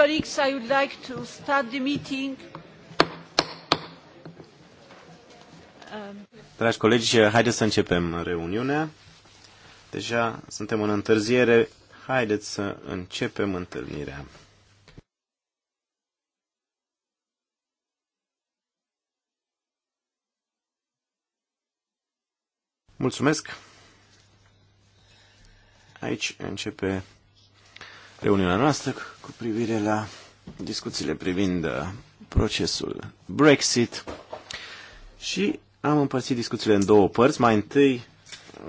colleagues, I would like to start the meeting. Um, Dragi colegi, haideți să începem reuniunea. Deja suntem în întârziere. Haideți să începem întâlnirea. Mulțumesc. Aici începe reuniunea noastră cu privire la discuțiile privind uh, procesul Brexit și am împărțit discuțiile în două părți. Mai întâi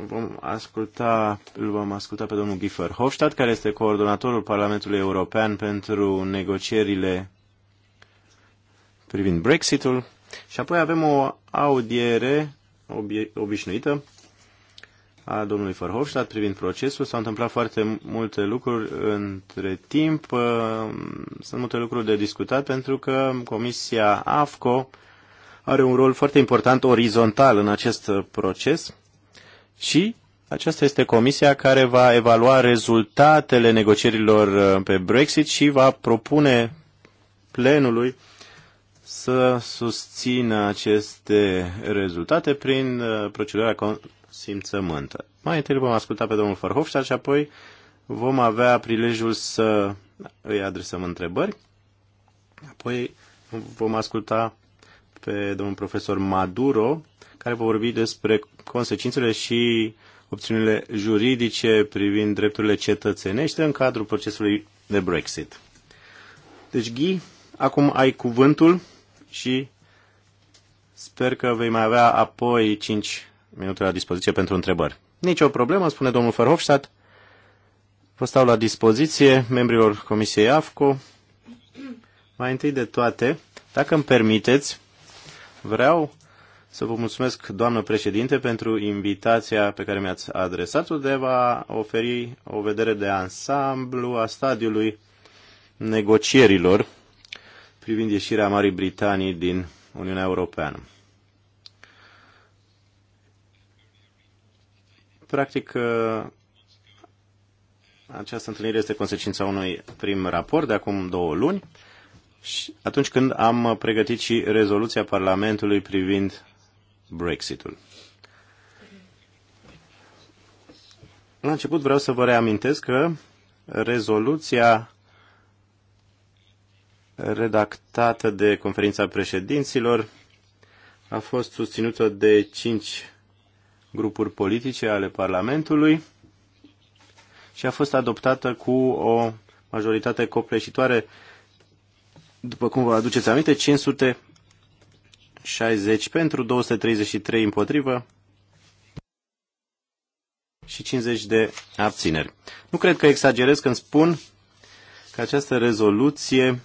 vom asculta, îl vom asculta pe domnul Giffer Hofstadt, care este coordonatorul Parlamentului European pentru negocierile privind Brexitul. Și apoi avem o audiere obișnuită a domnului Verhofstadt privind procesul. S-au întâmplat foarte multe lucruri între timp. Ă, sunt multe lucruri de discutat pentru că Comisia AFCO are un rol foarte important orizontal în acest proces și aceasta este comisia care va evalua rezultatele negocierilor ă, pe Brexit și va propune plenului să susțină aceste rezultate prin ă, procedura simțământă. Mai întâi vom asculta pe domnul Farhofstadt și apoi vom avea prilejul să îi adresăm întrebări. Apoi vom asculta pe domnul profesor Maduro, care va vorbi despre consecințele și opțiunile juridice privind drepturile cetățenești în cadrul procesului de Brexit. Deci, Ghi, acum ai cuvântul și sper că vei mai avea apoi 5 minute la dispoziție pentru întrebări. Nici o problemă, spune domnul Ferhofstadt. Vă stau la dispoziție membrilor Comisiei AFCO. Mai întâi de toate, dacă îmi permiteți, vreau să vă mulțumesc, doamnă președinte, pentru invitația pe care mi-ați adresat-o de a oferi o vedere de ansamblu a stadiului negocierilor privind ieșirea Marii Britanii din Uniunea Europeană. Practic, uh, această întâlnire este consecința unui prim raport de acum două luni, și atunci când am pregătit și rezoluția Parlamentului privind Brexitul. La început vreau să vă reamintesc că rezoluția redactată de conferința președinților a fost susținută de cinci grupuri politice ale Parlamentului și a fost adoptată cu o majoritate copleșitoare, după cum vă aduceți aminte, 560 pentru, 233 împotrivă și 50 de abțineri. Nu cred că exagerez când spun că această rezoluție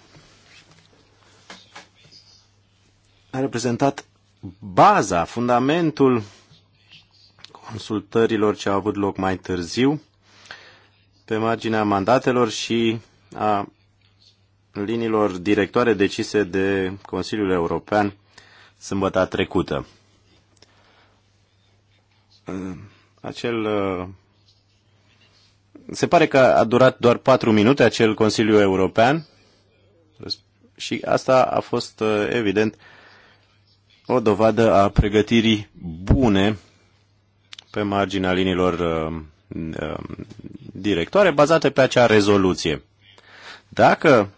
a reprezentat baza, fundamentul consultărilor ce au avut loc mai târziu pe marginea mandatelor și a liniilor directoare decise de Consiliul European sâmbătă trecută. Acel se pare că a durat doar patru minute acel Consiliu European și asta a fost, evident, o dovadă a pregătirii bune pe marginea liniilor uh, uh, directoare bazate pe acea rezoluție. Dacă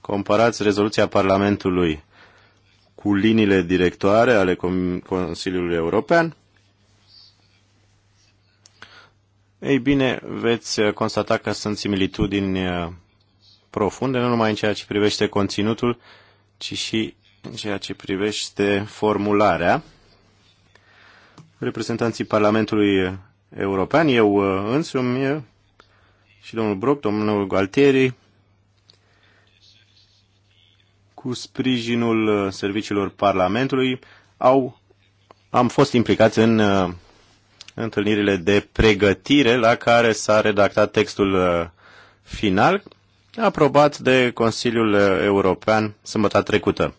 comparați rezoluția Parlamentului cu liniile directoare ale Consiliului European, ei bine, veți constata că sunt similitudini uh, profunde, nu numai în ceea ce privește conținutul, ci și în ceea ce privește formularea reprezentanții Parlamentului European, eu uh, însumi uh, și domnul Broc, domnul Galtieri, cu sprijinul uh, serviciilor Parlamentului, au, am fost implicați în întâlnirile de pregătire la care s-a redactat textul final, aprobat de Consiliul European sâmbătă trecută.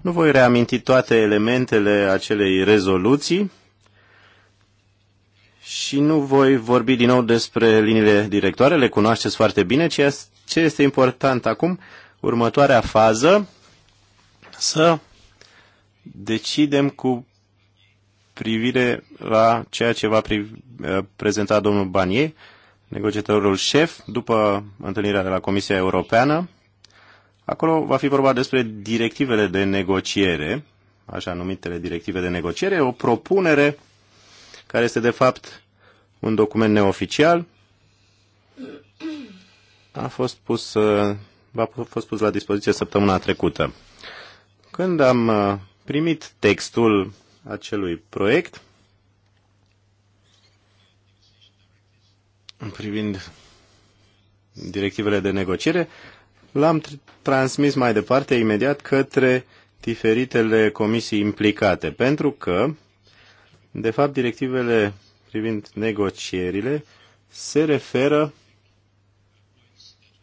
Nu voi reaminti toate elementele acelei rezoluții, și nu voi vorbi din nou despre liniile directoare, le cunoașteți foarte bine. Ceea ce este important acum, următoarea fază, să decidem cu privire la ceea ce va eh, prezenta domnul Banier, negociatorul șef, după întâlnirea de la Comisia Europeană. Acolo va fi vorba despre directivele de negociere, așa numitele directive de negociere, o propunere care este de fapt un document neoficial, a fost pus, uh, a fost pus la dispoziție săptămâna trecută. Când am uh, primit textul acelui proiect, privind directivele de negociere, l-am transmis mai departe imediat către diferitele comisii implicate, pentru că de fapt, directivele privind negocierile se referă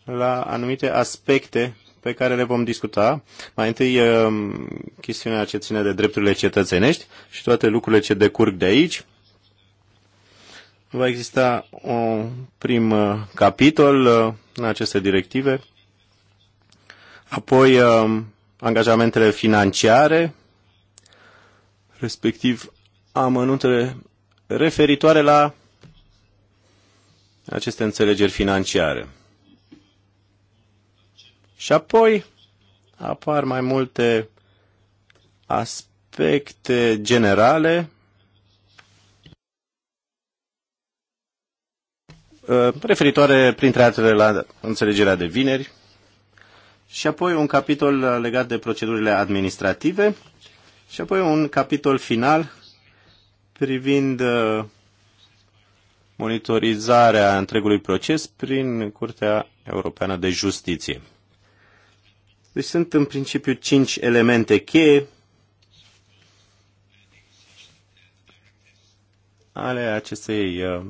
la anumite aspecte pe care le vom discuta. Mai întâi, chestiunea ce ține de drepturile cetățenești și toate lucrurile ce decurg de aici. Va exista un prim capitol în aceste directive, apoi angajamentele financiare, respectiv amănuntele referitoare la aceste înțelegeri financiare. Și apoi apar mai multe aspecte generale uh, referitoare printre altele la înțelegerea de vineri și apoi un capitol legat de procedurile administrative și apoi un capitol final privind uh, monitorizarea întregului proces prin Curtea Europeană de Justiție. Deci sunt în principiu cinci elemente cheie ale acestei uh,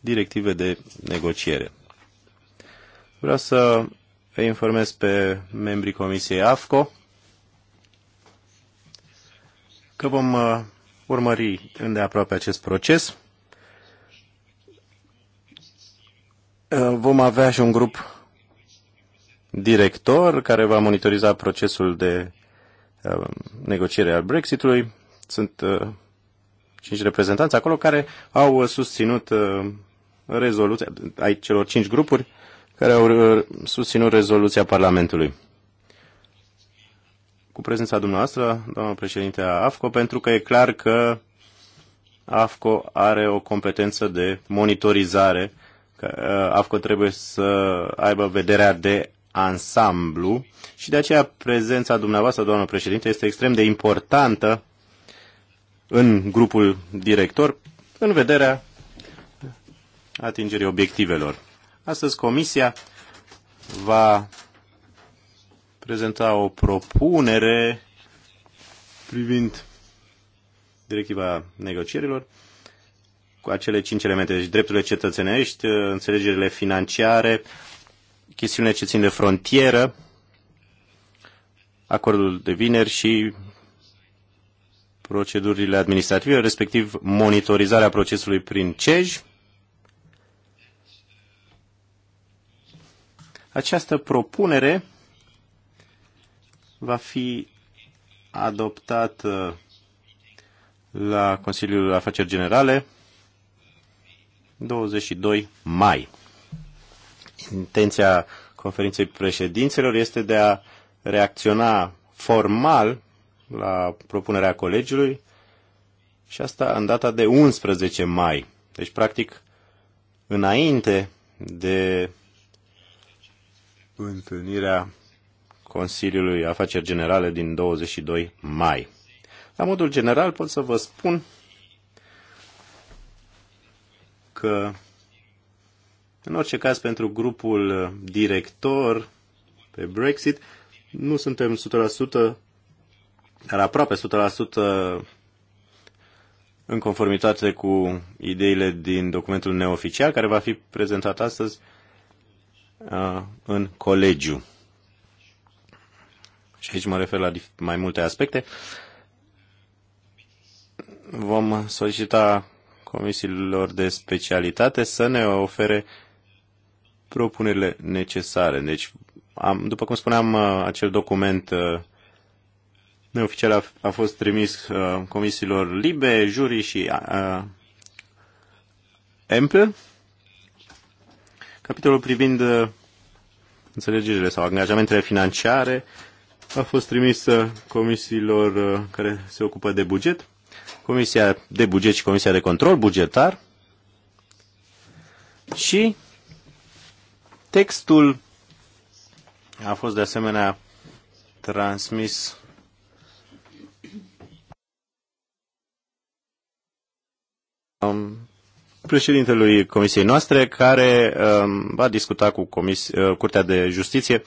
directive de negociere. Vreau să vă informez pe membrii Comisiei AFCO că vom uh, urmări îndeaproape acest proces. Uh, vom avea și un grup director care va monitoriza procesul de uh, negociere al Brexitului. Sunt uh, cinci reprezentanți acolo care au susținut rezoluția, ai celor cinci grupuri care au susținut rezoluția Parlamentului cu prezența dumneavoastră, doamnă președinte a AFCO, pentru că e clar că AFCO are o competență de monitorizare. Uh, AFCO trebuie să aibă vederea de ansamblu și de aceea prezența dumneavoastră, doamnă președinte, este extrem de importantă în grupul director în vederea atingerii obiectivelor. Astăzi Comisia va prezenta o propunere privind directiva negocierilor cu acele cinci elemente, deci drepturile cetățenești, înțelegerile financiare, chestiunile ce țin de frontieră, acordul de vineri și procedurile administrative, respectiv monitorizarea procesului prin CEJ. Această propunere va fi adoptat uh, la Consiliul Afaceri Generale 22 mai. Intenția conferinței președinților este de a reacționa formal la propunerea colegiului și asta în data de 11 mai. Deci, practic, înainte de întâlnirea Consiliului Afaceri Generale din 22 mai. La modul general pot să vă spun că, în orice caz, pentru grupul director pe Brexit, nu suntem 100%, dar aproape 100% în conformitate cu ideile din documentul neoficial, care va fi prezentat astăzi uh, în colegiu și aici mă refer la mai multe aspecte, vom solicita comisiilor de specialitate să ne ofere propunerile necesare. Deci, am, după cum spuneam, uh, acel document uh, neoficial a, a fost trimis uh, comisiilor LIBE, juri și EMPE. Capitolul privind înțelegerile sau angajamentele financiare a fost trimisă comisiilor uh, care se ocupă de buget, Comisia de Buget și Comisia de Control Bugetar și textul a fost de asemenea transmis um, președintelui comisiei noastre, care um, va discuta cu comis- uh, Curtea de Justiție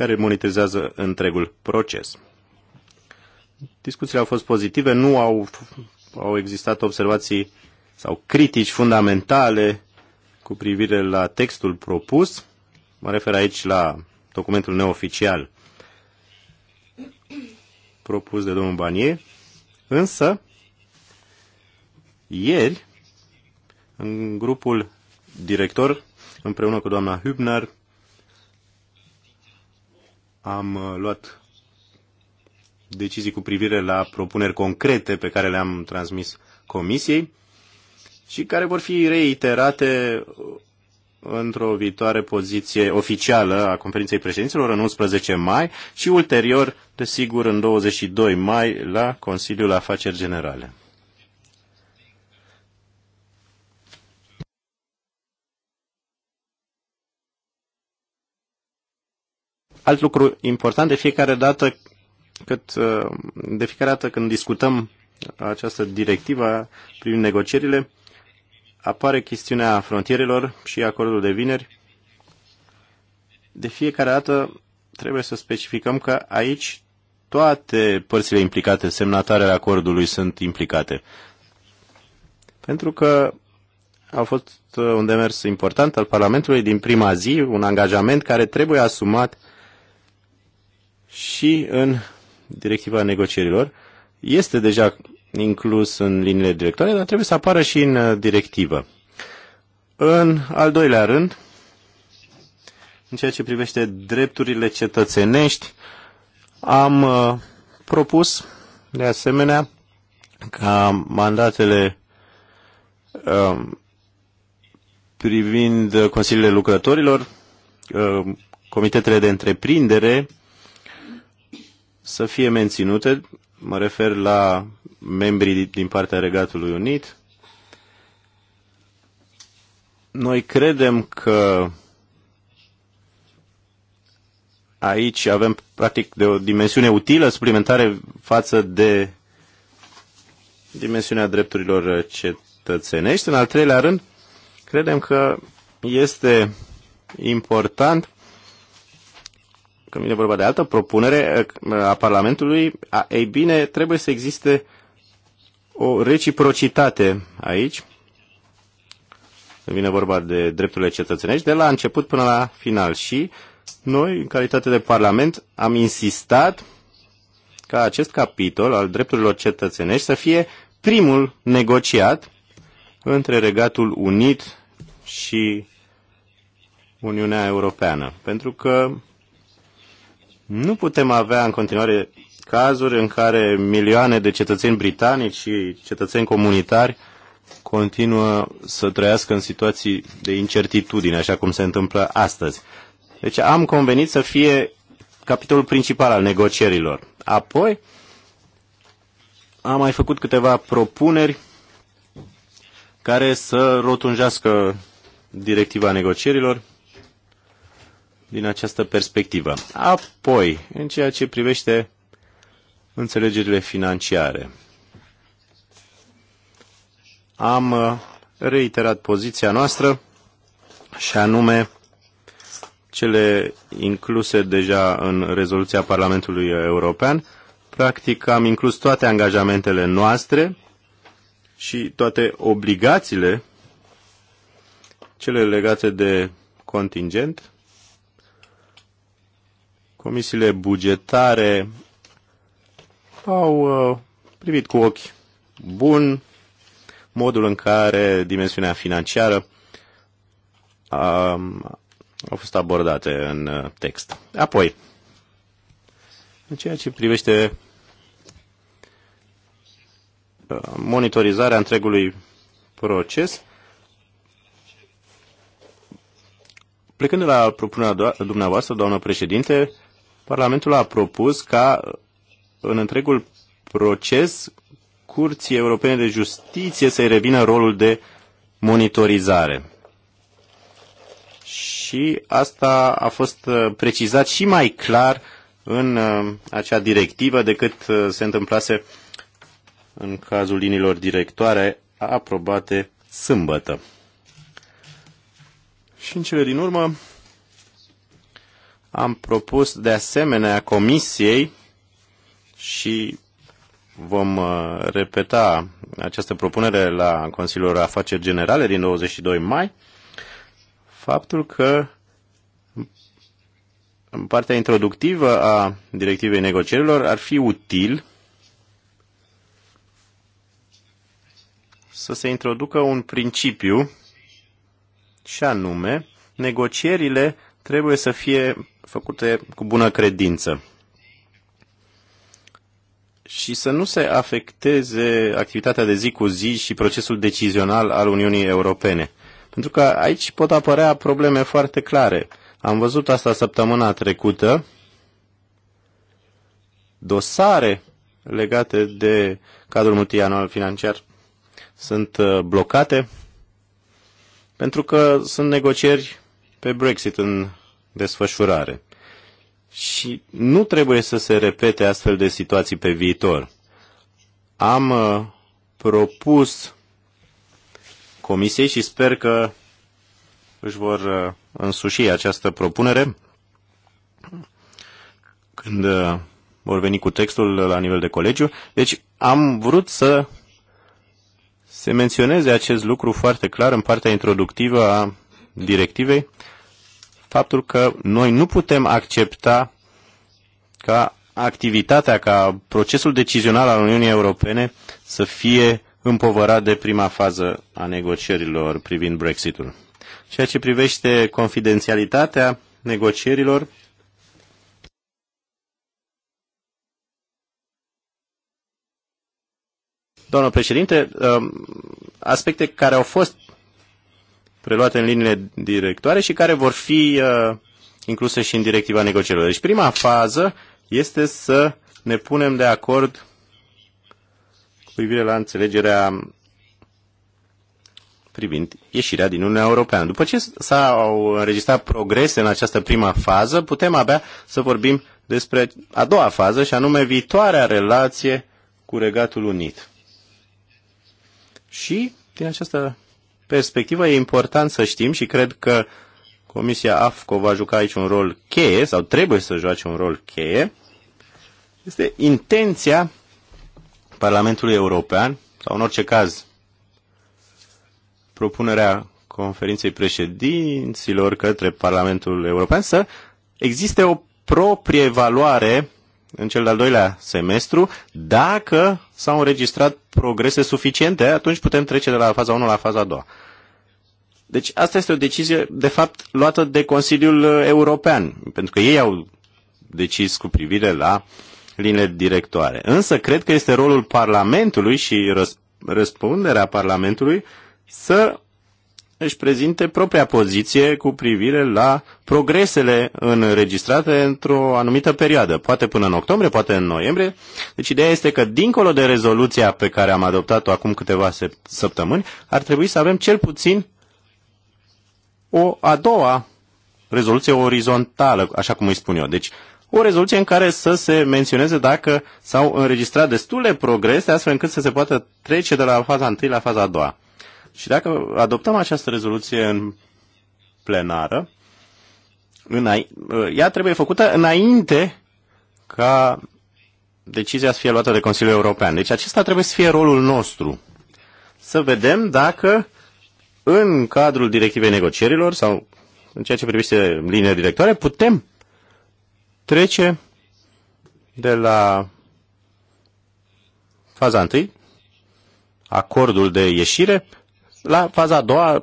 care monitorizează întregul proces. Discuțiile au fost pozitive, nu au, au existat observații sau critici fundamentale cu privire la textul propus. Mă refer aici la documentul neoficial propus de domnul Banier, însă ieri, în grupul director, împreună cu doamna Hübner, am uh, luat decizii cu privire la propuneri concrete pe care le-am transmis Comisiei și care vor fi reiterate uh, într-o viitoare poziție oficială a conferinței președinților în 11 mai și ulterior, desigur, în 22 mai la Consiliul Afaceri Generale. Alt lucru important, de fiecare dată, cât, uh, de fiecare dată când discutăm această directivă privind negocierile, apare chestiunea frontierelor și acordul de vineri. De fiecare dată trebuie să specificăm că aici toate părțile implicate, semnatarele acordului sunt implicate. Pentru că a fost un demers important al Parlamentului din prima zi, un angajament care trebuie asumat și în directiva negocierilor. Este deja inclus în liniile directoare, dar trebuie să apară și în uh, directivă. În al doilea rând, în ceea ce privește drepturile cetățenești, am uh, propus, de asemenea, ca mandatele uh, privind Consiliile Lucrătorilor, comitetele de întreprindere să fie menținute, mă refer la membrii din partea Regatului Unit. Noi credem că aici avem practic de o dimensiune utilă, suplimentare față de dimensiunea drepturilor cetățenești. În al treilea rând, credem că este important când vine vorba de altă propunere eh, a Parlamentului, a, ei bine, trebuie să existe o reciprocitate aici, când vine vorba de drepturile cetățenești, de la început până la final. Și noi, în calitate de Parlament, am insistat ca acest capitol al drepturilor cetățenești să fie primul negociat între Regatul Unit și Uniunea Europeană. Pentru că nu putem avea în continuare cazuri în care milioane de cetățeni britanici și cetățeni comunitari continuă să trăiască în situații de incertitudine, așa cum se întâmplă astăzi. Deci am convenit să fie capitolul principal al negocierilor. Apoi am mai făcut câteva propuneri care să rotunjească directiva negocierilor din această perspectivă. Apoi, în ceea ce privește înțelegerile financiare, am uh, reiterat poziția noastră și anume cele incluse deja în rezoluția Parlamentului European. Practic am inclus toate angajamentele noastre și toate obligațiile, cele legate de contingent, comisiile bugetare au uh, privit cu ochi bun modul în care dimensiunea financiară a, um, au fost abordate în uh, text. Apoi, în ceea ce privește uh, monitorizarea întregului proces, plecând de la propunerea dumneavoastră, doamnă președinte, Parlamentul a propus ca în întregul proces Curții Europene de Justiție să-i revină rolul de monitorizare. Și asta a fost uh, precizat și mai clar în uh, acea directivă decât uh, se întâmplase în cazul liniilor directoare aprobate sâmbătă. Și în cele din urmă, am propus de asemenea comisiei și vom uh, repeta această propunere la Consiliul Afaceri Generale din 22 mai, faptul că în partea introductivă a directivei negocierilor ar fi util să se introducă un principiu și anume negocierile trebuie să fie făcute cu bună credință și să nu se afecteze activitatea de zi cu zi și procesul decizional al Uniunii Europene. Pentru că aici pot apărea probleme foarte clare. Am văzut asta săptămâna trecută. Dosare legate de cadrul multianual financiar sunt uh, blocate pentru că sunt negocieri pe Brexit în desfășurare. Și nu trebuie să se repete astfel de situații pe viitor. Am uh, propus Comisiei și sper că își vor uh, însuși această propunere când uh, vor veni cu textul la nivel de colegiu. Deci am vrut să se menționeze acest lucru foarte clar în partea introductivă a directivei faptul că noi nu putem accepta ca activitatea, ca procesul decizional al Uniunii Europene să fie împovărat de prima fază a negocierilor privind Brexitul. Ceea ce privește confidențialitatea negocierilor, Doamnă președinte, um, aspecte care au fost preluate în liniile directoare și care vor fi uh, incluse și în directiva negocierilor. Deci prima fază este să ne punem de acord cu privire la înțelegerea privind ieșirea din Uniunea Europeană. După ce s-au înregistrat progrese în această prima fază, putem abia să vorbim despre a doua fază și anume viitoarea relație cu Regatul Unit. Și din această perspectivă e important să știm și cred că Comisia AFCO va juca aici un rol cheie sau trebuie să joace un rol cheie. Este intenția Parlamentului European sau în orice caz propunerea conferinței președinților către Parlamentul European să existe o proprie valoare în cel de-al doilea semestru, dacă s-au înregistrat progrese suficiente, atunci putem trece de la faza 1 la faza 2. Deci asta este o decizie, de fapt, luată de Consiliul uh, European, pentru că ei au decis cu privire la linile directoare. Însă cred că este rolul Parlamentului și răspunderea Parlamentului să își prezinte propria poziție cu privire la progresele înregistrate într-o anumită perioadă, poate până în octombrie, poate în noiembrie. Deci ideea este că, dincolo de rezoluția pe care am adoptat-o acum câteva săptămâni, ar trebui să avem cel puțin o a doua rezoluție orizontală, așa cum îi spun eu. Deci, o rezoluție în care să se menționeze dacă s-au înregistrat destule progrese, astfel încât să se poată trece de la faza 1 la faza a doua. Și dacă adoptăm această rezoluție în plenară, înai, ea trebuie făcută înainte ca decizia să fie luată de Consiliul European. Deci acesta trebuie să fie rolul nostru. Să vedem dacă în cadrul directivei negocierilor sau în ceea ce privește linia directoare putem trece de la faza 1, acordul de ieșire, la faza a doua,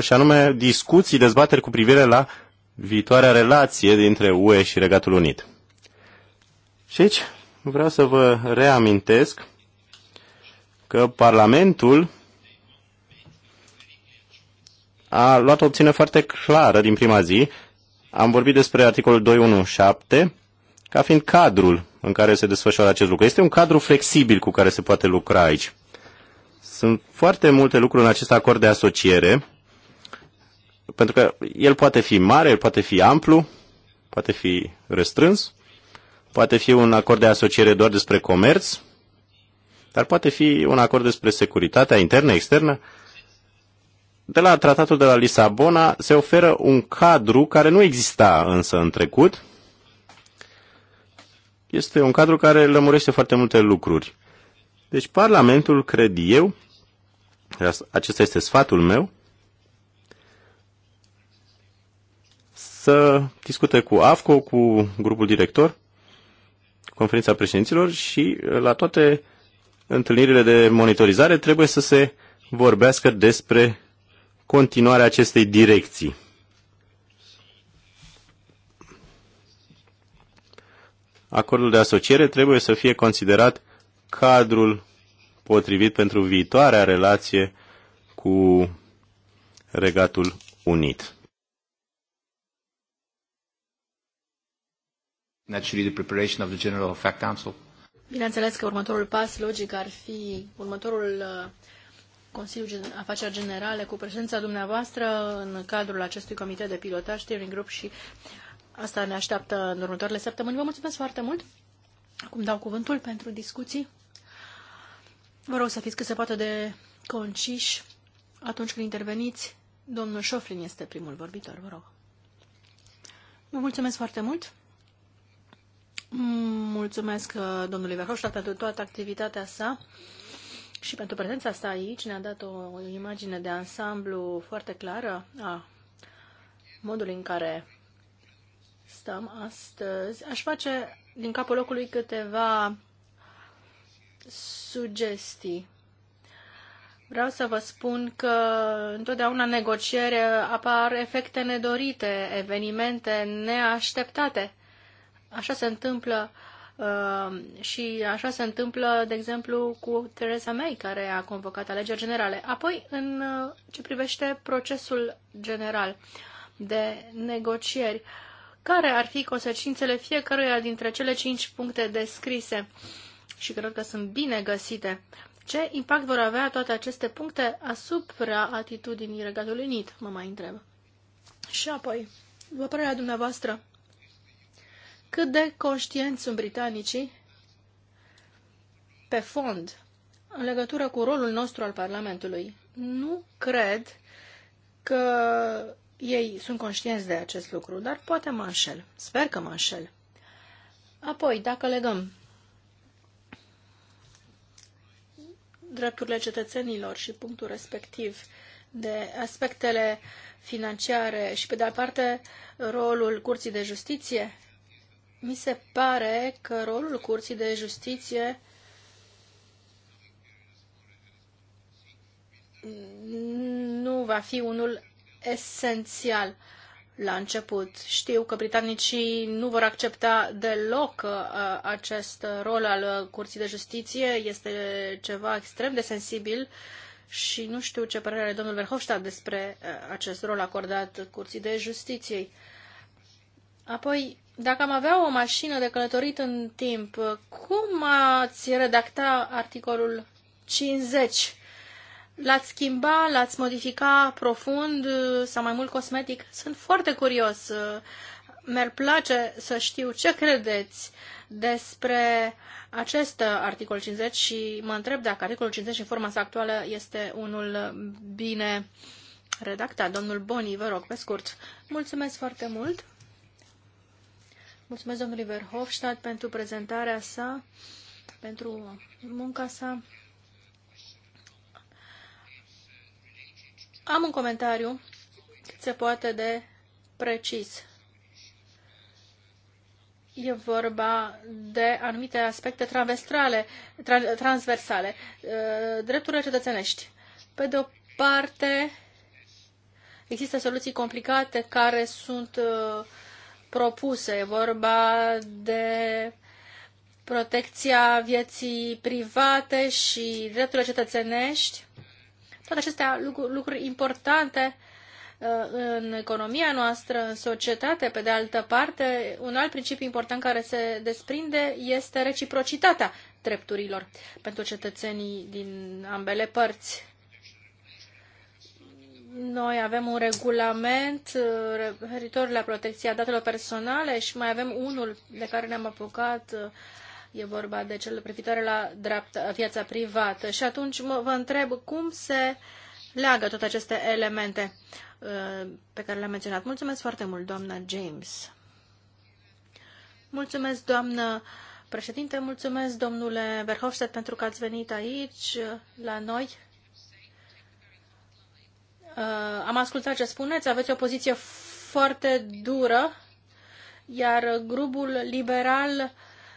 și anume discuții, dezbateri cu privire la viitoarea relație dintre UE și Regatul Unit. Și aici vreau să vă reamintesc că Parlamentul a luat o opțiune foarte clară din prima zi. Am vorbit despre articolul 217 ca fiind cadrul în care se desfășoară acest lucru. Este un cadru flexibil cu care se poate lucra aici. Sunt foarte multe lucruri în acest acord de asociere, pentru că el poate fi mare, el poate fi amplu, poate fi restrâns, poate fi un acord de asociere doar despre comerț, dar poate fi un acord despre securitatea internă, externă. De la tratatul de la Lisabona se oferă un cadru care nu exista însă în trecut. Este un cadru care lămurește foarte multe lucruri. Deci Parlamentul, cred eu, acesta este sfatul meu, să discute cu AFCO, cu grupul director, conferința președinților și la toate întâlnirile de monitorizare trebuie să se vorbească despre continuarea acestei direcții. Acordul de asociere trebuie să fie considerat cadrul potrivit pentru viitoarea relație cu Regatul Unit. Naturally, the preparation of the General fact Council. Bineînțeles că următorul pas logic ar fi următorul uh, Consiliul Afaceri Generale cu prezența dumneavoastră în cadrul acestui comitet de pilotaj, steering group și asta ne așteaptă în următoarele săptămâni. Vă mulțumesc foarte mult! Acum dau cuvântul pentru discuții Vă rog să fiți cât se poate de conciși atunci când interveniți. Domnul Șoflin este primul vorbitor, vă rog. Vă mulțumesc foarte mult. Mulțumesc uh, domnului Verhoșta pentru toată activitatea sa și pentru prezența sa aici. Ne-a dat o imagine de ansamblu foarte clară a modului în care stăm astăzi. Aș face din capul locului câteva sugestii. Vreau să vă spun că întotdeauna în negociere apar efecte nedorite, evenimente neașteptate. Așa se întâmplă uh, și așa se întâmplă, de exemplu, cu Theresa May, care a convocat alegeri generale. Apoi, în uh, ce privește procesul general de negocieri, care ar fi consecințele fiecăruia dintre cele cinci puncte descrise? Uh, și cred că sunt bine găsite. Ce impact vor avea toate aceste puncte asupra atitudinii Regatului Unit, mă mai întreb. Și apoi, vă părerea dumneavoastră, cât de conștienți sunt britanicii pe fond în legătură cu rolul nostru al Parlamentului? Nu cred că ei sunt conștienți de acest lucru, dar poate mă înșel. Sper că mă înșel. Apoi, dacă legăm drepturile cetățenilor și punctul respectiv de aspectele financiare și, pe de-altă parte, rolul Curții de Justiție. Mi se pare că rolul Curții de Justiție nu va fi unul esențial la început. Știu că britanicii nu vor accepta deloc uh, acest rol al Curții de Justiție. Este ceva extrem de sensibil și nu știu ce părere are domnul Verhofstadt despre uh, acest rol acordat Curții de Justiție. Apoi, dacă am avea o mașină de călătorit în timp, cum ați redacta articolul 50? L-ați schimba, l-ați modifica profund uh, sau mai mult cosmetic? Sunt foarte curios. Uh, Mi-ar place să știu ce credeți despre acest articol 50 și mă întreb dacă articolul 50 în forma sa actuală este unul bine redactat. Domnul Boni, vă rog, pe scurt. Mulțumesc foarte mult. Mulțumesc domnului Verhofstadt pentru prezentarea sa, pentru munca sa. Am un comentariu cât se poate de precis. E vorba de anumite aspecte transversale, tra- uh, transversale drepturile cetățenești. Pe de o parte, există soluții complicate care sunt uh, propuse. E vorba de protecția vieții private și drepturile cetățenești toate acestea lucruri, lucruri importante uh, în economia noastră, în societate, pe de altă parte, un alt principiu important care se desprinde este reciprocitatea drepturilor pentru cetățenii din ambele părți. Noi avem un regulament uh, referitor la protecția datelor personale și mai avem unul de care ne-am apucat uh, E vorba de cel privitoare la dreapta, viața privată. Și atunci mă, vă întreb cum se leagă toate aceste elemente uh, pe care le-am menționat. Mulțumesc foarte mult, doamna James. Mulțumesc, doamnă președinte, mulțumesc, domnule Verhofstadt, pentru că ați venit aici uh, la noi. Uh, am ascultat ce spuneți, aveți o poziție foarte dură, iar grupul liberal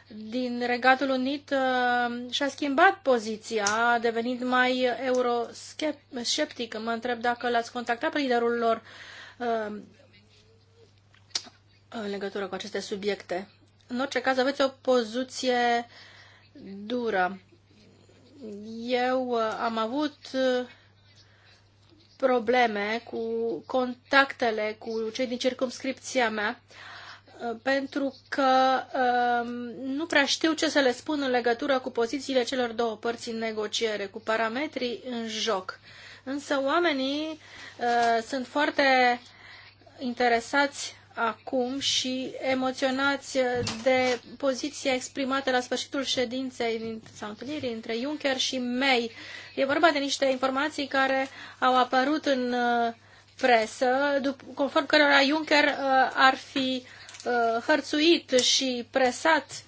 din Regatul Unit uh, și-a schimbat poziția, a devenit mai eurosceptică. Mă întreb dacă l-ați contactat pe liderul lor uh, în legătură cu aceste subiecte. În orice caz, aveți o poziție dură. Eu uh, am avut uh, probleme cu contactele cu cei din circumscripția mea Uh, pentru că um, nu prea știu ce să le spun în legătură cu pozițiile celor două părți în negociere, cu parametrii în joc. Însă oamenii uh, sunt foarte interesați acum și emoționați de poziția exprimată la sfârșitul ședinței sau întâlnirii între Juncker și May. E vorba de niște informații care au apărut în uh, presă, conform cărora Juncker ar fi Uh, hărțuit și presat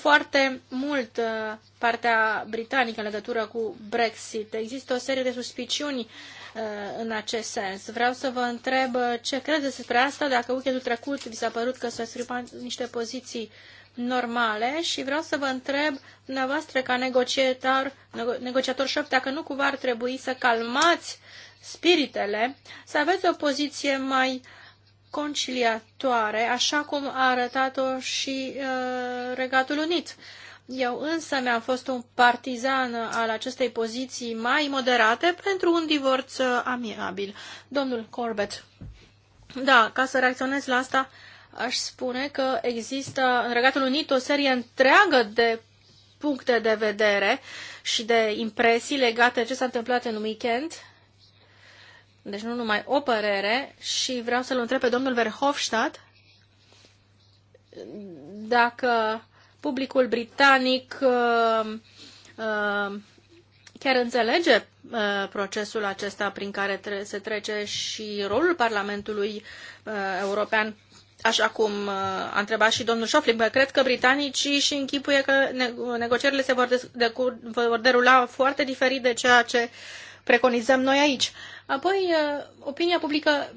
foarte mult uh, partea britanică în legătură cu Brexit. Există o serie de suspiciuni uh, în acest sens. Vreau să vă întreb ce credeți despre asta, dacă weekendul trecut vi s-a părut că s-au exprimat niște poziții normale și vreau să vă întreb dumneavoastră ca negociator, negociator șef dacă nu cumva ar trebui să calmați spiritele, să aveți o poziție mai uh, conciliatoare, așa cum a arătat-o și uh, Regatul Unit. Eu însă mi-am fost un partizan al acestei poziții mai moderate pentru un divorț uh, amiabil. Domnul Corbett. Da, ca să reacționez la asta, aș spune că există în Regatul Unit o serie întreagă de puncte de vedere și de impresii legate de ce s-a întâmplat în weekend deci nu numai o părere și vreau să-l întreb pe domnul Verhofstadt dacă publicul britanic uh, uh, chiar înțelege uh, procesul acesta prin care tre- se trece și rolul Parlamentului uh, European, așa cum uh, a întrebat și domnul Schofling. Cred că britanicii și închipuie că ne- negocierile se vor, de- de- vor derula foarte diferit de ceea ce preconizăm noi aici. Uh, Apoi, uh, opinia publică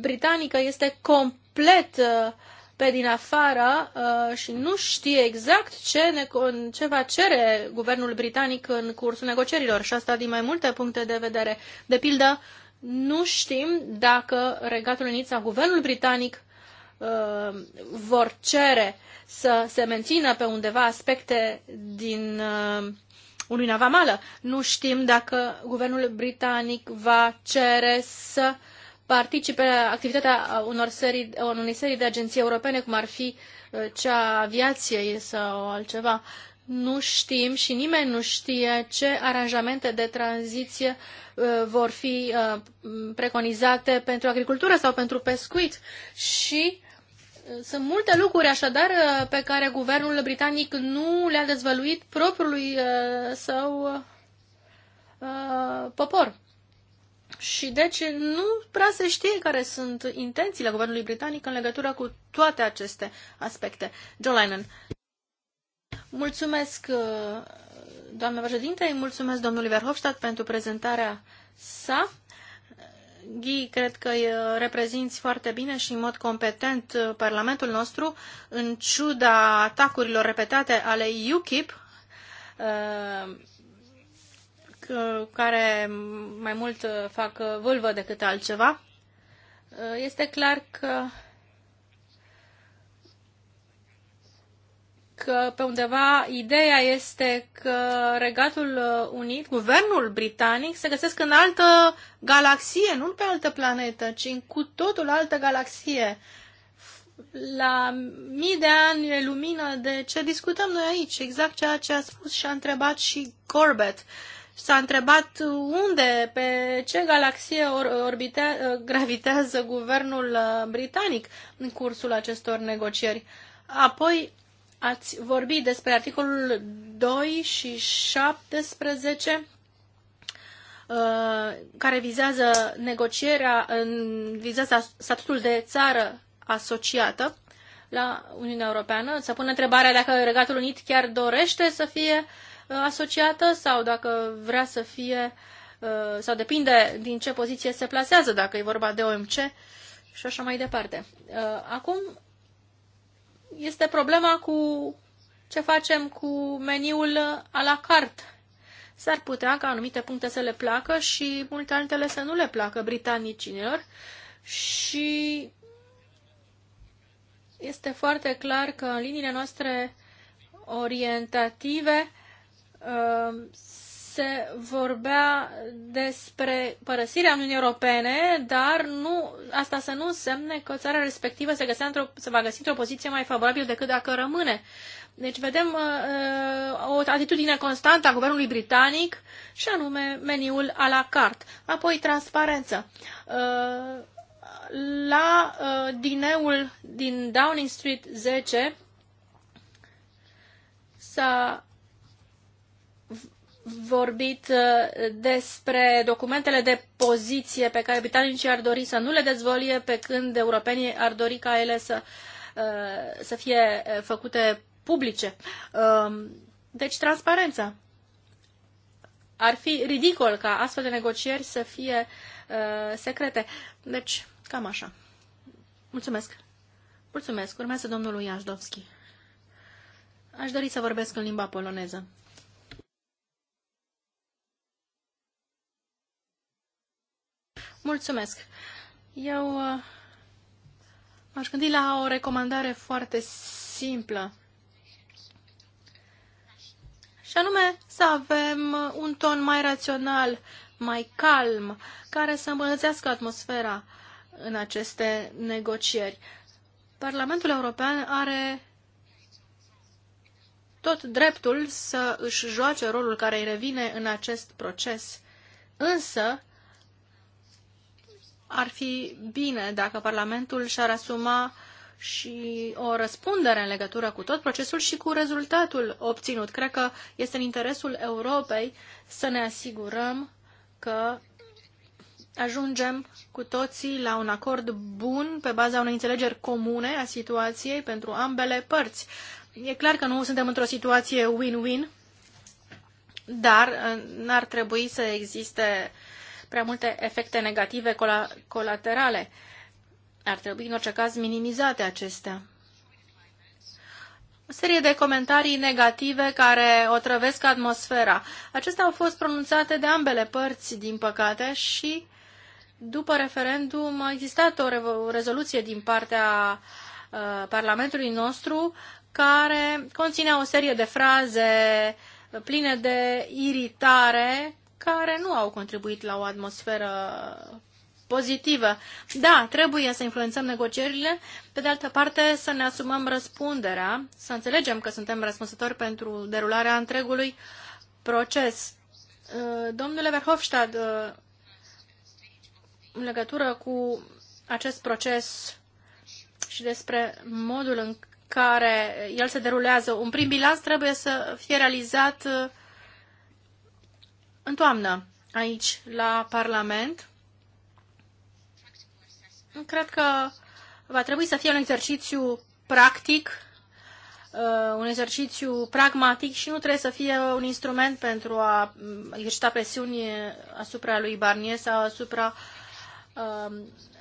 britanică este complet uh, pe din afară uh, și nu știe exact ce, ne, ce va cere guvernul britanic în cursul negocierilor și asta din mai multe puncte de vedere. De pildă, nu știm dacă Regatul Unit sau guvernul britanic vor cere să se mențină pe undeva aspecte din Uniunea Vamală. Nu știm dacă guvernul britanic va cere să participe la activitatea unor serii, unei serii de agenții europene, cum ar fi uh, cea aviației sau altceva. Nu știm și nimeni nu știe ce aranjamente de tranziție uh, vor fi uh, preconizate pentru agricultură sau pentru pescuit și sunt multe lucruri așadar pe care guvernul britanic nu le-a dezvăluit propriului uh, său uh, popor. Și deci nu prea se știe care sunt intențiile guvernului britanic în legătură cu toate aceste aspecte. John Lennon. Mulțumesc, uh, doamnă președinte, mulțumesc domnului Verhofstadt pentru prezentarea sa. Ghi, cred că uh, reprezinți foarte bine și în mod competent uh, Parlamentul nostru, în ciuda atacurilor repetate ale UKIP, uh, care mai mult fac vâlvă decât altceva. Este clar că că pe undeva ideea este că Regatul Unit, guvernul britanic, se găsesc în altă galaxie, nu pe altă planetă, ci în cu totul altă galaxie. La mii de ani lumină de ce discutăm noi aici, exact ceea ce a spus și a întrebat și Corbett. S-a întrebat unde, pe ce galaxie or- orbitea, gravitează guvernul uh, britanic în cursul acestor negocieri. Apoi, ați vorbit despre articolul 2 și 17 uh, care vizează negocierea, vizează statutul de țară asociată la Uniunea Europeană. Să pun întrebarea dacă Regatul Unit chiar dorește să fie uh, asociată sau dacă vrea să fie uh, sau depinde din ce poziție se plasează, dacă e vorba de OMC și așa mai departe. Acum este problema cu ce facem cu meniul a la carte. S-ar putea ca anumite puncte să le placă și multe altele să nu le placă britanicilor și este foarte clar că în liniile noastre orientative uh, se vorbea despre părăsirea Uniunii Europene, dar nu, asta să nu însemne că țara respectivă se, găsea într-o, se va găsi într-o poziție mai favorabilă decât dacă rămâne. Deci vedem uh, uh o atitudine constantă a guvernului britanic și anume meniul a la carte. Apoi transparență. Uh, la uh, dineul din Downing Street 10 s-a vorbit uh, despre documentele de poziție pe care britanicii ar dori să nu le dezvolie, pe când europenii ar dori ca ele să, uh, să fie uh, făcute publice. Um, deci, transparența. Ar fi ridicol ca astfel de negocieri să fie secrete. Deci, cam așa. Mulțumesc. Mulțumesc. Urmează domnul Iașdovski. Aș dori să vorbesc în limba poloneză. Mulțumesc! Eu uh, m-aș gândi la o recomandare foarte simplă. Și anume să avem un ton mai rațional, mai calm, care să îmbunătățească atmosfera în aceste negocieri. Parlamentul European are tot dreptul să își joace rolul care îi revine în acest proces. Însă, ar fi bine dacă Parlamentul și-ar asuma și o răspundere în legătură cu tot procesul și cu rezultatul obținut. Cred că este în interesul Europei să ne asigurăm că ajungem cu toții la un acord bun pe baza unei înțelegeri comune a situației pentru ambele părți. E clar că nu suntem într-o situație win-win, dar n-ar trebui să existe prea multe efecte negative colaterale. Ar trebui, în orice caz, minimizate acestea. O serie de comentarii negative care o trăvesc atmosfera. Acestea au fost pronunțate de ambele părți, din păcate, și după referendum a existat o, o rezoluție din partea uh, Parlamentului nostru care conținea o serie de fraze pline de iritare care nu au contribuit la o atmosferă pozitivă. Da, trebuie să influențăm negocierile, pe de altă parte să ne asumăm răspunderea, să înțelegem că suntem răspunsători pentru derularea întregului proces. Uh, domnule Verhofstadt, uh, în legătură cu acest proces și despre modul în care el se derulează, un prim bilanț trebuie să fie realizat uh, în toamnă aici la Parlament. Cred că va trebui să fie un exercițiu practic, uh, un exercițiu pragmatic și nu trebuie să fie un instrument pentru a exercita presiuni asupra lui Barnier sau asupra uh,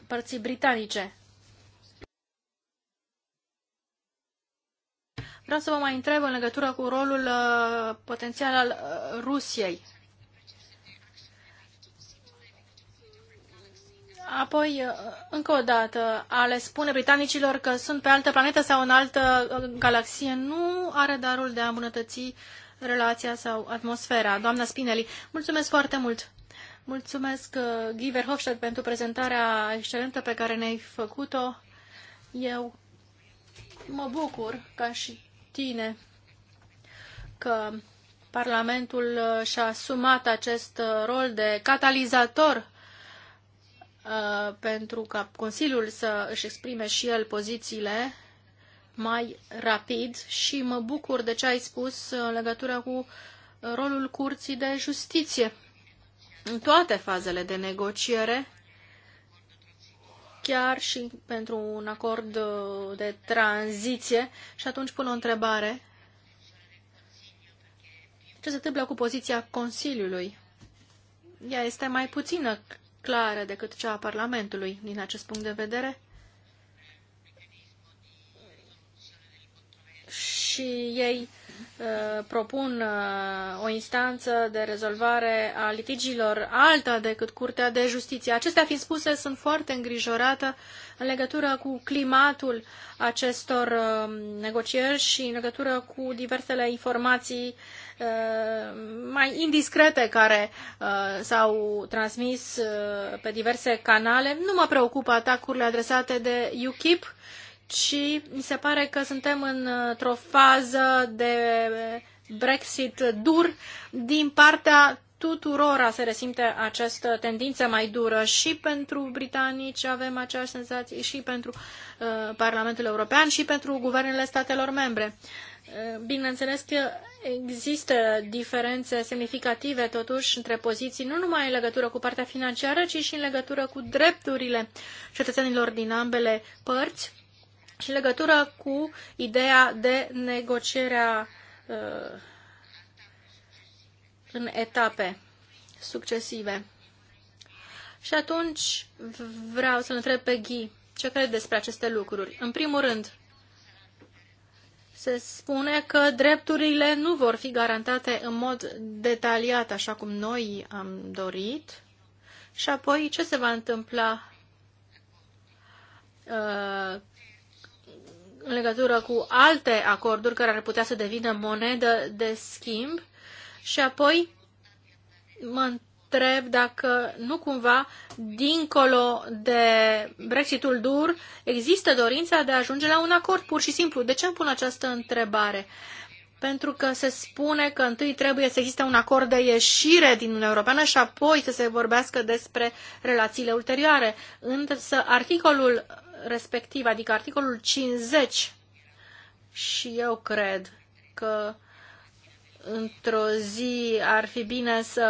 părții britanice. Vreau să vă mai întreb în legătură cu rolul uh, potențial al uh, Rusiei Apoi, uh, încă o dată, a le spune britanicilor că sunt pe altă planetă sau în altă uh, galaxie nu are darul de a îmbunătăți relația sau atmosfera. Doamna Spinelli, mulțumesc foarte mult! Mulțumesc, uh, Guy Verhofstadt, pentru prezentarea excelentă pe care ne-ai făcut-o. Eu mă bucur, ca și tine, că Parlamentul și-a asumat acest rol de catalizator Uh, pentru ca Consiliul să își exprime și el pozițiile mai rapid și mă bucur de ce ai spus în legătură cu rolul Curții de Justiție în toate fazele de negociere, chiar și pentru un acord uh, de tranziție. Și atunci pun o întrebare. Ce se întâmplă cu poziția Consiliului? Ea este mai puțină clară decât cea a Parlamentului din acest punct de vedere. Și ei uh, propun uh, o instanță de rezolvare a litigiilor alta decât Curtea de Justiție. Acestea fiind spuse, sunt foarte îngrijorată în legătură cu climatul acestor uh, negocieri și în legătură cu diversele informații uh, Uh, mai indiscrete care uh, s-au transmis uh, pe diverse canale. Nu mă preocupă atacurile adresate de UKIP, ci mi se pare că suntem într-o fază de Brexit dur din partea tuturora se resimte această tendință mai dură și pentru britanici avem aceeași senzație și pentru uh, Parlamentul European și pentru guvernele statelor membre. Bineînțeles că există diferențe semnificative, totuși, între poziții, nu numai în legătură cu partea financiară, ci și în legătură cu drepturile cetățenilor din ambele părți și în legătură cu ideea de negocierea uh, în etape succesive. Și atunci vreau să-l întreb pe Ghi ce crede despre aceste lucruri. În primul rând, se spune că drepturile nu vor fi garantate în mod detaliat, așa cum noi am dorit. Și apoi, ce se va întâmpla uh, în legătură cu alte acorduri care ar putea să devină monedă de schimb? Și apoi, mă întreb dacă nu cumva, dincolo de Brexitul dur, există dorința de a ajunge la un acord pur și simplu. De ce îmi pun această întrebare? Pentru că se spune că întâi trebuie să existe un acord de ieșire din Uniunea Europeană și apoi să se vorbească despre relațiile ulterioare. Însă articolul respectiv, adică articolul 50, și eu cred că într-o zi ar fi bine să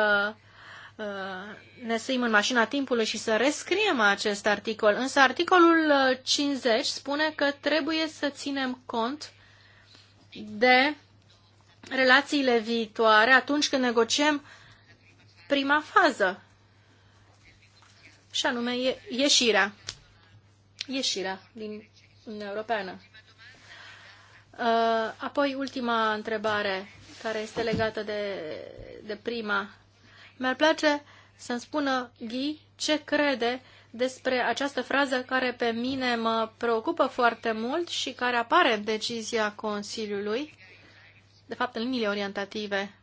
Uh, ne suim în mașina timpului și să rescriem acest articol. Însă articolul 50 uh, spune că trebuie să ținem cont de relațiile viitoare atunci când negociem prima fază, și anume ieșirea. Ieșirea din Uniunea Europeană. Uh, apoi, ultima întrebare care este legată de, de prima mi-ar place să-mi spună Ghi ce crede despre această frază care pe mine mă preocupă foarte mult și care apare în decizia Consiliului, de fapt în liniile orientative.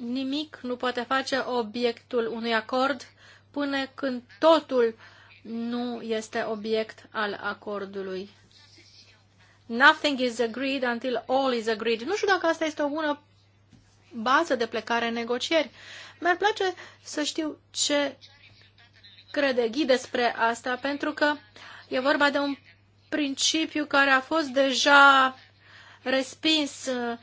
Nimic nu poate face obiectul unui acord până când totul nu este obiect al acordului. Nothing is agreed until all is agreed. Nu știu dacă asta este o bună bază de plecare în negocieri. Mi-ar place să știu ce crede Ghi despre asta, pentru că e vorba de un principiu care a fost deja respins uh,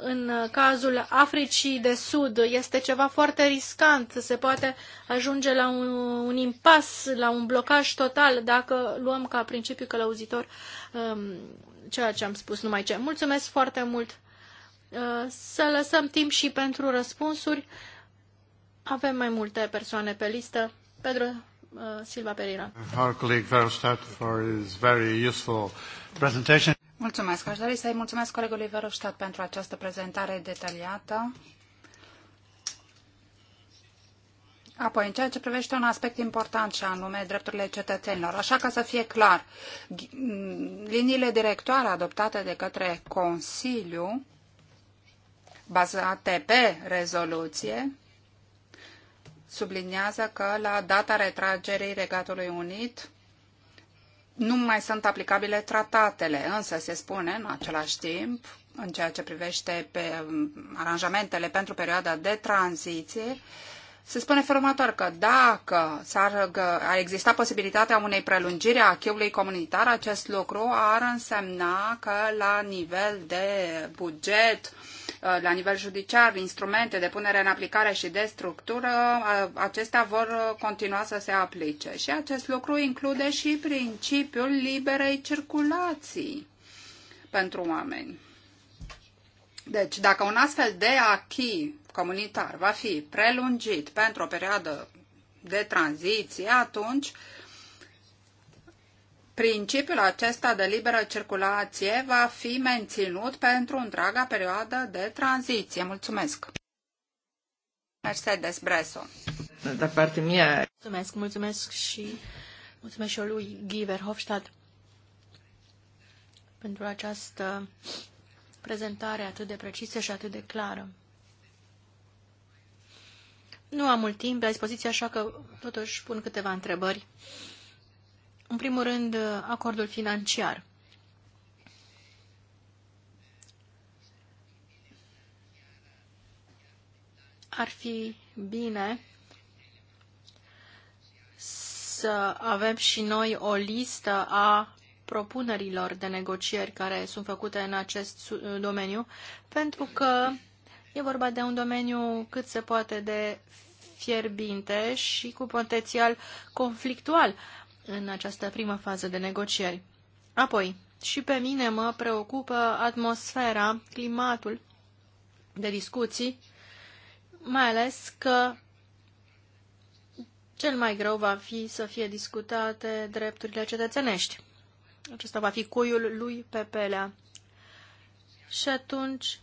în cazul Africii de Sud. Este ceva foarte riscant. Se poate ajunge la un, un impas, la un blocaj total dacă luăm ca principiu călăuzitor um, ceea ce am spus numai ce. Mulțumesc foarte mult! Uh, să lăsăm timp și pentru răspunsuri. Avem mai multe persoane pe listă. Pedro uh, Silva Pereira. Mulțumesc. Aș dori să-i mulțumesc colegului Verhofstadt pentru această prezentare detaliată. Apoi, în ceea ce privește un aspect important și anume drepturile cetățenilor, așa ca să fie clar, liniile directoare adoptate de către Consiliu bazate pe rezoluție, subliniază că la data retragerii Regatului Unit nu mai sunt aplicabile tratatele, însă se spune în același timp, în ceea ce privește pe um, aranjamentele pentru perioada de tranziție, se spune fermator că dacă s-ar, ar exista posibilitatea unei prelungiri a acheului comunitar, acest lucru ar însemna că la nivel de buget uh, Uh, la nivel judiciar, instrumente de punere în aplicare și de structură, uh, acestea vor uh, continua să se aplice. Și acest lucru include și principiul liberei circulații pentru oameni. Deci, dacă un astfel de achi comunitar va fi prelungit pentru o perioadă de tranziție, atunci uh, Principiul acesta de liberă circulație va fi menținut pentru întreaga perioadă de tranziție. Mulțumesc! Mercedes Bresso. Da parte mie. Mulțumesc, mulțumesc și mulțumesc și lui Guy Verhofstadt pentru această prezentare atât de precisă și atât de clară. Nu am mult timp la dispoziție, așa că totuși pun câteva întrebări în primul rând, acordul financiar. Ar fi bine să avem și noi o listă a propunerilor de negocieri care sunt făcute în acest domeniu, pentru că e vorba de un domeniu cât se poate de fierbinte și cu potențial conflictual în această primă fază de negocieri. Apoi, și pe mine mă preocupă atmosfera, climatul de discuții, mai ales că cel mai greu va fi să fie discutate drepturile cetățenești. Acesta va fi cuiul lui Pepelea. Și atunci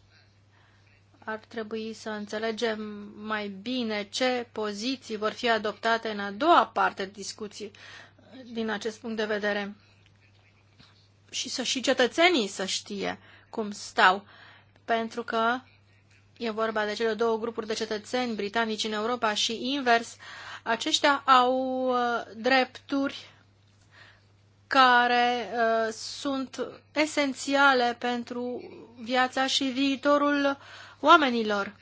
ar trebui să înțelegem mai bine ce poziții vor fi adoptate în a doua parte de discuții din acest punct de vedere și să și cetățenii să știe cum stau, pentru că e vorba de cele două grupuri de cetățeni britanici în Europa și invers, aceștia au uh, drepturi care uh, sunt esențiale pentru viața și viitorul oamenilor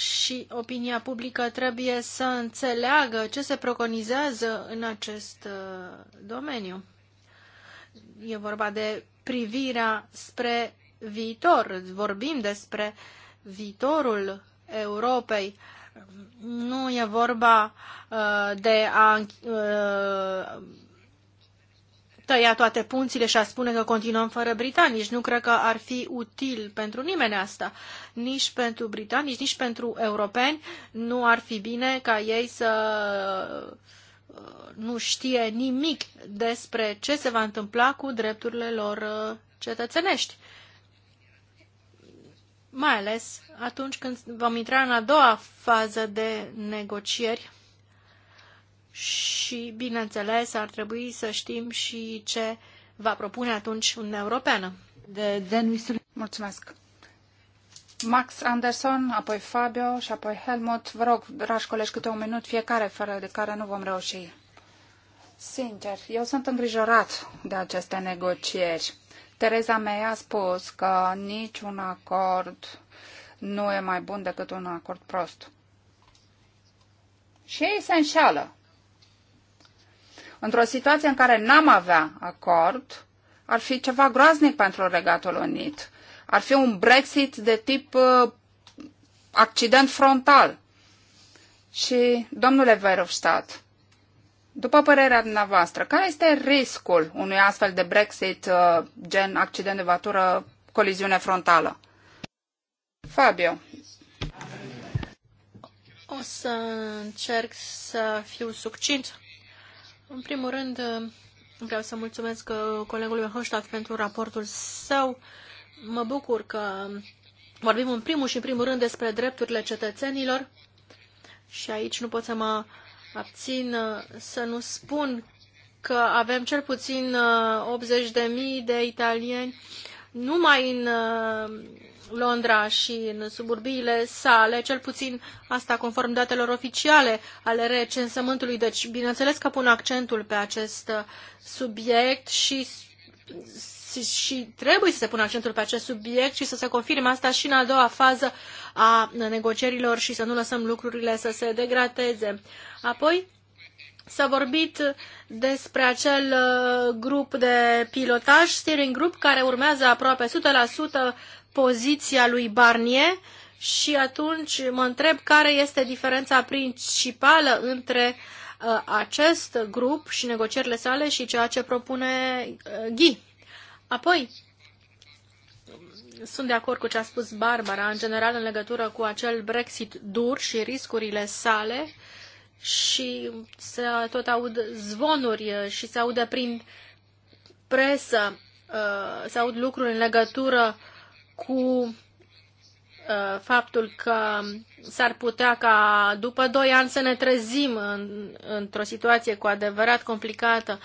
și opinia publică trebuie să înțeleagă ce se preconizează în acest uh, domeniu. E vorba de privirea spre viitor. Vorbim despre viitorul Europei. Nu e vorba uh, de a uh, tăia toate punțile și a spune că continuăm fără britanici. Nu cred că ar fi util pentru nimeni asta, nici pentru britanici, nici pentru europeni. Nu ar fi bine ca ei să uh, nu știe nimic despre ce se va întâmpla cu drepturile lor uh, cetățenești. Mai ales atunci când vom intra în a doua fază de negocieri și, bineînțeles, ar trebui să știm și ce va propune atunci Uniunea Europeană. De, de Mulțumesc! Max Anderson, apoi Fabio și apoi Helmut. Vă rog, dragi colegi, câte un minut fiecare, fără de care nu vom reuși. Sincer, eu sunt îngrijorat de aceste negocieri. Tereza mea a spus că niciun acord nu e mai bun decât un acord prost. Și ei se înșală într-o situație în care n-am avea acord, ar fi ceva groaznic pentru Regatul Unit. Ar fi un Brexit de tip uh, accident frontal. Și, domnule Verhofstadt, după părerea dumneavoastră, care este riscul unui astfel de Brexit uh, gen accident de vatură, coliziune frontală? Fabio. O să încerc să fiu succint. În primul rând, vreau să mulțumesc uh, colegului Hoștat pentru raportul său. Mă bucur că vorbim în primul și în primul rând despre drepturile cetățenilor și aici nu pot să mă abțin uh, să nu spun că avem cel puțin 80.000 uh, de italieni numai în Londra și în suburbiile sale, cel puțin asta conform datelor oficiale ale recensământului. Deci, bineînțeles că pun accentul pe acest subiect și, și trebuie să se pună accentul pe acest subiect și să se confirme asta și în a doua fază a negocierilor și să nu lăsăm lucrurile să se degrateze. Apoi, S-a vorbit despre acel uh, grup de pilotaj, steering group, care urmează aproape 100% poziția lui Barnier și atunci mă întreb care este diferența principală între uh, acest grup și negocierile sale și ceea ce propune uh, Ghi. Apoi, sunt de acord cu ce a spus Barbara, în general în legătură cu acel Brexit dur și riscurile sale și se tot aud zvonuri și se aude prin presă, uh, se aud lucruri în legătură cu uh, faptul că s-ar putea ca după doi ani să ne trezim în, într-o situație cu adevărat complicată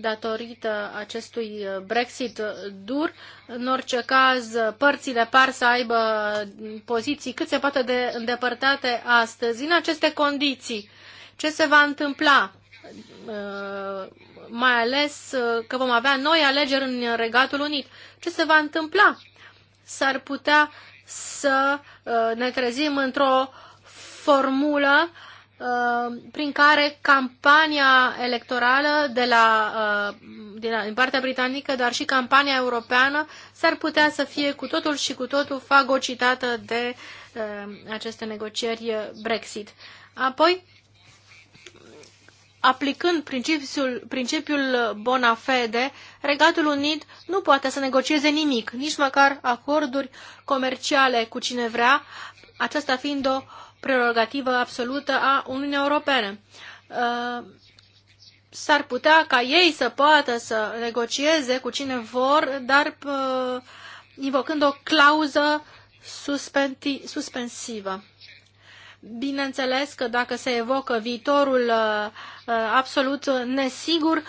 datorită acestui uh, Brexit dur. În orice caz, părțile par să aibă poziții cât se poate de îndepărtate astăzi. În aceste condiții, ce se va întâmpla? Uh, mai ales că vom avea noi alegeri în Regatul Unit. Ce se va întâmpla s-ar putea să uh, ne trezim într-o formulă uh, prin care campania electorală de la, uh, din, la, din partea britanică, dar și campania europeană, s-ar putea să fie cu totul și cu totul fagocitată de aceste negocieri Brexit. Apoi, aplicând principiul, principiul bona fede, Regatul Unit nu poate să negocieze nimic, nici măcar acorduri comerciale cu cine vrea, aceasta fiind o prerogativă absolută a Uniunii Europene. Uh, S-ar putea ca ei să poată să negocieze cu cine vor, dar uh, invocând o clauză suspensivă. Bineînțeles că dacă se evocă viitorul uh, uh, absolut nesigur, uh,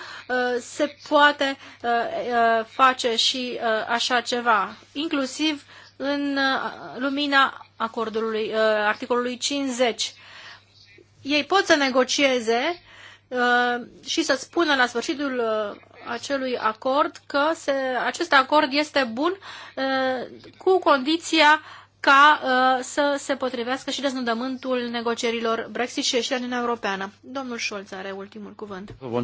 se poate face și așa ceva, inclusiv în lumina acordului, articolului 50. Ei pot să negocieze și să spună la sfârșitul acelui acord că se, acest acord este bun cu condiția ca uh, să se potrivească și deznodământul negocierilor Brexit și ieșirea din Europeană. Domnul Scholz are ultimul cuvânt. Uh,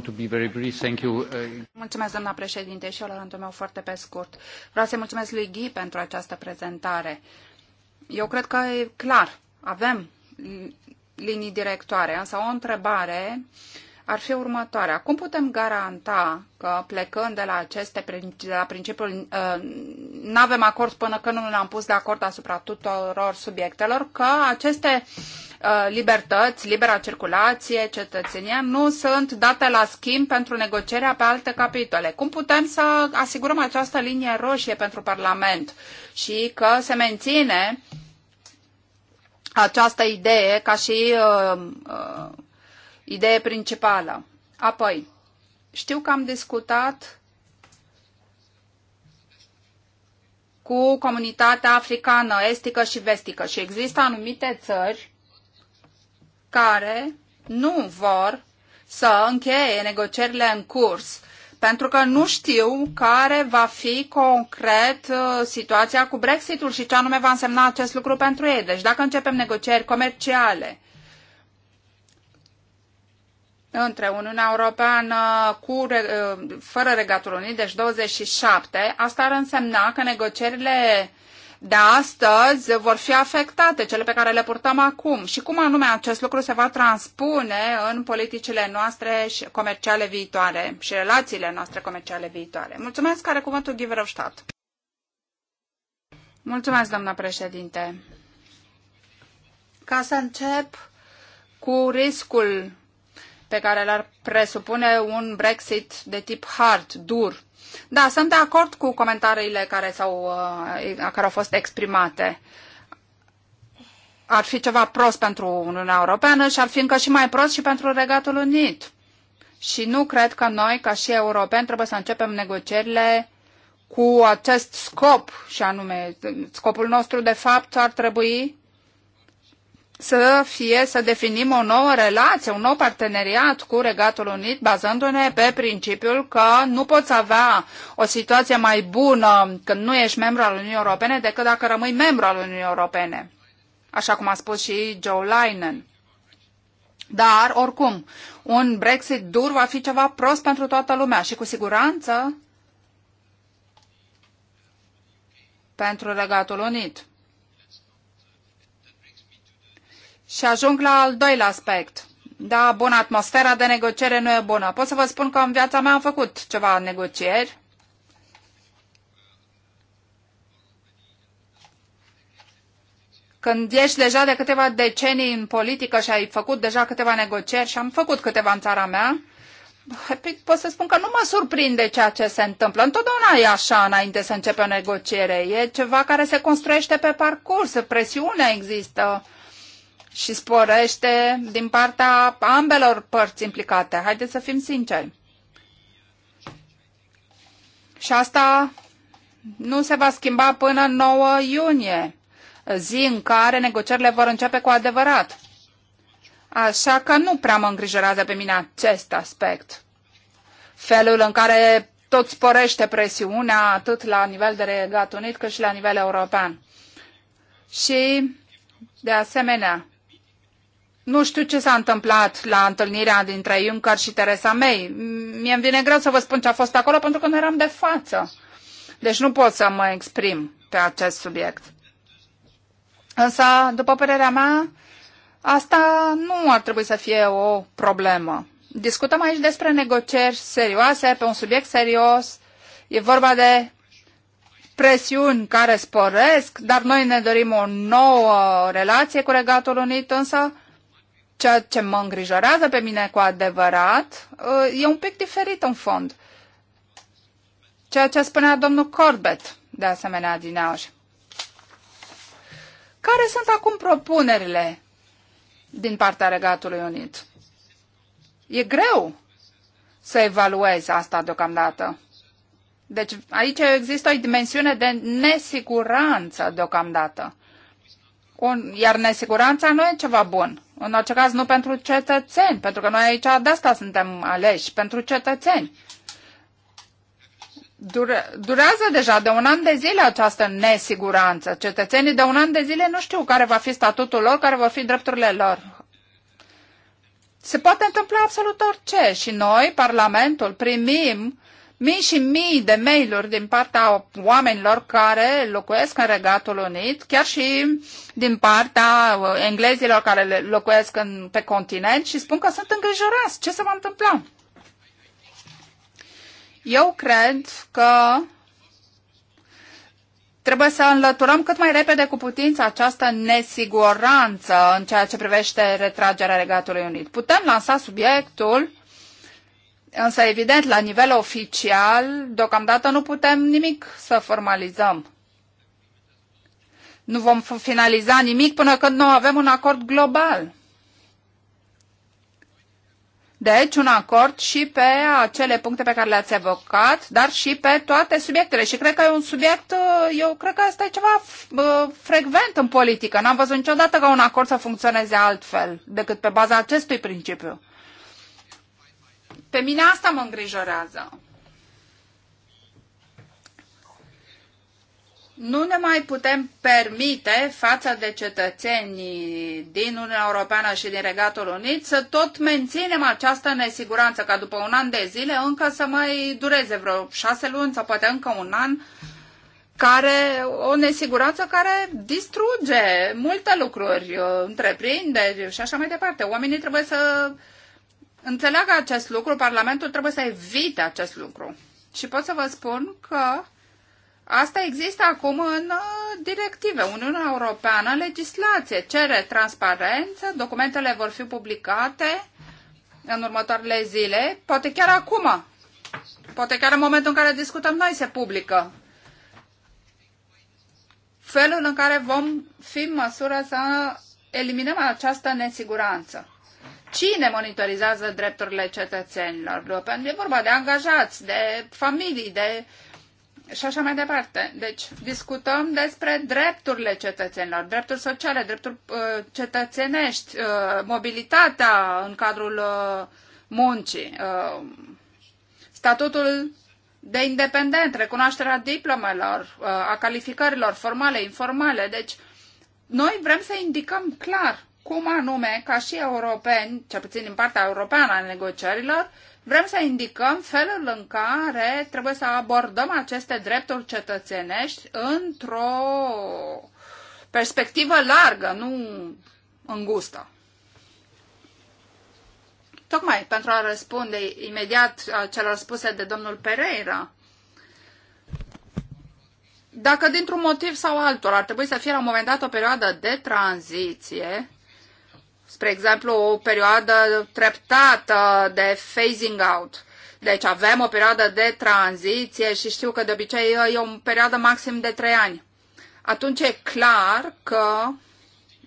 mulțumesc, doamna președinte, și eu la rândul meu foarte pe scurt. Vreau să-i mulțumesc lui Ghi pentru această prezentare. Eu cred că e clar, avem linii directoare, însă o întrebare uh, ar fi următoarea. Cum putem garanta că plecând de la aceste de la principiul uh, nu avem acord până când nu ne-am pus de acord asupra tuturor subiectelor, că aceste uh, libertăți, libera circulație, cetățenia nu sunt date la schimb pentru negocierea pe alte capitole. Cum putem să asigurăm această linie roșie pentru Parlament și că se menține această idee ca și uh, uh, idee principală. Apoi, știu că am discutat cu comunitatea africană, estică și vestică și există anumite țări care nu vor să încheie negocierile în curs pentru că nu știu care va fi concret uh, situația cu Brexitul și ce anume va însemna acest lucru pentru ei. Deci dacă începem negocieri comerciale între Uniunea Europeană cu, ă, fără Regatul Unit, deci 27, asta ar însemna că negocierile de astăzi vor fi afectate, cele pe care le purtăm acum. Și cum anume acest lucru se va transpune în politicile noastre și comerciale viitoare și relațiile noastre comerciale viitoare. Mulțumesc, care cuvântul Ghiverăștat. Mulțumesc, doamna președinte. Ca să încep cu riscul pe care le-ar presupune un Brexit de tip hard, dur. Da, sunt de acord cu comentariile care, s-au, uh, care au fost exprimate. Ar fi ceva prost pentru Uniunea Europeană și ar fi încă și mai prost și pentru Regatul Unit. Și nu cred că noi, ca și europeni, trebuie să începem negocierile cu acest scop, și anume, scopul nostru, de fapt, ar trebui să fie să definim o nouă relație, un nou parteneriat cu Regatul Unit, bazându-ne pe principiul că nu poți avea o situație mai bună când nu ești membru al Uniunii Europene decât dacă rămâi membru al Uniunii Europene, așa cum a spus și Joe Linen. Dar, oricum, un Brexit dur va fi ceva prost pentru toată lumea și, cu siguranță, pentru Regatul Unit. Și ajung la al doilea aspect. Da, bun, atmosfera de negociere nu e bună. Pot să vă spun că în viața mea am făcut ceva negocieri. Când ești deja de câteva decenii în politică și ai făcut deja câteva negocieri și am făcut câteva în țara mea, pot să spun că nu mă surprinde ceea ce se întâmplă. Întotdeauna e așa înainte să începe o negociere. E ceva care se construiește pe parcurs, presiunea există și sporește din partea ambelor părți implicate. Haideți să fim sinceri. Și asta nu se va schimba până 9 iunie, zi în care negocierile vor începe cu adevărat. Așa că nu prea mă îngrijorează pe mine acest aspect. Felul în care tot sporește presiunea atât la nivel de Regat Unit cât și la nivel european. Și, de asemenea, nu știu ce s-a întâmplat la întâlnirea dintre Juncker și Teresa May. Mie îmi vine greu să vă spun ce a fost acolo pentru că nu eram de față. Deci nu pot să mă exprim pe acest subiect. Însă, după părerea mea, asta nu ar trebui să fie o problemă. Discutăm aici despre negocieri serioase, pe un subiect serios. E vorba de presiuni care sporesc, dar noi ne dorim o nouă relație cu Regatul Unit, însă Ceea ce mă îngrijorează pe mine cu adevărat uh, e un pic diferit în fond. Ceea ce spunea domnul Corbett, de asemenea, din auși. Care sunt acum propunerile din partea Regatului Unit? E greu să evaluezi asta deocamdată. Deci aici există o dimensiune de nesiguranță deocamdată. Un, iar nesiguranța nu e ceva bun. În orice caz, nu pentru cetățeni, pentru că noi aici de asta suntem aleși, pentru cetățeni. Dure, durează deja de un an de zile această nesiguranță. Cetățenii de un an de zile nu știu care va fi statutul lor, care vor fi drepturile lor. Se poate întâmpla absolut orice și noi, Parlamentul, primim mii și mii de mail-uri din partea oamenilor care locuiesc în Regatul Unit, chiar și din partea uh, englezilor care locuiesc în, pe continent și spun că sunt îngrijorați. Ce se va întâmpla? Eu cred că trebuie să înlăturăm cât mai repede cu putință această nesiguranță în ceea ce privește retragerea Regatului Unit. Putem lansa subiectul Însă, evident, la nivel oficial, deocamdată nu putem nimic să formalizăm. Nu vom finaliza nimic până când nu avem un acord global. Deci, un acord și pe acele puncte pe care le-ați evocat, dar și pe toate subiectele. Și cred că e un subiect, uh, eu cred că asta e ceva uh, frecvent în politică. N-am văzut niciodată ca un acord să funcționeze altfel decât pe baza acestui principiu. Pe mine asta mă îngrijorează. Nu ne mai putem permite față de cetățenii din Uniunea Europeană și din Regatul Unit să tot menținem această nesiguranță, ca după un an de zile încă să mai dureze vreo șase luni sau poate încă un an, care, o nesiguranță care distruge multe lucruri, uh, întreprinderi și așa mai departe. Oamenii trebuie să uh, înțeleagă acest lucru, Parlamentul trebuie să evite acest lucru. Și pot să vă spun că asta există acum în uh, directive. Uniunea Europeană, legislație, cere transparență, documentele vor fi publicate în următoarele zile, poate chiar acum, poate chiar în momentul în care discutăm noi se publică felul în care vom fi în măsură să eliminăm această nesiguranță. Cine monitorizează drepturile cetățenilor? Pentru că e vorba de angajați, de familii, de și așa mai departe. Deci discutăm despre drepturile cetățenilor, drepturi sociale, drepturi uh, cetățenești, uh, mobilitatea în cadrul uh, muncii, uh, statutul de independent, recunoașterea diplomelor, uh, a calificărilor formale, informale. Deci noi vrem să indicăm clar cum anume, ca și europeni, cel puțin din partea europeană a negocierilor, vrem să indicăm felul în care trebuie să abordăm aceste drepturi cetățenești într-o perspectivă largă, nu îngustă. Tocmai pentru a răspunde imediat celor spuse de domnul Pereira, dacă dintr-un motiv sau altul ar trebui să fie la un moment dat o perioadă de tranziție, spre exemplu, o perioadă treptată de phasing out. Deci avem o perioadă de tranziție și știu că de obicei e o perioadă maxim de trei ani. Atunci e clar că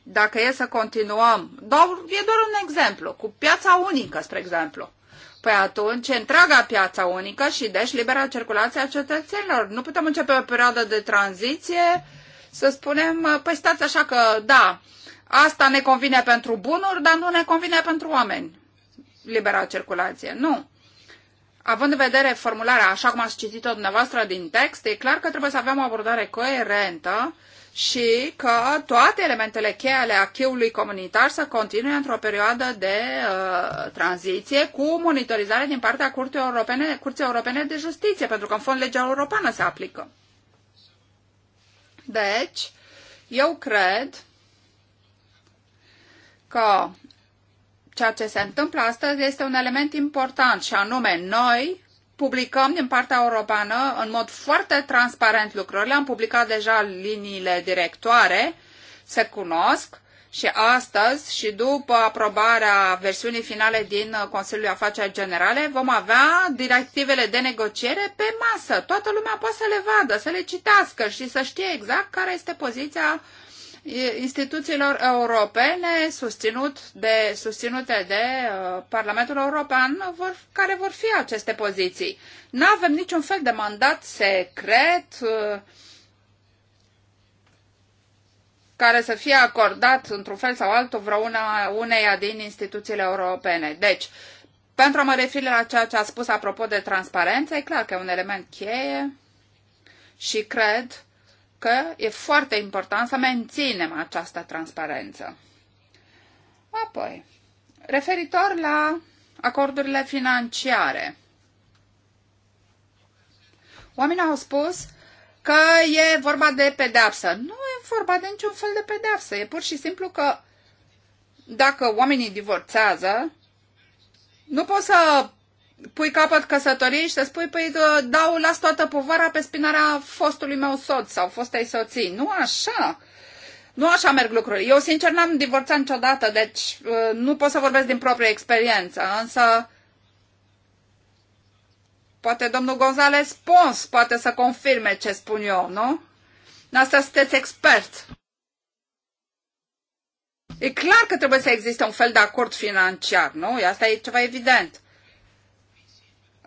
dacă e să continuăm, doar, e doar un exemplu, cu piața unică, spre exemplu. Păi atunci, întreaga piața unică și deci libera circulație a cetățenilor. Nu putem începe o perioadă de tranziție să spunem, păi stați așa că, da, Asta ne convine pentru bunuri, dar nu ne convine pentru oameni. Libera circulație. Nu. Având în vedere formularea, așa cum ați citit-o dumneavoastră din text, e clar că trebuie să avem o abordare coerentă și că toate elementele cheie ale acheului comunitar să continue într-o perioadă de uh, tranziție cu monitorizare din partea Curții Europene, Curții Europene de Justiție, pentru că în fond legea europeană se aplică. Deci, eu cred că ceea ce se întâmplă astăzi este un element important și anume noi publicăm din partea europeană în mod foarte transparent lucrurile. Am publicat deja liniile directoare, se cunosc și astăzi și după aprobarea versiunii finale din Consiliul Afaceri Generale vom avea directivele de negociere pe masă. Toată lumea poate să le vadă, să le citească și să știe exact care este poziția instituțiilor europene susținut de, susținute de uh, Parlamentul European vor, care vor fi aceste poziții. Nu avem niciun fel de mandat secret uh, care să fie acordat într-un fel sau altul vreuna uneia din instituțiile europene. Deci, pentru a mă referi la ceea ce a spus apropo de transparență, e clar că e un element cheie și cred că e foarte important să menținem această transparență. Apoi, referitor la acordurile financiare. Oamenii au spus că e vorba de pedeapsă. Nu e vorba de niciun fel de pedeapsă. E pur și simplu că dacă oamenii divorțează, nu poți să pui capăt căsătoriei și să spui, păi dau, las toată povara pe spinarea fostului meu soț sau fostei soții. Nu așa. Nu așa merg lucrurile. Eu, sincer, n-am divorțat niciodată, deci uh, nu pot să vorbesc din proprie experiență, însă poate domnul Gonzales Pons poate să confirme ce spun eu, nu? Asta sunteți expert. E clar că trebuie să existe un fel de acord financiar, nu? Asta e ceva evident.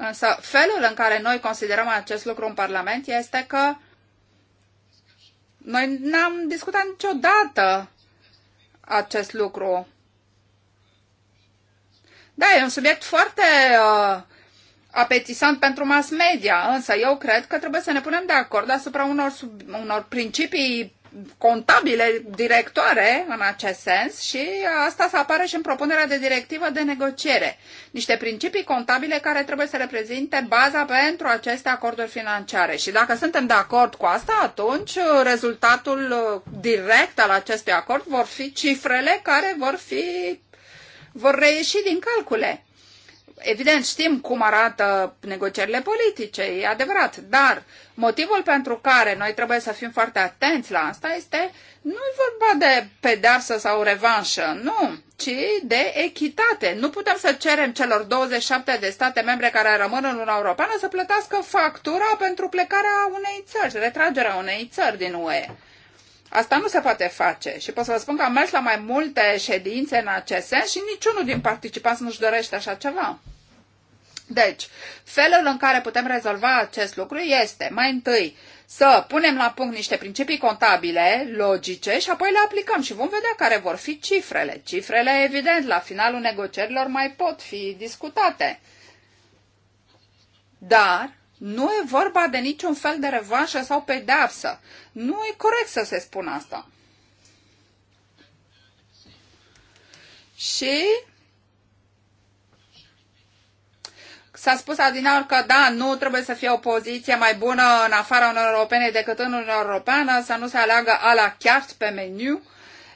Însă felul în care noi considerăm acest lucru în Parlament este că noi n-am discutat niciodată acest lucru. Da, e un subiect foarte uh, apetisant pentru mass media, însă eu cred că trebuie să ne punem de acord asupra unor, sub, unor principii contabile directoare în acest sens și asta să apare și în propunerea de directivă de negociere. Niște principii contabile care trebuie să reprezinte baza pentru aceste acorduri financiare. Și dacă suntem de acord cu asta, atunci uh, rezultatul uh, direct al acestui acord vor fi cifrele care vor fi vor reieși din calcule. Evident, știm cum arată negocierile politice, e adevărat, dar motivul pentru care noi trebuie să fim foarte atenți la asta este nu e vorba de pedeapsă sau revanșă, nu, ci de echitate. Nu putem să cerem celor 27 de state membre care rămân în Uniunea Europeană să plătească factura pentru plecarea unei țări, retragerea unei țări din UE. Asta nu se poate face și pot să vă spun că am mers la mai multe ședințe în acest sens și niciunul din participanți nu-și dorește așa ceva. Deci, felul în care putem rezolva acest lucru este, mai întâi, să punem la punct niște principii contabile, logice, și apoi le aplicăm și vom vedea care vor fi cifrele. Cifrele, evident, la finalul negocierilor mai pot fi discutate. Dar nu e vorba de niciun fel de revanșă sau pedeapsă. Nu e corect să se spună asta. Și S-a spus adinaur că da, nu trebuie să fie o poziție mai bună în afara Uniunii Europene decât în Uniunea Europeană, să nu se aleagă a la pe meniu.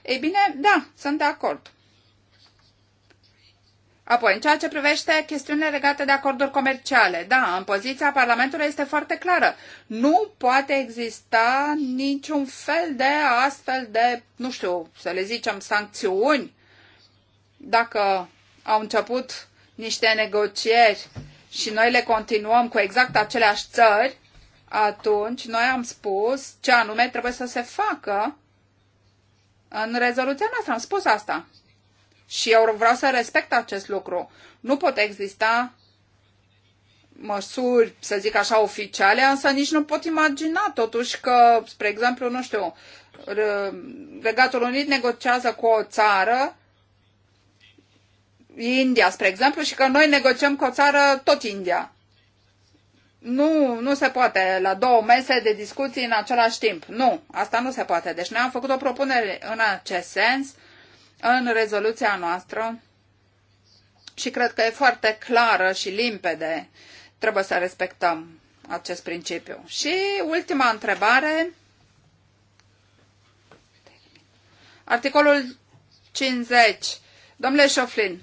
Ei bine, da, sunt de acord. Apoi, în ceea ce privește chestiunile legate de acorduri comerciale, da, în poziția Parlamentului este foarte clară. Nu poate exista niciun fel de astfel de, nu știu, să le zicem, sancțiuni dacă au început niște negocieri și noi le continuăm cu exact aceleași țări, atunci noi am spus ce anume trebuie să se facă în rezoluția noastră. Am spus asta. Și eu vreau să respect acest lucru. Nu pot exista măsuri, să zic așa, oficiale, însă nici nu pot imagina totuși că, spre exemplu, nu știu, Regatul Unit negociază cu o țară, India, spre exemplu, și că noi negociem cu o țară tot India. Nu, nu se poate la două mese de discuții în același timp. Nu, asta nu se poate. Deci noi am făcut o propunere în acest sens în rezoluția noastră și cred că e foarte clară și limpede. Trebuie să respectăm acest principiu. Și ultima întrebare. Articolul 50. Domnule Șoflin,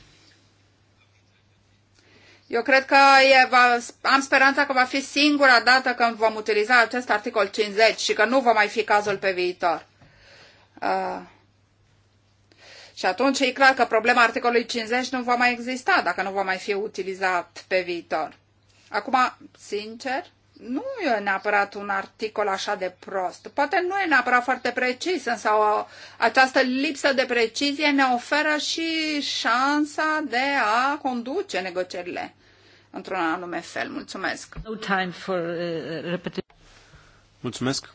eu cred că e, va, am speranța că va fi singura dată când vom utiliza acest articol 50 și că nu va mai fi cazul pe viitor. Uh, și atunci e clar că problema articolului 50 nu va mai exista dacă nu va mai fi utilizat pe viitor. Acum, sincer, nu e neapărat un articol așa de prost. Poate nu e neapărat foarte precis, însă o, această lipsă de precizie ne oferă și șansa de a conduce negocierile într-un anume fel. Mulțumesc! No time for, uh, Mulțumesc!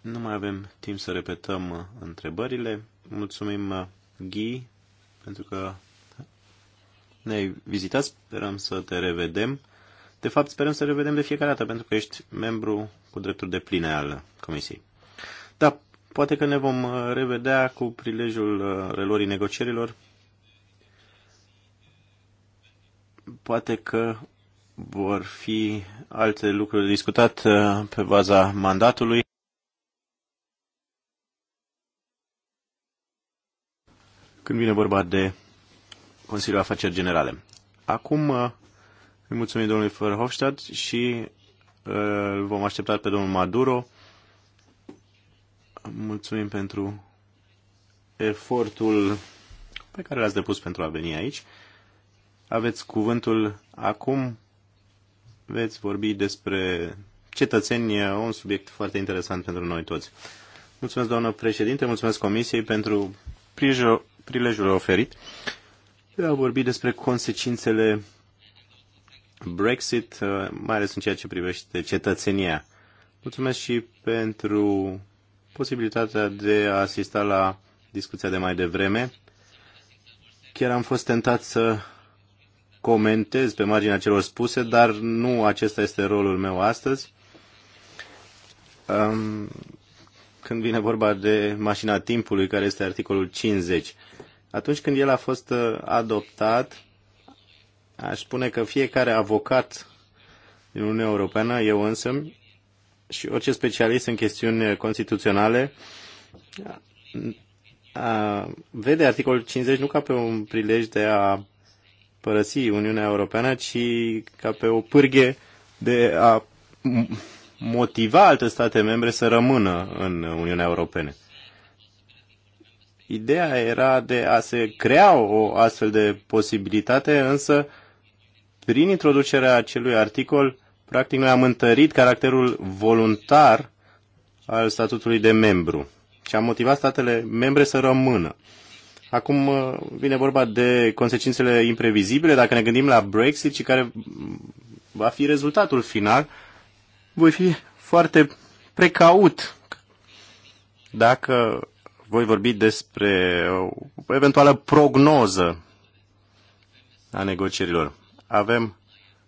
Nu mai avem timp să repetăm uh, întrebările. Mulțumim uh, Ghi, pentru că ne-ai vizitat, sperăm să te revedem. De fapt, sperăm să revedem de fiecare dată, pentru că ești membru cu drepturi de pline al Comisiei. Da, poate că ne vom uh, revedea cu prilejul uh, relorii negocierilor. Poate că vor fi alte lucruri discutate discutat uh, pe baza mandatului. când vine vorba de Consiliul Afaceri Generale. Acum uh, îi mulțumim domnului Verhofstadt și uh, îl vom aștepta pe domnul Maduro. Mulțumim pentru efortul pe care l-ați depus pentru a veni aici. Aveți cuvântul acum. Veți vorbi despre cetățeni, un subiect foarte interesant pentru noi toți. Mulțumesc, doamnă președinte, mulțumesc Comisiei pentru prilejul oferit de a vorbi despre consecințele Brexit, uh, mai ales în ceea ce privește cetățenia. Mulțumesc și pentru posibilitatea de a asista la discuția de mai devreme. Chiar am fost tentat să comentez pe marginea celor spuse, dar nu acesta este rolul meu astăzi. Um, când vine vorba de mașina timpului, care este articolul 50. Atunci când el a fost uh, adoptat, aș spune că fiecare avocat din Uniunea Europeană, eu însă, și orice specialist în chestiuni constituționale, a, vede articolul 50 nu ca pe un prilej de a părăsi Uniunea Europeană, ci ca pe o pârghie de a motiva alte state membre să rămână în Uniunea Europene. Ideea era de a se crea o astfel de posibilitate, însă prin introducerea acelui articol, practic noi am întărit caracterul voluntar al statutului de membru și am motivat statele membre să rămână. Acum uh, vine vorba de consecințele imprevizibile, dacă ne gândim la Brexit și care va fi rezultatul final voi fi foarte precaut dacă voi vorbi despre o eventuală prognoză a negocierilor. Avem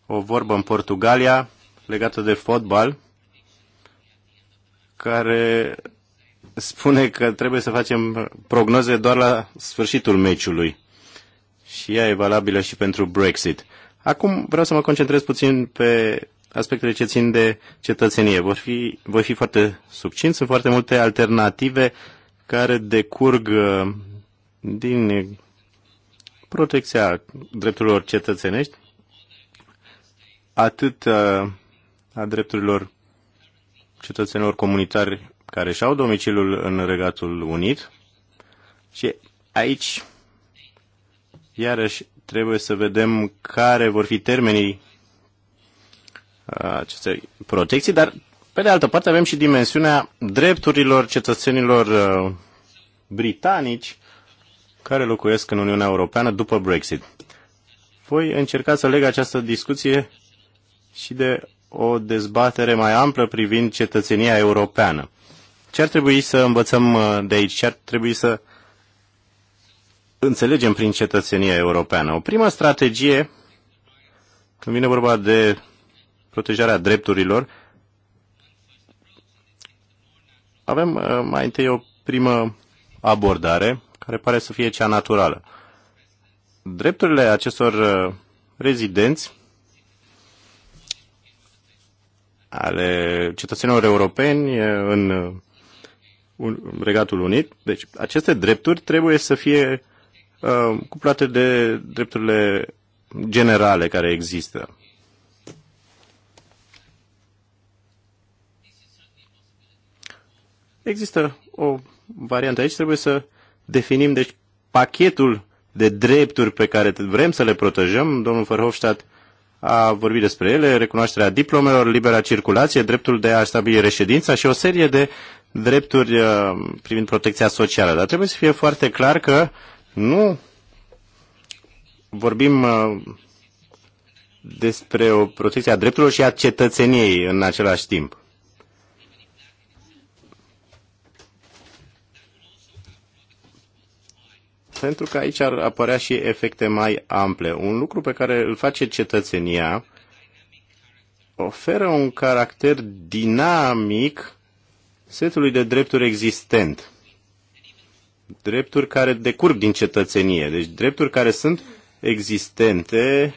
o vorbă în Portugalia legată de fotbal care spune că trebuie să facem prognoze doar la sfârșitul meciului și ea e valabilă și pentru Brexit. Acum vreau să mă concentrez puțin pe aspectele ce țin de cetățenie. Vor fi, voi fi foarte succint, sunt foarte multe alternative care decurg uh, din protecția drepturilor cetățenești, atât uh, a drepturilor cetățenilor comunitari care și-au domiciliul în Regatul Unit. Și aici, iarăși, trebuie să vedem care vor fi termenii aceste protecții, dar pe de altă parte avem și dimensiunea drepturilor cetățenilor uh, britanici care locuiesc în Uniunea Europeană după Brexit. Voi încerca să leg această discuție și de o dezbatere mai amplă privind cetățenia europeană. Ce ar trebui să învățăm uh, de aici? Ce ar trebui să înțelegem prin cetățenia europeană? O primă strategie, când vine vorba de protejarea drepturilor, avem uh, mai întâi o primă abordare care pare să fie cea naturală. Drepturile acestor uh, rezidenți ale cetățenilor europeni uh, în Regatul Unit, deci aceste drepturi trebuie să fie cuplate de drepturile generale care există. Există o variantă aici, trebuie să definim deci pachetul de drepturi pe care vrem să le protejăm. Domnul Verhofstadt a vorbit despre ele, recunoașterea diplomelor, libera circulație, dreptul de a stabili reședința și o serie de drepturi uh, privind protecția socială. Dar trebuie să fie foarte clar că nu vorbim uh, despre o protecție a drepturilor și a cetățeniei în același timp. pentru că aici ar apărea și efecte mai ample. Un lucru pe care îl face cetățenia oferă un caracter dinamic setului de drepturi existent. Drepturi care decurg din cetățenie, deci drepturi care sunt existente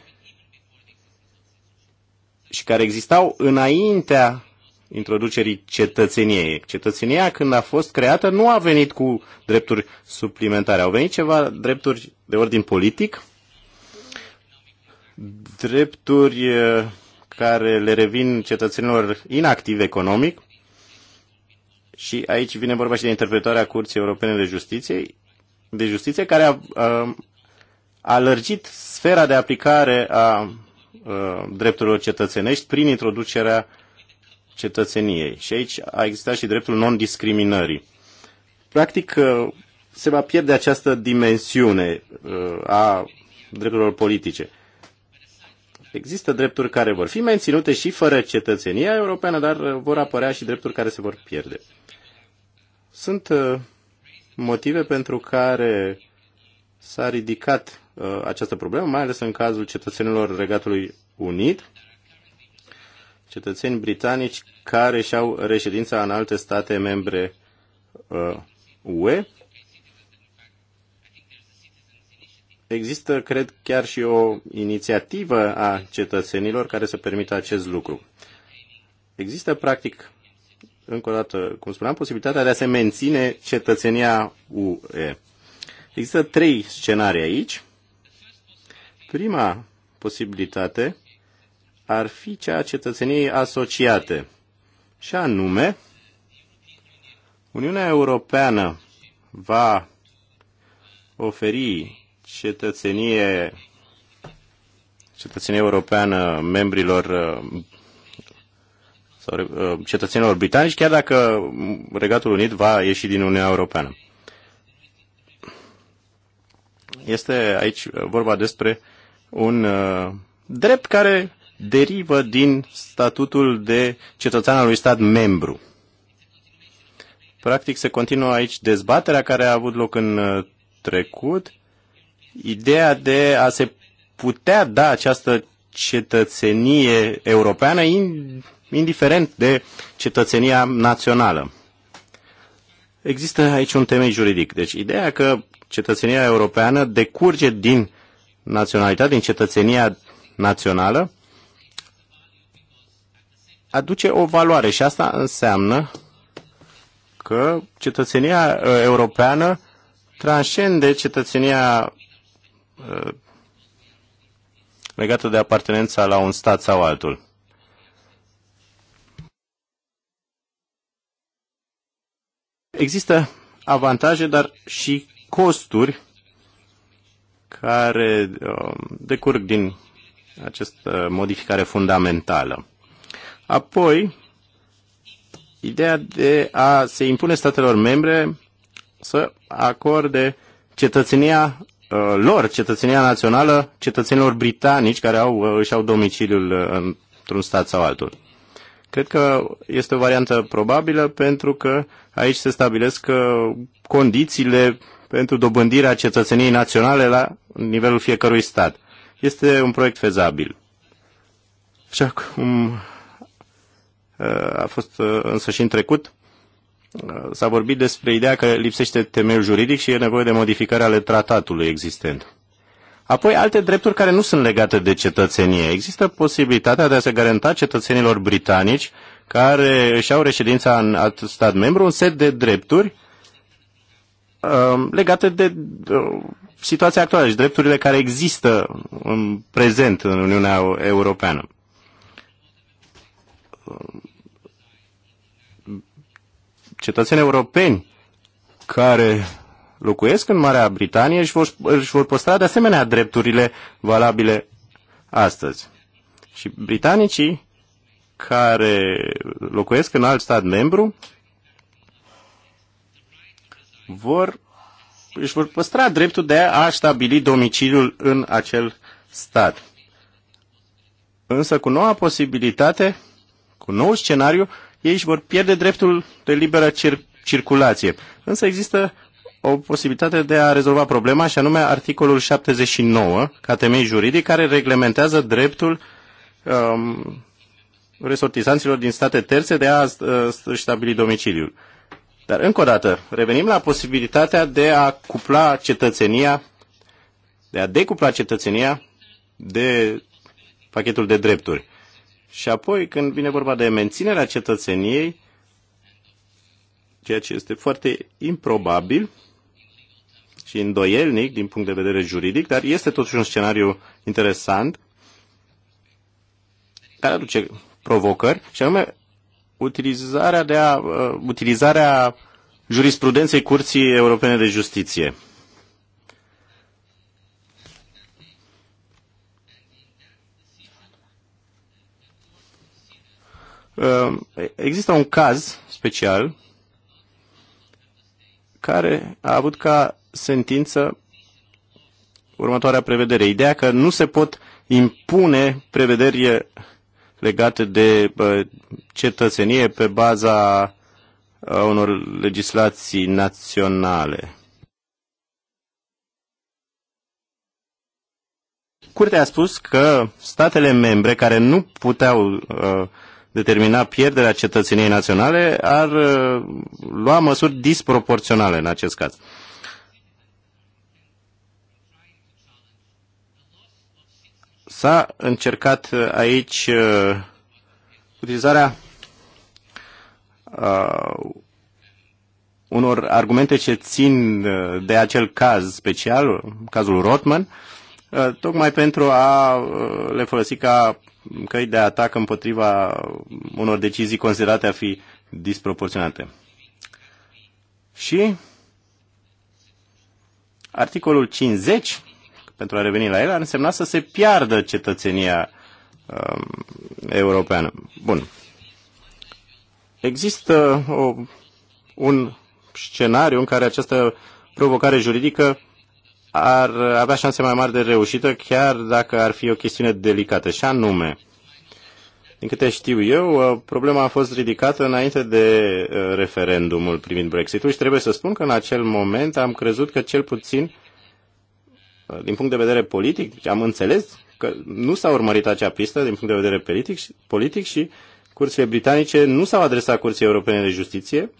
și care existau înaintea introducerii cetățeniei. Cetățenia, când a fost creată, nu a venit cu drepturi suplimentare. Au venit ceva drepturi de ordin politic, drepturi eh, care le revin cetățenilor inactivi economic, și aici vine vorba și de interpretarea Curții Europene de Justiție, de justiție care a, a alărgit sfera de aplicare a, a drepturilor cetățenești prin introducerea cetățeniei. Și aici a existat și dreptul non-discriminării. Practic, uh, se va pierde această dimensiune uh, a drepturilor politice. Există drepturi care vor fi menținute și fără cetățenia europeană, dar uh, vor apărea și drepturi care se vor pierde. Sunt motive pentru care s-a ridicat această problemă, mai ales în cazul cetățenilor Regatului Unit, cetățeni britanici care și-au reședința în alte state membre uh, UE. Există, cred, chiar și o inițiativă a cetățenilor care să permită acest lucru. Există, practic, încă o dată, cum spuneam, posibilitatea de a se menține cetățenia UE. Există trei scenarii aici. Prima posibilitate ar fi cea a cetățeniei asociate, și anume, Uniunea Europeană va oferi cetățenie cetățenie europeană membrilor uh, sau uh, cetățenilor britanici, chiar dacă Regatul Unit va ieși din Uniunea Europeană. Este aici vorba despre un uh, drept care derivă din statutul de cetățean al unui stat membru. Practic se continuă aici dezbaterea care a avut loc în uh, trecut, ideea de a se putea da această cetățenie europeană indiferent de cetățenia națională. Există aici un temei juridic. Deci ideea că cetățenia europeană decurge din naționalitate, din cetățenia națională, aduce o valoare și asta înseamnă că cetățenia uh, europeană transcende cetățenia uh, legată de apartenența la un stat sau altul. Există avantaje, dar și costuri care uh, decurg din această modificare fundamentală. Apoi, ideea de a se impune statelor membre să acorde cetățenia uh, lor, cetățenia națională, cetățenilor britanici care au, uh, își au domiciliul uh, într-un stat sau altul. Cred că este o variantă probabilă pentru că aici se stabilesc condițiile pentru dobândirea cetățeniei naționale la nivelul fiecărui stat. Este un proiect fezabil. Și acum a fost uh, însă și în trecut. Uh, s-a vorbit despre ideea că lipsește temeiul juridic și e nevoie de modificare ale tratatului existent. Apoi alte drepturi care nu sunt legate de cetățenie. Există posibilitatea de a se garanta cetățenilor britanici care își au reședința în alt stat membru un set de drepturi um, legate de uh, situația actuală și drepturile care există în prezent în Uniunea Europeană cetățeni europeni care locuiesc în Marea Britanie își vor, își vor păstra de asemenea drepturile valabile astăzi. Și britanicii care locuiesc în alt stat membru vor, își vor păstra dreptul de a stabili domiciliul în acel stat. Însă cu noua posibilitate, cu nou scenariu, ei își vor pierde dreptul de liberă cir- circulație. Însă există o posibilitate de a rezolva problema, și anume articolul 79, ca temei juridic, care reglementează dreptul um, resortizanților din state terțe de a uh, stabili domiciliul. Dar, încă o dată, revenim la posibilitatea de a cupla cetățenia, de a decupla cetățenia de pachetul de drepturi. Și apoi, când vine vorba de menținerea cetățeniei, ceea ce este foarte improbabil și îndoielnic din punct de vedere juridic, dar este totuși un scenariu interesant care aduce provocări, și anume utilizarea, de a, uh, utilizarea jurisprudenței Curții Europene de Justiție. Uh, există un caz special care a avut ca sentință următoarea prevedere. Ideea că nu se pot impune prevederi legate de cetățenie pe baza uh, unor legislații naționale. Curtea a spus că statele membre care nu puteau uh, determina pierderea cetățeniei naționale, ar uh, lua măsuri disproporționale în acest caz. S-a încercat uh, aici uh, utilizarea uh, unor argumente ce țin de acel caz special, cazul Rotman, uh, tocmai pentru a le folosi ca căi de atac împotriva unor decizii considerate a fi disproporționate. Și articolul 50, pentru a reveni la el, ar însemna să se piardă cetățenia uh, europeană. Bun. Există o, un scenariu în care această provocare juridică ar avea șanse mai mari de reușită, chiar dacă ar fi o chestiune delicată, și anume, din câte știu eu, uh, problema a fost ridicată înainte de uh, referendumul privind Brexitul și trebuie să spun că în acel moment am crezut că cel puțin, uh, din punct de vedere politic, deci am înțeles că nu s-a urmărit acea pistă din punct de vedere politic, și politic și curțile britanice nu s-au adresat Curții Europene de Justiție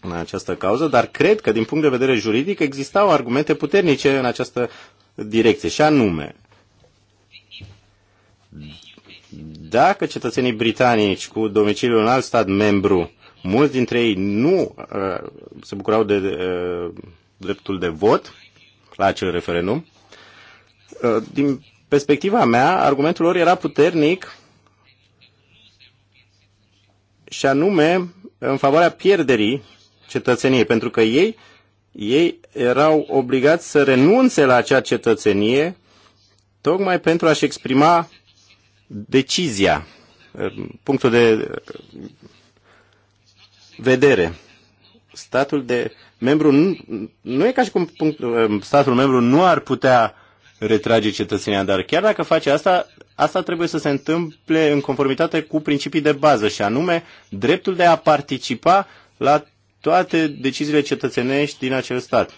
în această cauză, dar cred că din punct de vedere juridic existau argumente puternice în această direcție, și anume, dacă cetățenii britanici cu domiciliu în alt stat membru, mulți dintre ei nu uh, se bucurau de uh, dreptul de vot la acel referendum, uh, din perspectiva mea, argumentul lor era puternic și anume în favoarea pierderii cetățeniei, pentru că ei, ei erau obligați să renunțe la acea cetățenie tocmai pentru a-și exprima decizia, er, punctul de eh, vedere. Statul de membru nu, nu e ca și cum punct, eh, statul membru nu ar putea retrage cetățenia, dar chiar dacă face asta, asta trebuie să se întâmple în conformitate cu principii de bază și anume dreptul de a participa la toate deciziile cetățenești din acel stat.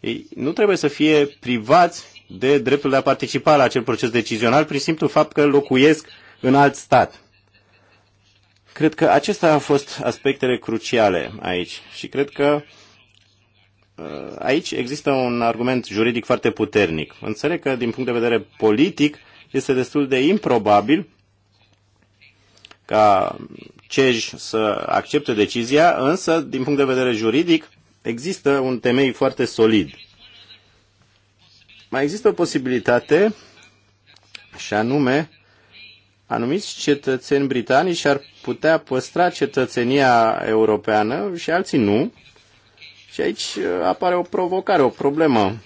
Ei nu trebuie să fie privați de dreptul de a participa la acel proces decizional prin simplu fapt că locuiesc în alt stat. Cred că acestea au fost aspectele cruciale aici și cred că uh, aici există un argument juridic foarte puternic. Înțeleg că din punct de vedere politic este destul de improbabil ca CEJ să accepte decizia, însă, din punct de vedere juridic, există un temei foarte solid. Mai există o posibilitate, și anume, anumiți cetățeni britanici ar putea păstra cetățenia europeană și alții nu. Și aici uh, apare o provocare, o problemă.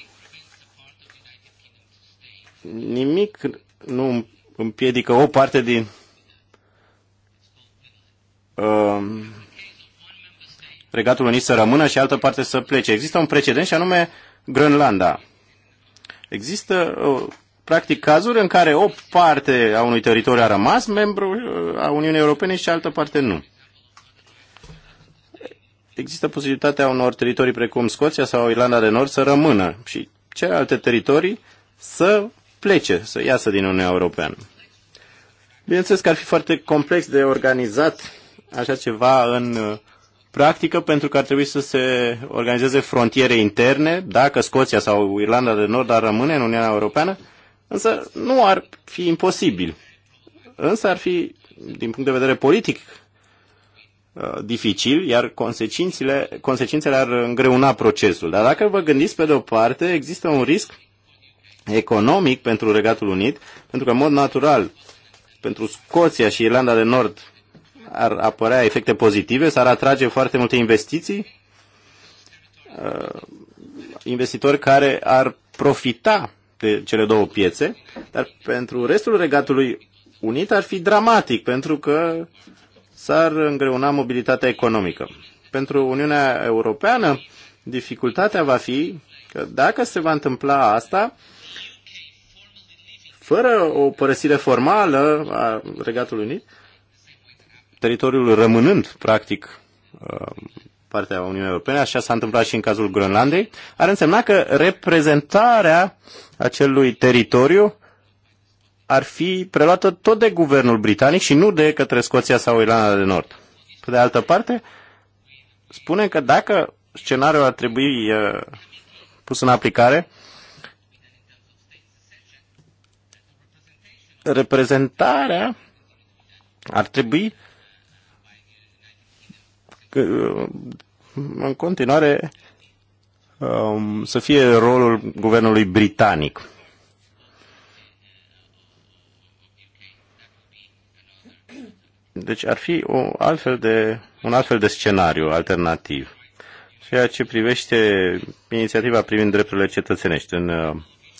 Nimic nu împiedică o parte din uh, Regatul Unit să rămână și altă parte să plece. Există un precedent și anume Groenlanda. Există uh, practic cazuri în care o parte a unui teritoriu a rămas membru uh, a Uniunii Europene și altă parte nu. Există posibilitatea unor teritorii precum Scoția sau Irlanda de Nord să rămână și celelalte teritorii să plece, să iasă din Uniunea Europeană. Bineînțeles că ar fi foarte complex de organizat așa ceva în uh, practică pentru că ar trebui să se organizeze frontiere interne, dacă Scoția sau Irlanda de Nord ar rămâne în Uniunea Europeană, însă nu ar fi imposibil. Însă ar fi, din punct de vedere politic, uh, dificil, iar consecințele, consecințele ar îngreuna procesul. Dar dacă vă gândiți pe de o parte, există un risc economic pentru Regatul Unit, pentru că, în mod natural, pentru Scoția și Irlanda de Nord, ar apărea efecte pozitive, s-ar atrage foarte multe investiții, uh, investitori care ar profita de cele două piețe, dar pentru restul regatului unit ar fi dramatic, pentru că s-ar îngreuna mobilitatea economică. Pentru Uniunea Europeană, dificultatea va fi că dacă se va întâmpla asta, fără o părăsire formală a Regatului Unit, teritoriul rămânând, practic, uh, partea Uniunii Europene, așa s-a întâmplat și în cazul Groenlandei, ar însemna că reprezentarea acelui teritoriu ar fi preluată tot de guvernul britanic și nu de către Scoția sau Irlanda de Nord. Pe de altă parte, spune că dacă scenariul ar trebui uh, pus în aplicare, reprezentarea ar trebui că, uh, în continuare um, să fie rolul guvernului britanic. Deci ar fi o altfel de, un altfel de scenariu alternativ. Ceea ce privește inițiativa privind drepturile cetățenești în uh,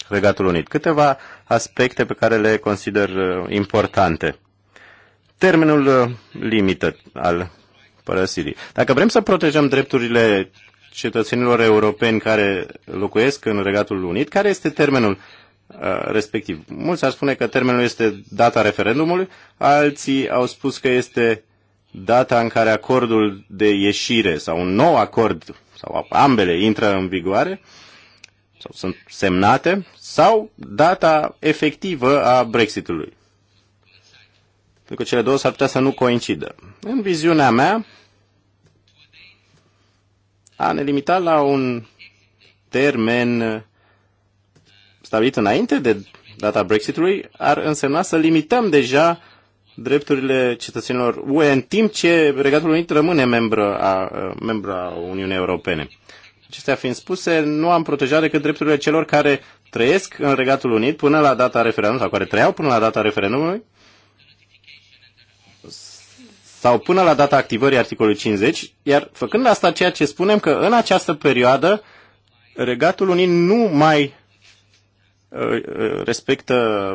Regatul Unit. Câteva aspecte pe care le consider uh, importante. Termenul limită al părăsirii. Dacă vrem să protejăm drepturile cetățenilor europeni care locuiesc în Regatul Unit, care este termenul uh, respectiv? Mulți ar spune că termenul este data referendumului, alții au spus că este data în care acordul de ieșire sau un nou acord sau ambele intră în vigoare sau sunt semnate sau data efectivă a Brexitului. Pentru că cele două s-ar putea să nu coincidă. În viziunea mea, a ne limita la un termen stabilit înainte de data Brexitului ar însemna să limităm deja drepturile cetățenilor UE în timp ce Regatul Unit rămâne membru a, membru a Uniunii Europene. Acestea fiind spuse, nu am protejat decât drepturile celor care trăiesc în Regatul Unit până la data referendumului sau care trăiau până la data referendumului sau până la data activării articolului 50, iar făcând asta ceea ce spunem că în această perioadă Regatul Unit nu mai uh, uh, respectă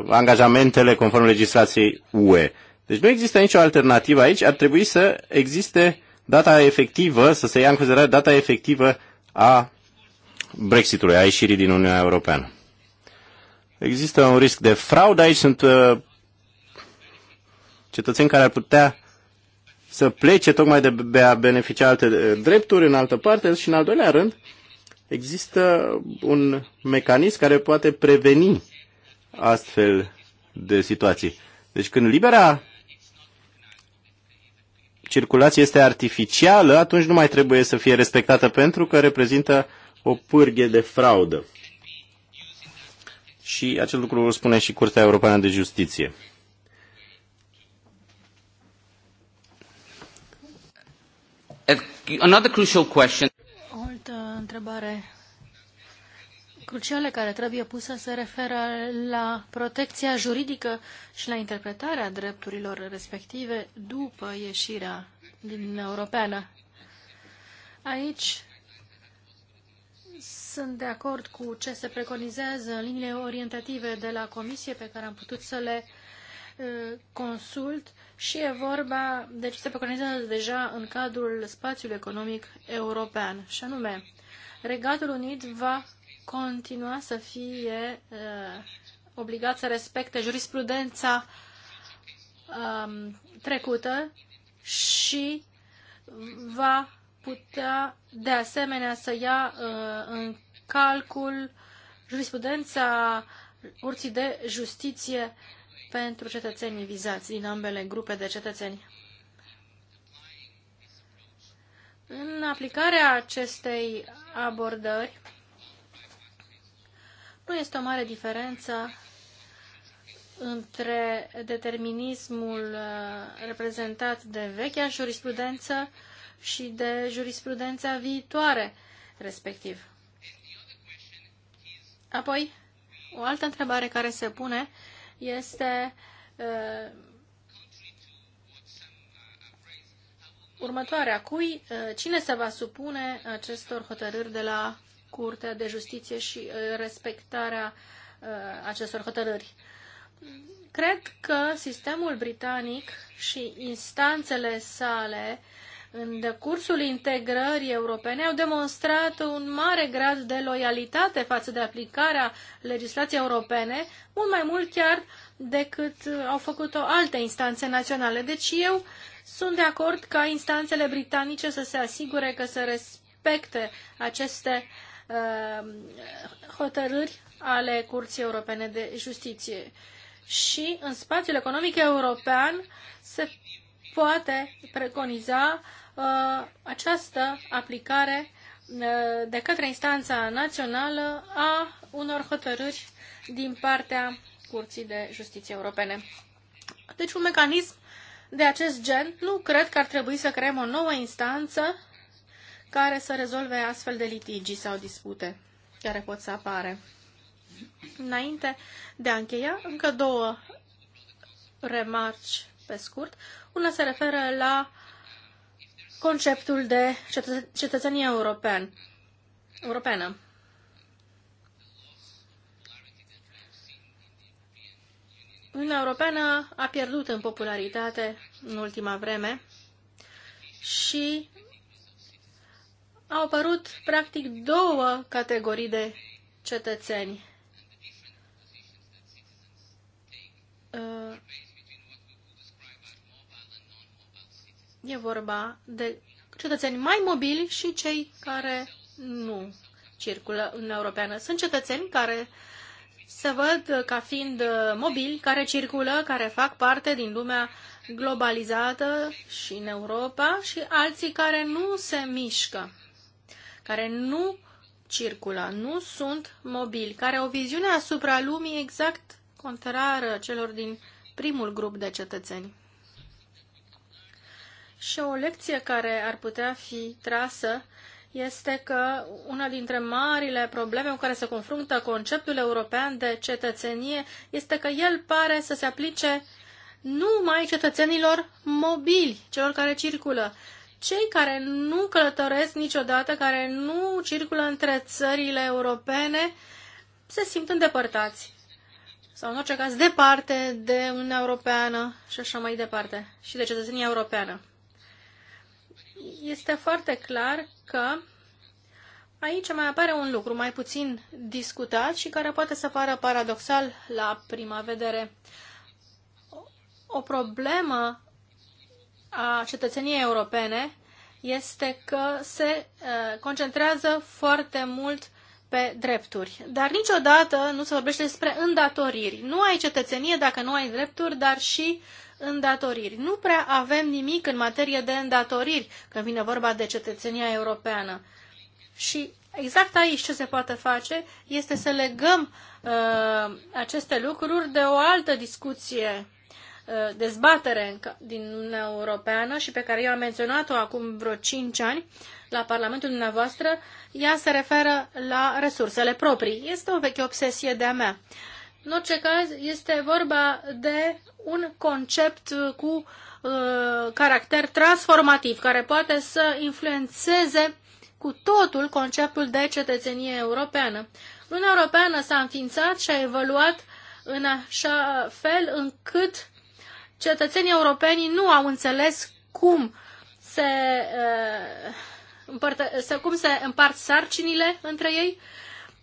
angajamentele conform legislației UE. Deci nu există nicio alternativă aici, ar trebui să existe data efectivă, să se ia în considerare data efectivă a Brexitului, a ieșirii din Uniunea Europeană. Există un risc de fraudă aici, sunt uh, cetățeni care ar putea să plece tocmai de a beneficia alte eh, drepturi în altă parte și în al doilea rând există un mecanism care poate preveni astfel de situații. Deci când libera circulație este artificială, atunci nu mai trebuie să fie respectată pentru că reprezintă o pârghie de fraudă. Și acel lucru îl spune și Curtea Europeană de Justiție. another crucial question. O altă întrebare crucială care trebuie pusă se referă la protecția juridică și la interpretarea drepturilor respective după ieșirea din Europeană. Aici sunt de acord cu ce se preconizează în liniile orientative de la Comisie pe care am putut să le uh, Uh, consult și e vorba deci se preconizează deja în cadrul spațiului economic european, și anume, Regatul Unit va continua să fie uh, obligat să respecte jurisprudența um, trecută și va putea de asemenea să ia uh, în calcul jurisprudența urții de Justiție pentru cetățenii vizați din ambele grupe de cetățeni. În aplicarea acestei abordări, nu este o mare diferență între determinismul uh, reprezentat de vechea jurisprudență și de jurisprudența viitoare, respectiv. Apoi, o altă întrebare care se pune este uh, următoarea. Cui, uh, cine se va supune acestor hotărâri de la Curtea de Justiție și uh, respectarea uh, acestor hotărâri? Cred că sistemul britanic și instanțele sale uh, în decursul integrării europene au demonstrat un mare grad de loialitate față de aplicarea legislației europene, mult mai mult chiar decât au făcut-o alte instanțe naționale. Deci eu sunt de acord ca instanțele britanice să se asigure că se respecte aceste uh, hotărâri ale Curții Europene de Justiție. Și în spațiul economic european se poate preconiza Uh, această aplicare uh, de către instanța națională a unor hotărâri din partea Curții de Justiție Europene. Deci un mecanism de acest gen, nu cred că ar trebui să creăm o nouă instanță care să rezolve astfel de litigi sau dispute care pot să apare. Înainte de a încheia, încă două remarci pe scurt. Una se referă la uh, conceptul de cetățenie european, europeană. Uniunea Europeană a pierdut în popularitate în ultima vreme și au apărut practic două categorii de cetățeni. Uh, E vorba de cetățeni mai mobili și cei care nu circulă în Europeană. Sunt cetățeni care se văd ca fiind mobili, care circulă, care fac parte din lumea globalizată și în Europa și alții care nu se mișcă, care nu circulă, nu sunt mobili, care au viziune asupra lumii exact contrară celor din primul grup de cetățeni. Și o lecție care ar putea fi trasă este că una dintre marile probleme cu care se confruntă conceptul european de cetățenie este că el pare să se aplice numai cetățenilor mobili, celor care circulă. Cei care nu călătoresc niciodată, care nu circulă între țările europene, se simt îndepărtați. Sau, în orice caz, departe de Uniunea Europeană și așa mai departe, și de cetățenia europeană este foarte clar că aici mai apare un lucru mai puțin discutat și care poate să pară paradoxal la prima vedere. O problemă a cetățeniei europene este că se eh, concentrează foarte mult pe drepturi. Dar niciodată nu se vorbește despre îndatoriri. Nu ai cetățenie dacă nu ai drepturi, dar și îndatoriri. Nu prea avem nimic în materie de îndatoriri când vine vorba de cetățenia europeană. Și exact aici ce se poate face este să legăm uh, aceste lucruri de o altă discuție Uh, dezbatere din Uniunea Europeană și pe care eu am menționat-o acum vreo 5 ani la Parlamentul dumneavoastră, ea se referă la resursele proprii. Este o veche obsesie de-a mea. În orice caz, este vorba de un concept cu uh, caracter transformativ, care poate să influențeze cu totul conceptul de cetățenie europeană. Uniunea Europeană s-a înființat și a evoluat în așa fel încât cetățenii europeni nu au înțeles cum se, eh, împărtă, cum se împart sarcinile între ei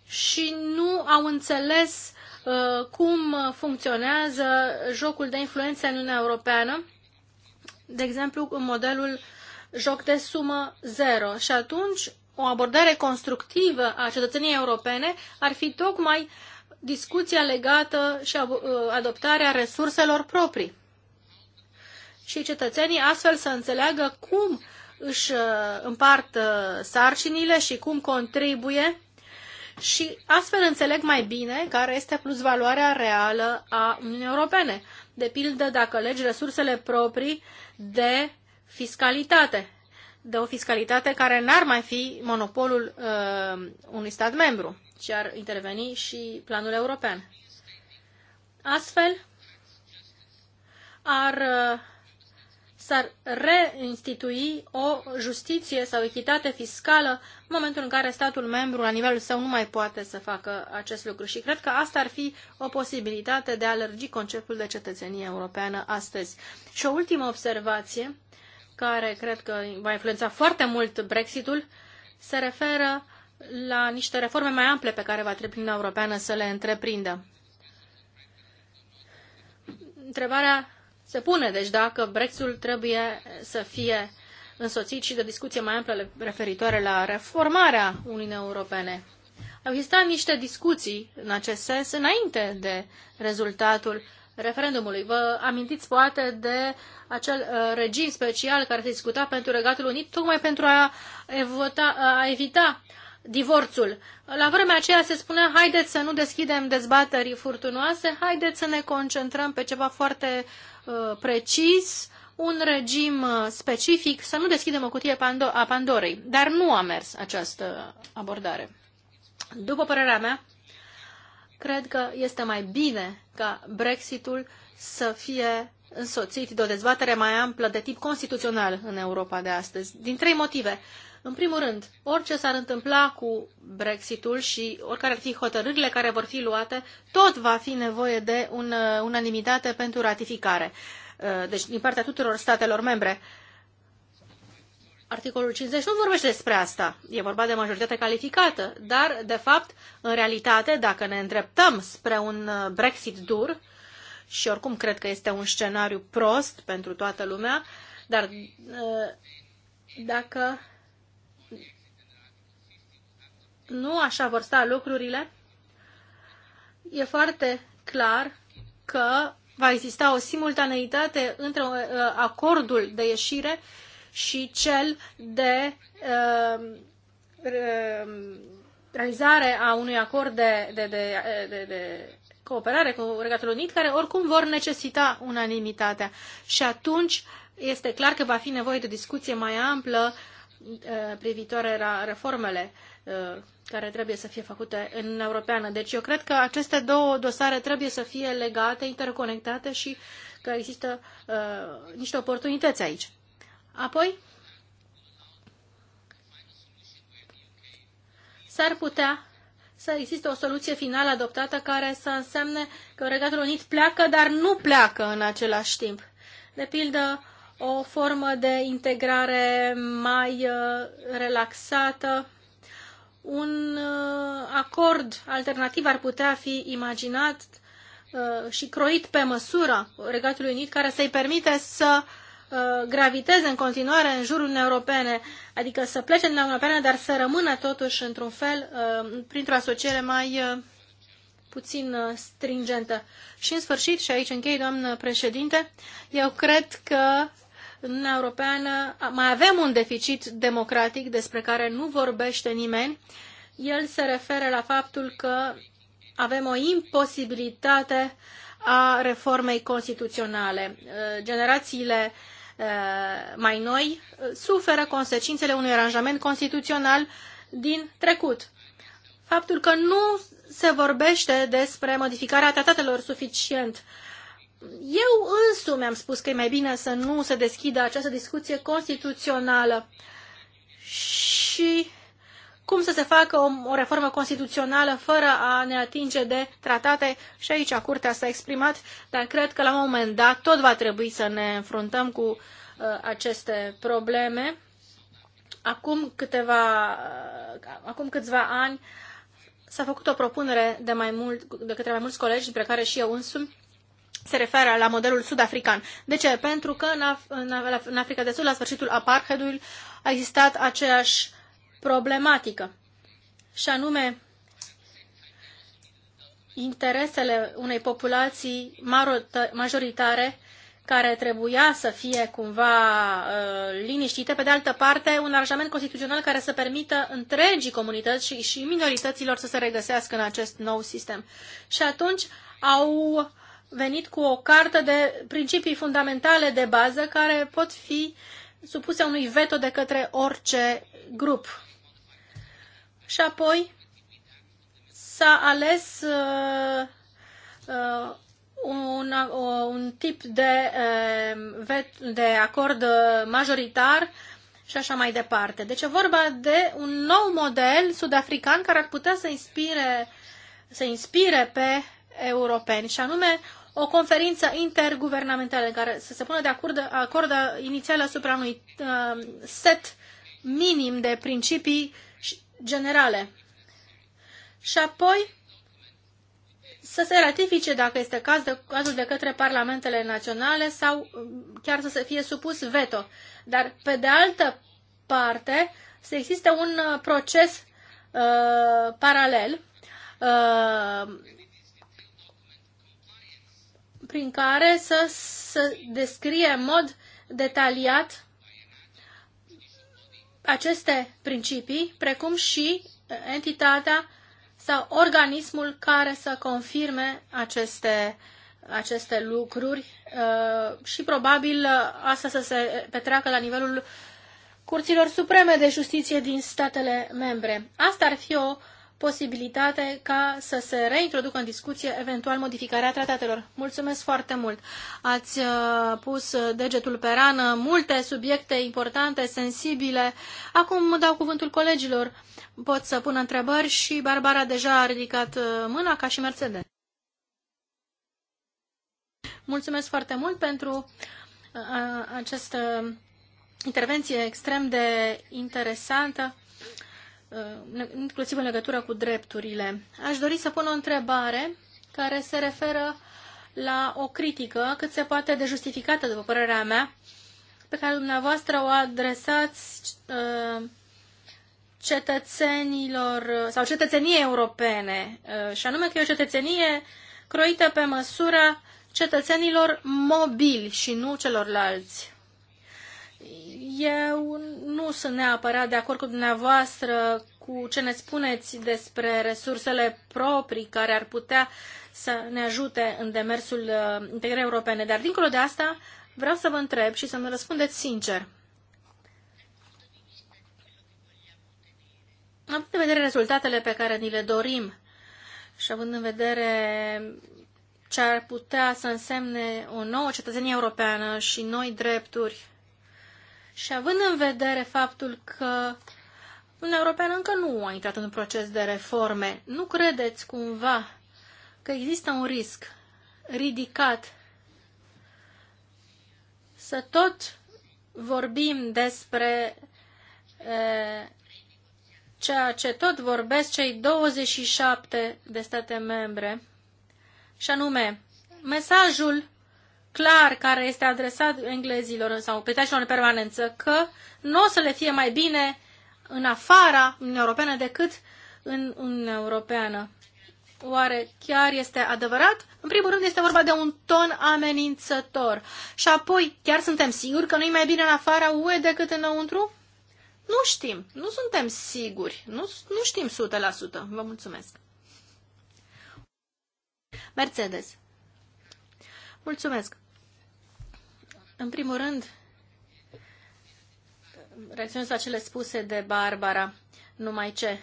și nu au înțeles eh, cum funcționează jocul de influență în Uniunea Europeană, de exemplu, în modelul joc de sumă zero. Și atunci, o abordare constructivă a cetățeniei europene ar fi tocmai discuția legată și eh, adoptarea resurselor proprii și cetățenii astfel să înțeleagă cum își uh, împart uh, sarcinile și cum contribuie și astfel înțeleg mai bine care este plus valoarea reală a Uniunii Europene. De pildă, dacă legi resursele proprii de fiscalitate, de o fiscalitate care n-ar mai fi monopolul uh, unui stat membru, ci ar interveni și planul european. Astfel, ar uh, s-ar reinstitui o justiție sau echitate fiscală în momentul în care statul membru la nivelul său nu mai poate să facă acest lucru. Și cred că asta ar fi o posibilitate de a lărgi conceptul de cetățenie europeană astăzi. Și o ultimă observație, care cred că va influența foarte mult Brexitul, se referă la niște reforme mai ample pe care va trebui Uniunea Europeană să le întreprindă. Întrebarea se pune, deci dacă Brexitul trebuie să fie însoțit și de discuție mai amplă referitoare la reformarea Uniunii Europene. Au existat niște discuții în acest sens înainte de rezultatul referendumului. Vă amintiți poate de acel uh, regim special care se discuta pentru Regatul Unit, tocmai pentru a, evota, a evita divorțul. La vremea aceea se spunea, haideți să nu deschidem dezbateri furtunoase, haideți să ne concentrăm pe ceva foarte uh, Uh, precis, un regim uh, specific, să nu deschidem o cutie a Pandorei. Dar nu a mers această abordare. După părerea mea, cred că este mai bine ca Brexitul să fie însoțit de o dezbatere mai amplă de tip constituțional în Europa de astăzi, din trei motive. În primul rând, orice s-ar întâmpla cu Brexitul și oricare ar fi hotărârile care vor fi luate, tot va fi nevoie de un, uh, unanimitate pentru ratificare. Uh, deci, din partea tuturor statelor membre. Articolul 50 nu vorbește despre asta. E vorba de majoritate calificată, dar, de fapt, în realitate, dacă ne îndreptăm spre un uh, Brexit dur, și oricum cred că este un scenariu prost pentru toată lumea, dar dacă nu așa vor sta lucrurile. E foarte clar că va exista o simultaneitate între uh, acordul de ieșire și cel de uh, realizare a unui acord de, de, de, de, de cooperare cu Regatul Unit, care oricum vor necesita unanimitatea. Și atunci este clar că va fi nevoie de o discuție mai amplă uh, privitoare la reformele Uh, care trebuie să fie făcute în Uniunea Europeană. Deci eu cred că aceste două dosare trebuie să fie legate, interconectate și că există uh, niște oportunități aici. Apoi, s-ar putea să existe o soluție finală adoptată care să însemne că Regatul Unit pleacă, dar nu pleacă în același timp. De pildă, o formă de integrare mai uh, relaxată un uh, acord alternativ ar putea fi imaginat uh, și croit pe măsura Regatului Unit care să-i permite să uh, graviteze în continuare în jurul Uniunii Europene, adică să plece în Uniunea Europeană, dar să rămână totuși într-un fel printr-o asociere mai puțin stringentă. Și în sfârșit, și aici închei, doamnă președinte, eu cred că în Uniunea Europeană mai avem un deficit democratic despre care nu vorbește nimeni. El se referă la faptul că avem o imposibilitate a reformei constituționale. Uh, generațiile uh, mai noi uh, suferă consecințele unui aranjament constituțional din trecut. Faptul că nu se vorbește despre modificarea tratatelor suficient uh, eu însumi am spus că e mai bine să nu se deschidă această discuție constituțională și cum să se facă o, o reformă constituțională fără a ne atinge de tratate și aici curtea s-a exprimat, dar cred că la un moment dat tot va trebui să ne înfruntăm cu uh, aceste probleme. Acum, câteva, uh, acum câțiva ani s-a făcut o propunere de, mai mult, de către mai mulți colegi, dintre care și eu însumi, se referă la modelul sud-african. De ce? Pentru că în, Af- în, Af- în Africa de Sud, la sfârșitul apartheidului, a existat aceeași problematică. Și anume, interesele unei populații majoritare care trebuia să fie cumva uh, liniștite, pe de altă parte un aranjament constituțional care să permită întregii comunități și, și minorităților să se regăsească în acest nou sistem. Și atunci au venit cu o carte de principii fundamentale de bază care pot fi supuse unui veto de către orice grup. Și apoi s-a ales uh, uh, un, uh, un tip de, uh, vet, de acord majoritar și așa mai departe. Deci e vorba de un nou model sud-african care ar putea să inspire, să inspire pe europeni, și anume o conferință interguvernamentală în care să se pună de acord, acordă inițial asupra unui uh, set minim de principii generale. Și apoi să se ratifice, dacă este caz de, cazul de către parlamentele naționale sau um, chiar să se fie supus veto. Dar, pe de altă parte, să existe un uh, proces uh, paralel uh, prin care să, să descrie în mod detaliat aceste principii, precum și entitatea sau organismul care să confirme aceste, aceste lucruri uh, și probabil asta să se petreacă la nivelul curților supreme de justiție din statele membre. Asta ar fi o posibilitate ca să se reintroducă în discuție eventual modificarea tratatelor. Mulțumesc foarte mult! Ați uh, pus degetul pe rană, multe subiecte importante, sensibile. Acum dau cuvântul colegilor. Pot să pun întrebări și Barbara deja a ridicat uh, mâna ca și Mercedes. Mulțumesc foarte mult pentru uh, această intervenție extrem de interesantă. Uh, inclusiv în legătură cu drepturile. Aș dori să pun o întrebare care se referă la o critică cât se poate de justificată, după părerea mea, pe care dumneavoastră o adresați uh, cetățenilor sau cetățeniei europene, uh, și anume că e o cetățenie croită pe măsura cetățenilor mobili și nu celorlalți. Eu nu sunt neapărat de acord cu dumneavoastră cu ce ne spuneți despre resursele proprii care ar putea să ne ajute în demersul uh, integrării europene. Dar dincolo de asta, vreau să vă întreb și să-mi răspundeți sincer. Având în vedere rezultatele pe care ni le dorim și având în vedere ce ar putea să însemne o nouă cetățenie europeană și noi drepturi și având în vedere faptul că Uniunea Europeană încă nu a intrat în proces de reforme, nu credeți cumva că există un risc ridicat să tot vorbim despre e, ceea ce tot vorbesc cei 27 de state membre, și anume mesajul clar care este adresat englezilor sau petașilor în permanență că nu o să le fie mai bine în afara Uniunii Europene decât în Uniunea Europeană. Oare chiar este adevărat? În primul rând este vorba de un ton amenințător. Și apoi, chiar suntem siguri că nu-i mai bine în afara UE decât înăuntru? Nu știm, nu suntem siguri, nu, nu știm 100%. Vă mulțumesc. Mercedes. Mulțumesc. În primul rând, reacționez la cele spuse de Barbara. Numai ce?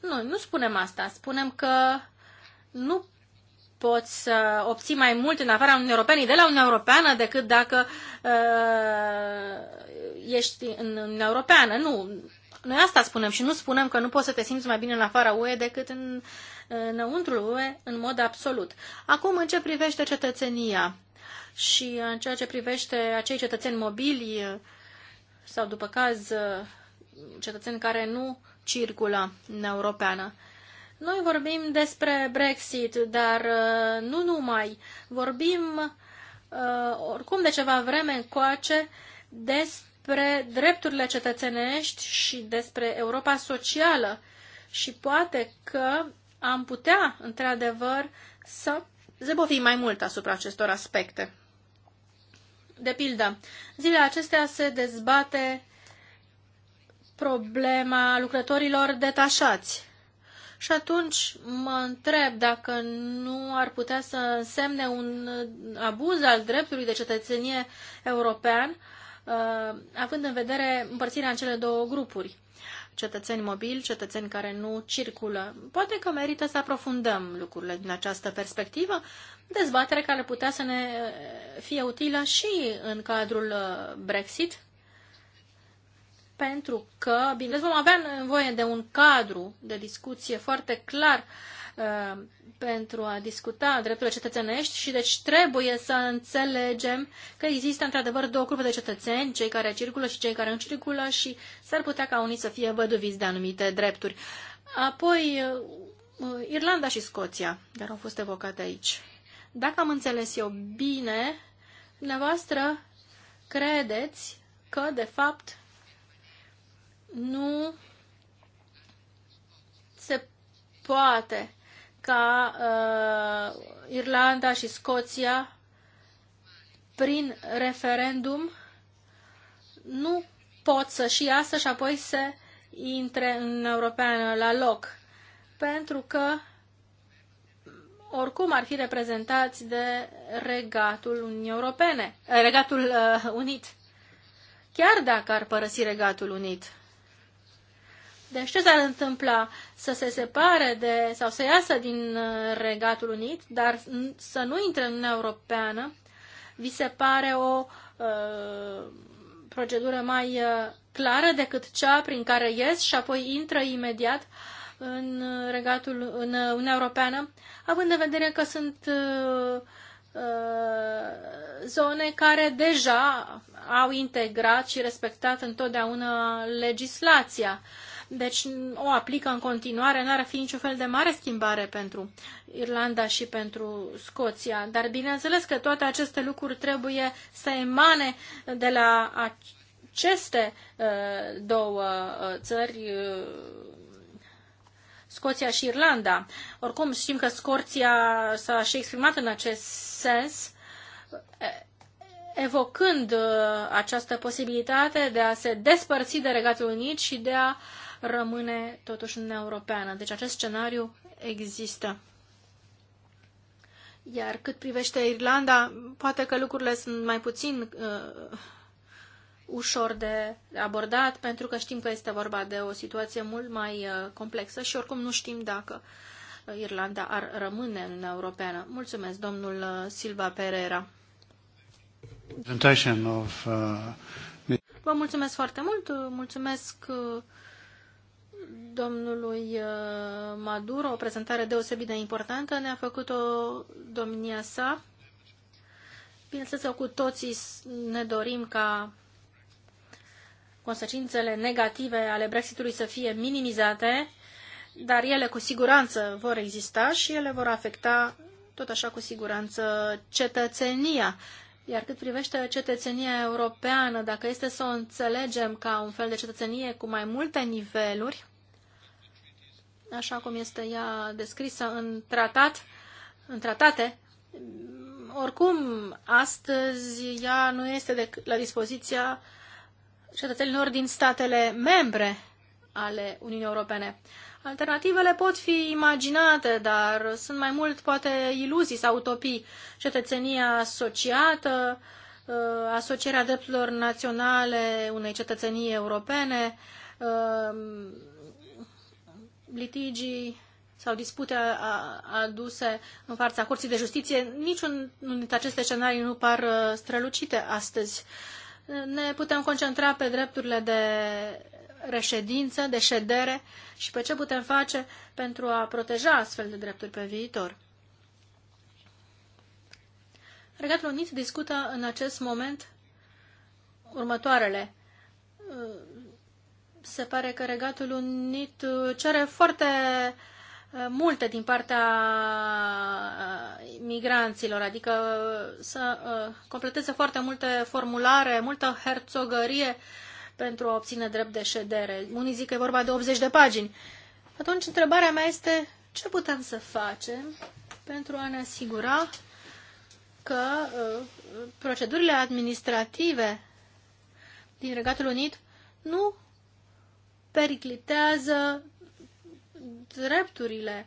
Nu, nu spunem asta. Spunem că nu poți să obții mai mult în afara Uniunii Europene de la Uniunea Europeană decât dacă uh, ești în Uniunea Europeană. Nu, noi asta spunem și nu spunem că nu poți să te simți mai bine în afara UE decât în, înăuntru UE în mod absolut. Acum, în ce privește cetățenia, și în ceea ce privește acei cetățeni mobili sau, după caz, cetățeni care nu circulă în europeană. Noi vorbim despre Brexit, dar uh, nu numai. Vorbim uh, oricum de ceva vreme încoace despre drepturile cetățenești și despre Europa socială și poate că am putea, într-adevăr, să zăbovi mai mult asupra acestor aspecte. De pildă, zilele acestea se dezbate problema lucrătorilor detașați. Și atunci mă întreb dacă nu ar putea să însemne un abuz al dreptului de cetățenie european, uh, având în vedere împărțirea în cele două grupuri cetățeni mobili, cetățeni care nu circulă. Poate că merită să aprofundăm lucrurile din această perspectivă, dezbatere care putea să ne eh, fie utilă și în cadrul eh, Brexit, pentru că, bineînțeles, vom avea nevoie de un cadru de discuție foarte clar uh, Uh, pentru a discuta drepturile cetățenești și deci trebuie să înțelegem că există într-adevăr două grupe de cetățeni, cei care circulă și cei care nu circulă și s-ar putea ca unii să fie văduviți de anumite drepturi. Apoi, uh, Irlanda și Scoția, dar au fost evocate aici. Dacă am înțeles eu bine, dumneavoastră credeți că, de fapt, nu se poate ca uh, Irlanda și Scoția prin referendum nu pot să și iasă și apoi să intre în Europeană la loc. Pentru că oricum ar fi reprezentați de regatul Uniunii Europene, eh, regatul uh, Unit. Chiar dacă ar părăsi regatul Unit. Deci ce s-ar întâmpla? să se separe de, sau să iasă din uh, Regatul Unit, dar să nu intre în Uniunea Europeană, vi se pare o uh, procedură mai uh, clară decât cea prin care ies și apoi intră imediat în uh, regatul în Uniunea Europeană, având în vedere că sunt uh, zone care deja au integrat și respectat întotdeauna legislația deci o aplică în continuare, n-ar fi niciun fel de mare schimbare pentru Irlanda și pentru Scoția. Dar bineînțeles că toate aceste lucruri trebuie să emane de la aceste uh, două uh, țări uh, Scoția și Irlanda. Oricum știm că Scoția s-a și exprimat în acest sens, evocând această posibilitate de a se despărți de Regatul Unit și de a rămâne totuși Uniunea Europeană. Deci acest scenariu există. Iar cât privește Irlanda, poate că lucrurile sunt mai puțin uh, ușor de abordat, pentru că știm că este vorba de o situație mult mai uh, complexă și oricum nu știm dacă uh, Irlanda ar rămâne în Uniunea Europeană. Mulțumesc, domnul uh, Silva Pereira. Vă mulțumesc foarte mult, mulțumesc domnului uh, Maduro, o prezentare deosebit de importantă, ne-a făcut-o domnia sa. Bineînțeles cu toții ne dorim ca consecințele negative ale Brexitului să fie minimizate, dar ele cu siguranță vor exista și ele vor afecta tot așa cu siguranță cetățenia. Iar cât privește cetățenia europeană, dacă este să o înțelegem ca un fel de cetățenie cu mai multe niveluri, așa cum este ea descrisă în tratat, în tratate, oricum, astăzi ea nu este de, la dispoziția cetățenilor din statele membre ale Uniunii Europene. Alternativele pot fi imaginate, dar sunt mai mult poate iluzii sau utopii. Cetățenia asociată, uh, asocierea drepturilor naționale unei cetățenii europene, uh, litigii sau dispute aduse în fața Curții de Justiție, niciun dintre aceste scenarii nu par uh, strălucite astăzi. Ne putem concentra pe drepturile de reședință, de ședere și pe ce putem face pentru a proteja astfel de drepturi pe viitor. Regatul Unit discută în acest moment următoarele uh, se pare că Regatul Unit uh, cere foarte uh, multe din partea uh, migranților, adică să completeze foarte multe formulare, multă herțogărie pentru a obține drept de ședere. Unii zic că e vorba de 80 de pagini. Atunci, întrebarea mea este ce putem să facem pentru a ne asigura că procedurile administrative din Regatul Unit nu periclitează drepturile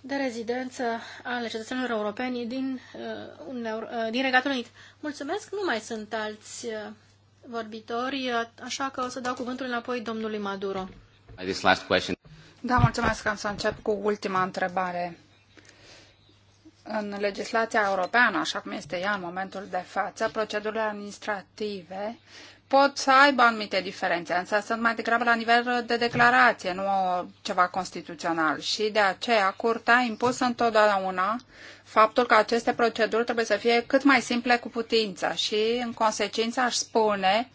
de rezidență ale cetățenilor europeni din, uh, uh, din Regatul Unit. Mulțumesc, nu mai sunt alți uh, vorbitori, așa că o să dau cuvântul înapoi domnului Maduro. This last question. Da, mulțumesc. Am să încep cu ultima întrebare. În legislația europeană, așa cum este ea în momentul de față, procedurile administrative pot să aibă anumite diferențe, însă sunt mai degrabă la nivel de declarație, nu ceva constituțional. Și de aceea, Curtea a impus întotdeauna faptul că aceste proceduri trebuie să fie cât mai simple cu putință și, în consecință, aș spune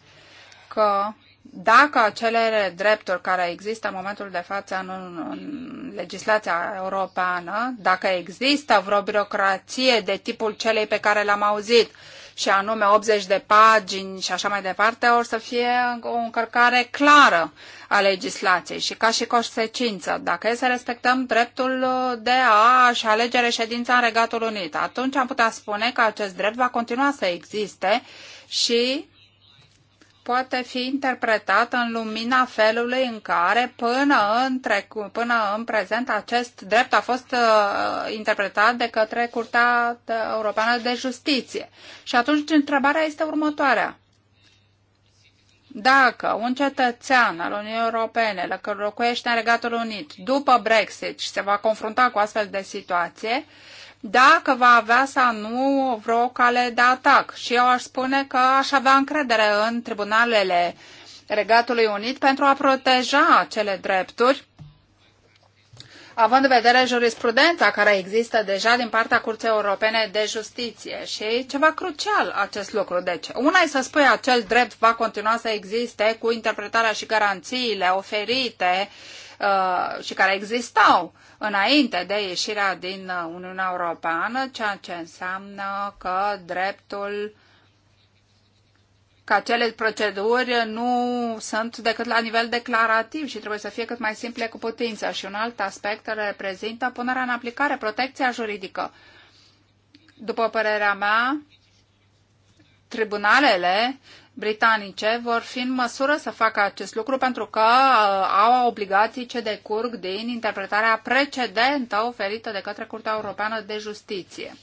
că dacă acele drepturi care există în momentul de față în, în legislația europeană, dacă există vreo birocrație de tipul celei pe care l-am auzit, uh, și anume 80 de pagini și așa mai departe, or să fie o încărcare clară a legislației și ca și consecință. Dacă e să respectăm dreptul de a-și alege reședința în Regatul Unit, atunci am putea spune că acest drept va continua să existe și poate fi interpretată în lumina felului în care până în, trecu- până în prezent acest drept a fost uh, interpretat de către Curtea Europeană de Justiție. Și atunci întrebarea este următoarea. Dacă un cetățean al Uniunii Europene, la care locuiește în Regatul Unit, după Brexit și se va confrunta cu astfel de situație, uh, dacă va avea sau nu vreo cale de atac. Și eu aș spune că aș avea încredere în tribunalele Regatului Unit pentru a proteja cele drepturi, având în vedere jurisprudența care există deja din partea Curții Europene de Justiție. Și e ceva crucial acest lucru. Deci, una e să spui acel drept va continua să existe cu interpretarea și garanțiile oferite uh, Uh, și care existau înainte de ieșirea din uh, Uniunea Europeană, ceea ce înseamnă că dreptul că acele proceduri nu sunt decât la nivel declarativ și trebuie să fie cât mai simple cu putință. Și un alt aspect reprezintă punerea în aplicare, protecția juridică. După părerea mea, tribunalele britanice vor fi în măsură să facă acest lucru pentru că uh, au obligații ce decurg din interpretarea precedentă oferită de către Curtea Europeană de Justiție.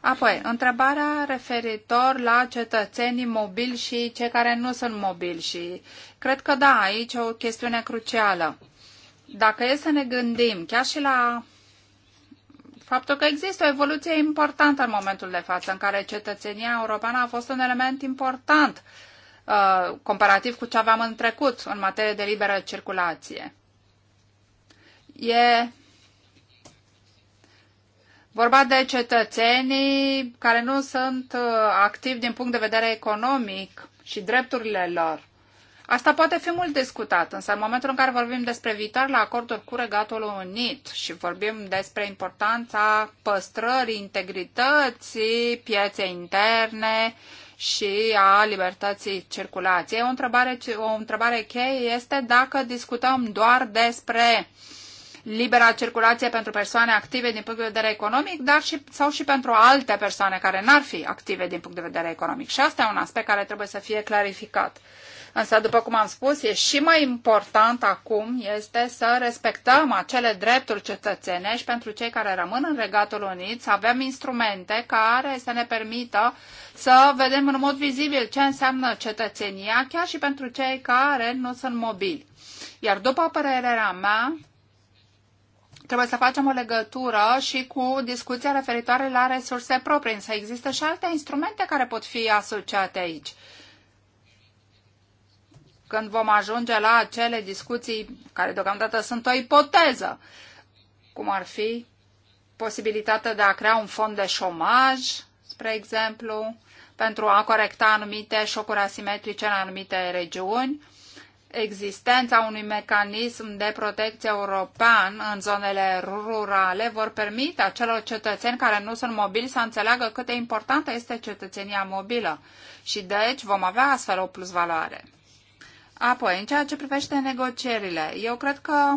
Apoi, întrebarea referitor la cetățenii mobili și cei care nu sunt mobili și cred că da, aici e o chestiune crucială. Dacă e să ne gândim chiar și la faptul că există o evoluție importantă în momentul de față, în care cetățenia europeană a fost un element important uh, comparativ cu ce aveam în trecut în materie de liberă circulație. E vorba de cetățenii care nu sunt uh, activi din punct de vedere economic și drepturile lor. Asta poate fi mult discutat, însă în momentul în care vorbim despre viitor la acorduri cu Regatul Unit și vorbim despre importanța păstrării integrității pieței interne și a libertății circulației, o întrebare, o întrebare cheie este dacă discutăm doar despre libera circulație pentru persoane active din punct de vedere economic, dar și, sau și pentru alte persoane care n-ar fi active din punct de vedere economic. Și asta e un aspect care trebuie să fie clarificat. Însă, după cum am spus, e și mai important acum este să respectăm acele drepturi cetățenești pentru cei care rămân în Regatul Unit, să avem instrumente care să ne permită să vedem în mod vizibil ce înseamnă cetățenia, chiar și pentru cei care nu sunt mobili. Iar după părerea mea, trebuie să facem o legătură și cu discuția referitoare la resurse proprii, însă există și alte instrumente care pot fi asociate aici când vom ajunge la acele discuții care deocamdată sunt o ipoteză, cum ar fi posibilitatea de a crea un fond de șomaj, spre exemplu, pentru a corecta anumite șocuri asimetrice în anumite regiuni, existența unui mecanism de protecție european în zonele rurale vor permite acelor cetățeni care nu sunt mobili să înțeleagă cât de importantă este cetățenia mobilă și deci vom avea astfel o plusvaloare. Apoi, în ceea ce privește negocierile, eu cred că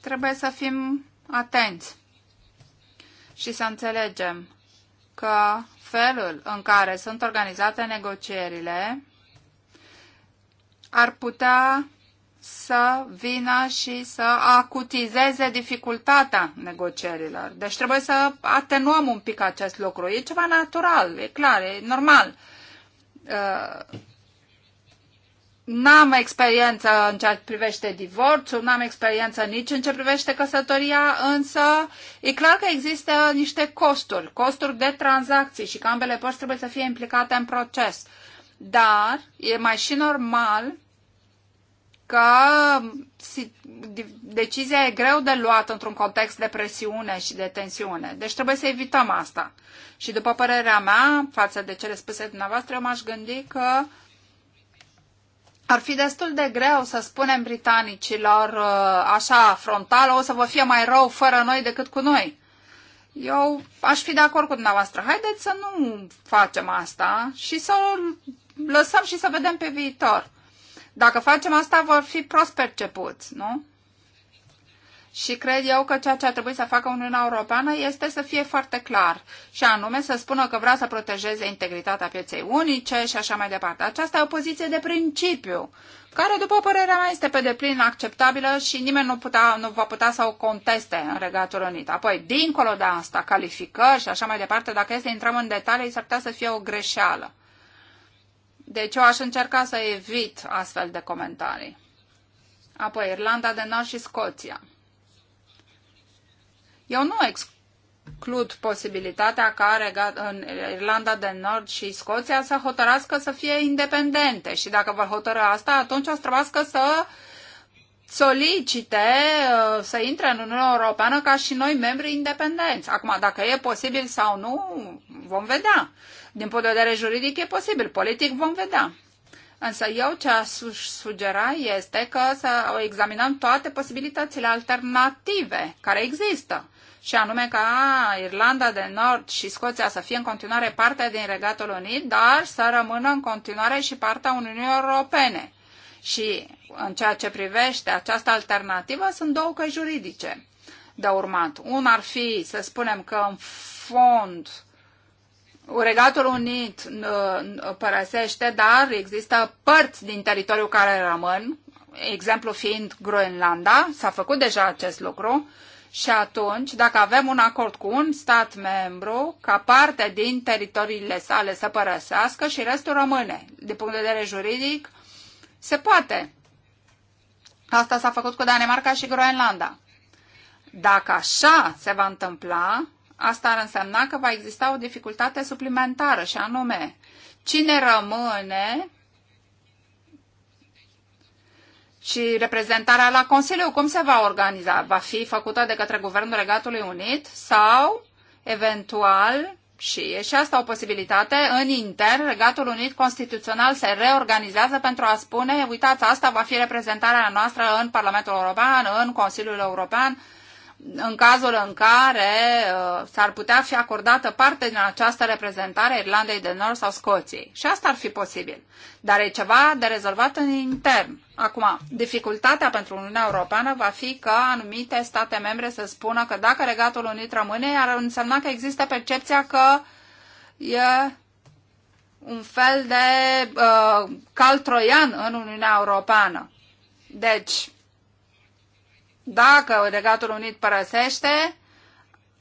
trebuie să fim atenți și să înțelegem că felul în care sunt organizate negocierile ar putea să vină și să acutizeze dificultatea negocierilor. Deci trebuie să atenuăm un pic acest lucru. E ceva natural, e clar, e normal. Uh, N-am experiență în ce privește divorțul, n-am experiență nici în ce privește căsătoria, însă e clar că există niște costuri, costuri de tranzacții și că ambele părți trebuie să fie implicate în proces. Dar e mai și normal că decizia e greu de luat într-un context de presiune și de tensiune. Deci trebuie să evităm asta. Și după părerea mea, față de cele spuse dumneavoastră, eu m-aș gândi că ar fi destul de greu să spunem britanicilor uh, așa frontal, o să vă fie mai rău fără noi decât cu noi. Eu aș fi de acord cu dumneavoastră. Haideți să nu facem asta și să o lăsăm și să vedem pe viitor. Dacă facem asta, vor fi prost percepuți, nu? Și cred eu că ceea ce ar trebui să facă Uniunea Europeană este să fie foarte clar și anume să spună că vrea să protejeze integritatea pieței unice și așa mai departe. Aceasta e o poziție de principiu care, după părerea mea, este pe deplin acceptabilă și nimeni nu, putea, nu va putea să o conteste în Regatul Unit. Apoi, dincolo de asta, calificări și așa mai departe, dacă este intrăm în detalii, s-ar putea să fie o greșeală. Deci eu aș încerca să evit astfel de comentarii. Apoi, Irlanda de Nord și Scoția. Eu nu exclud posibilitatea ca în Irlanda de Nord și Scoția să hotărască să fie independente și dacă vor hotără asta, atunci o să trebuiască să solicite uh, să intre în Uniunea Europeană ca și noi membri independenți. Acum, dacă e posibil sau nu, vom vedea. Din punct de vedere juridic e posibil, politic vom vedea. Însă eu ce aș sugera este că să examinăm toate posibilitățile alternative care există și anume ca Irlanda de Nord și Scoția să fie în continuare parte din Regatul Unit, dar să rămână în continuare și partea Uniunii Europene. Și în ceea ce privește această alternativă, sunt două căi juridice de urmat. Un ar fi, să spunem că în fond, Regatul Unit părăsește, dar există părți din teritoriu care rămân, exemplu fiind Groenlanda, s-a făcut deja acest lucru, și atunci, dacă avem un acord cu un stat membru, ca parte din teritoriile sale să părăsească și restul rămâne. Din punct de vedere juridic, se poate. Asta s-a făcut cu Danemarca și Groenlanda. Dacă așa se va întâmpla, asta ar însemna că va exista o dificultate suplimentară și anume, cine rămâne și reprezentarea la Consiliu cum se va organiza? Va fi făcută de către Guvernul Regatului Unit sau, eventual, și e și asta o posibilitate, în intern, Regatul Unit Constituțional se reorganizează pentru a spune, uitați, asta va fi reprezentarea noastră în Parlamentul European, în Consiliul European, în cazul în care uh, s-ar putea fi acordată parte din această reprezentare Irlandei de Nord sau Scoției. Și asta ar fi posibil. Dar e ceva de rezolvat în intern. Acum, dificultatea pentru Uniunea Europeană va fi că anumite state membre să spună că dacă Regatul Unit rămâne, ar însemna că există percepția că e un fel de uh, cal troian în Uniunea Europeană. Deci, dacă Regatul Unit părăsește,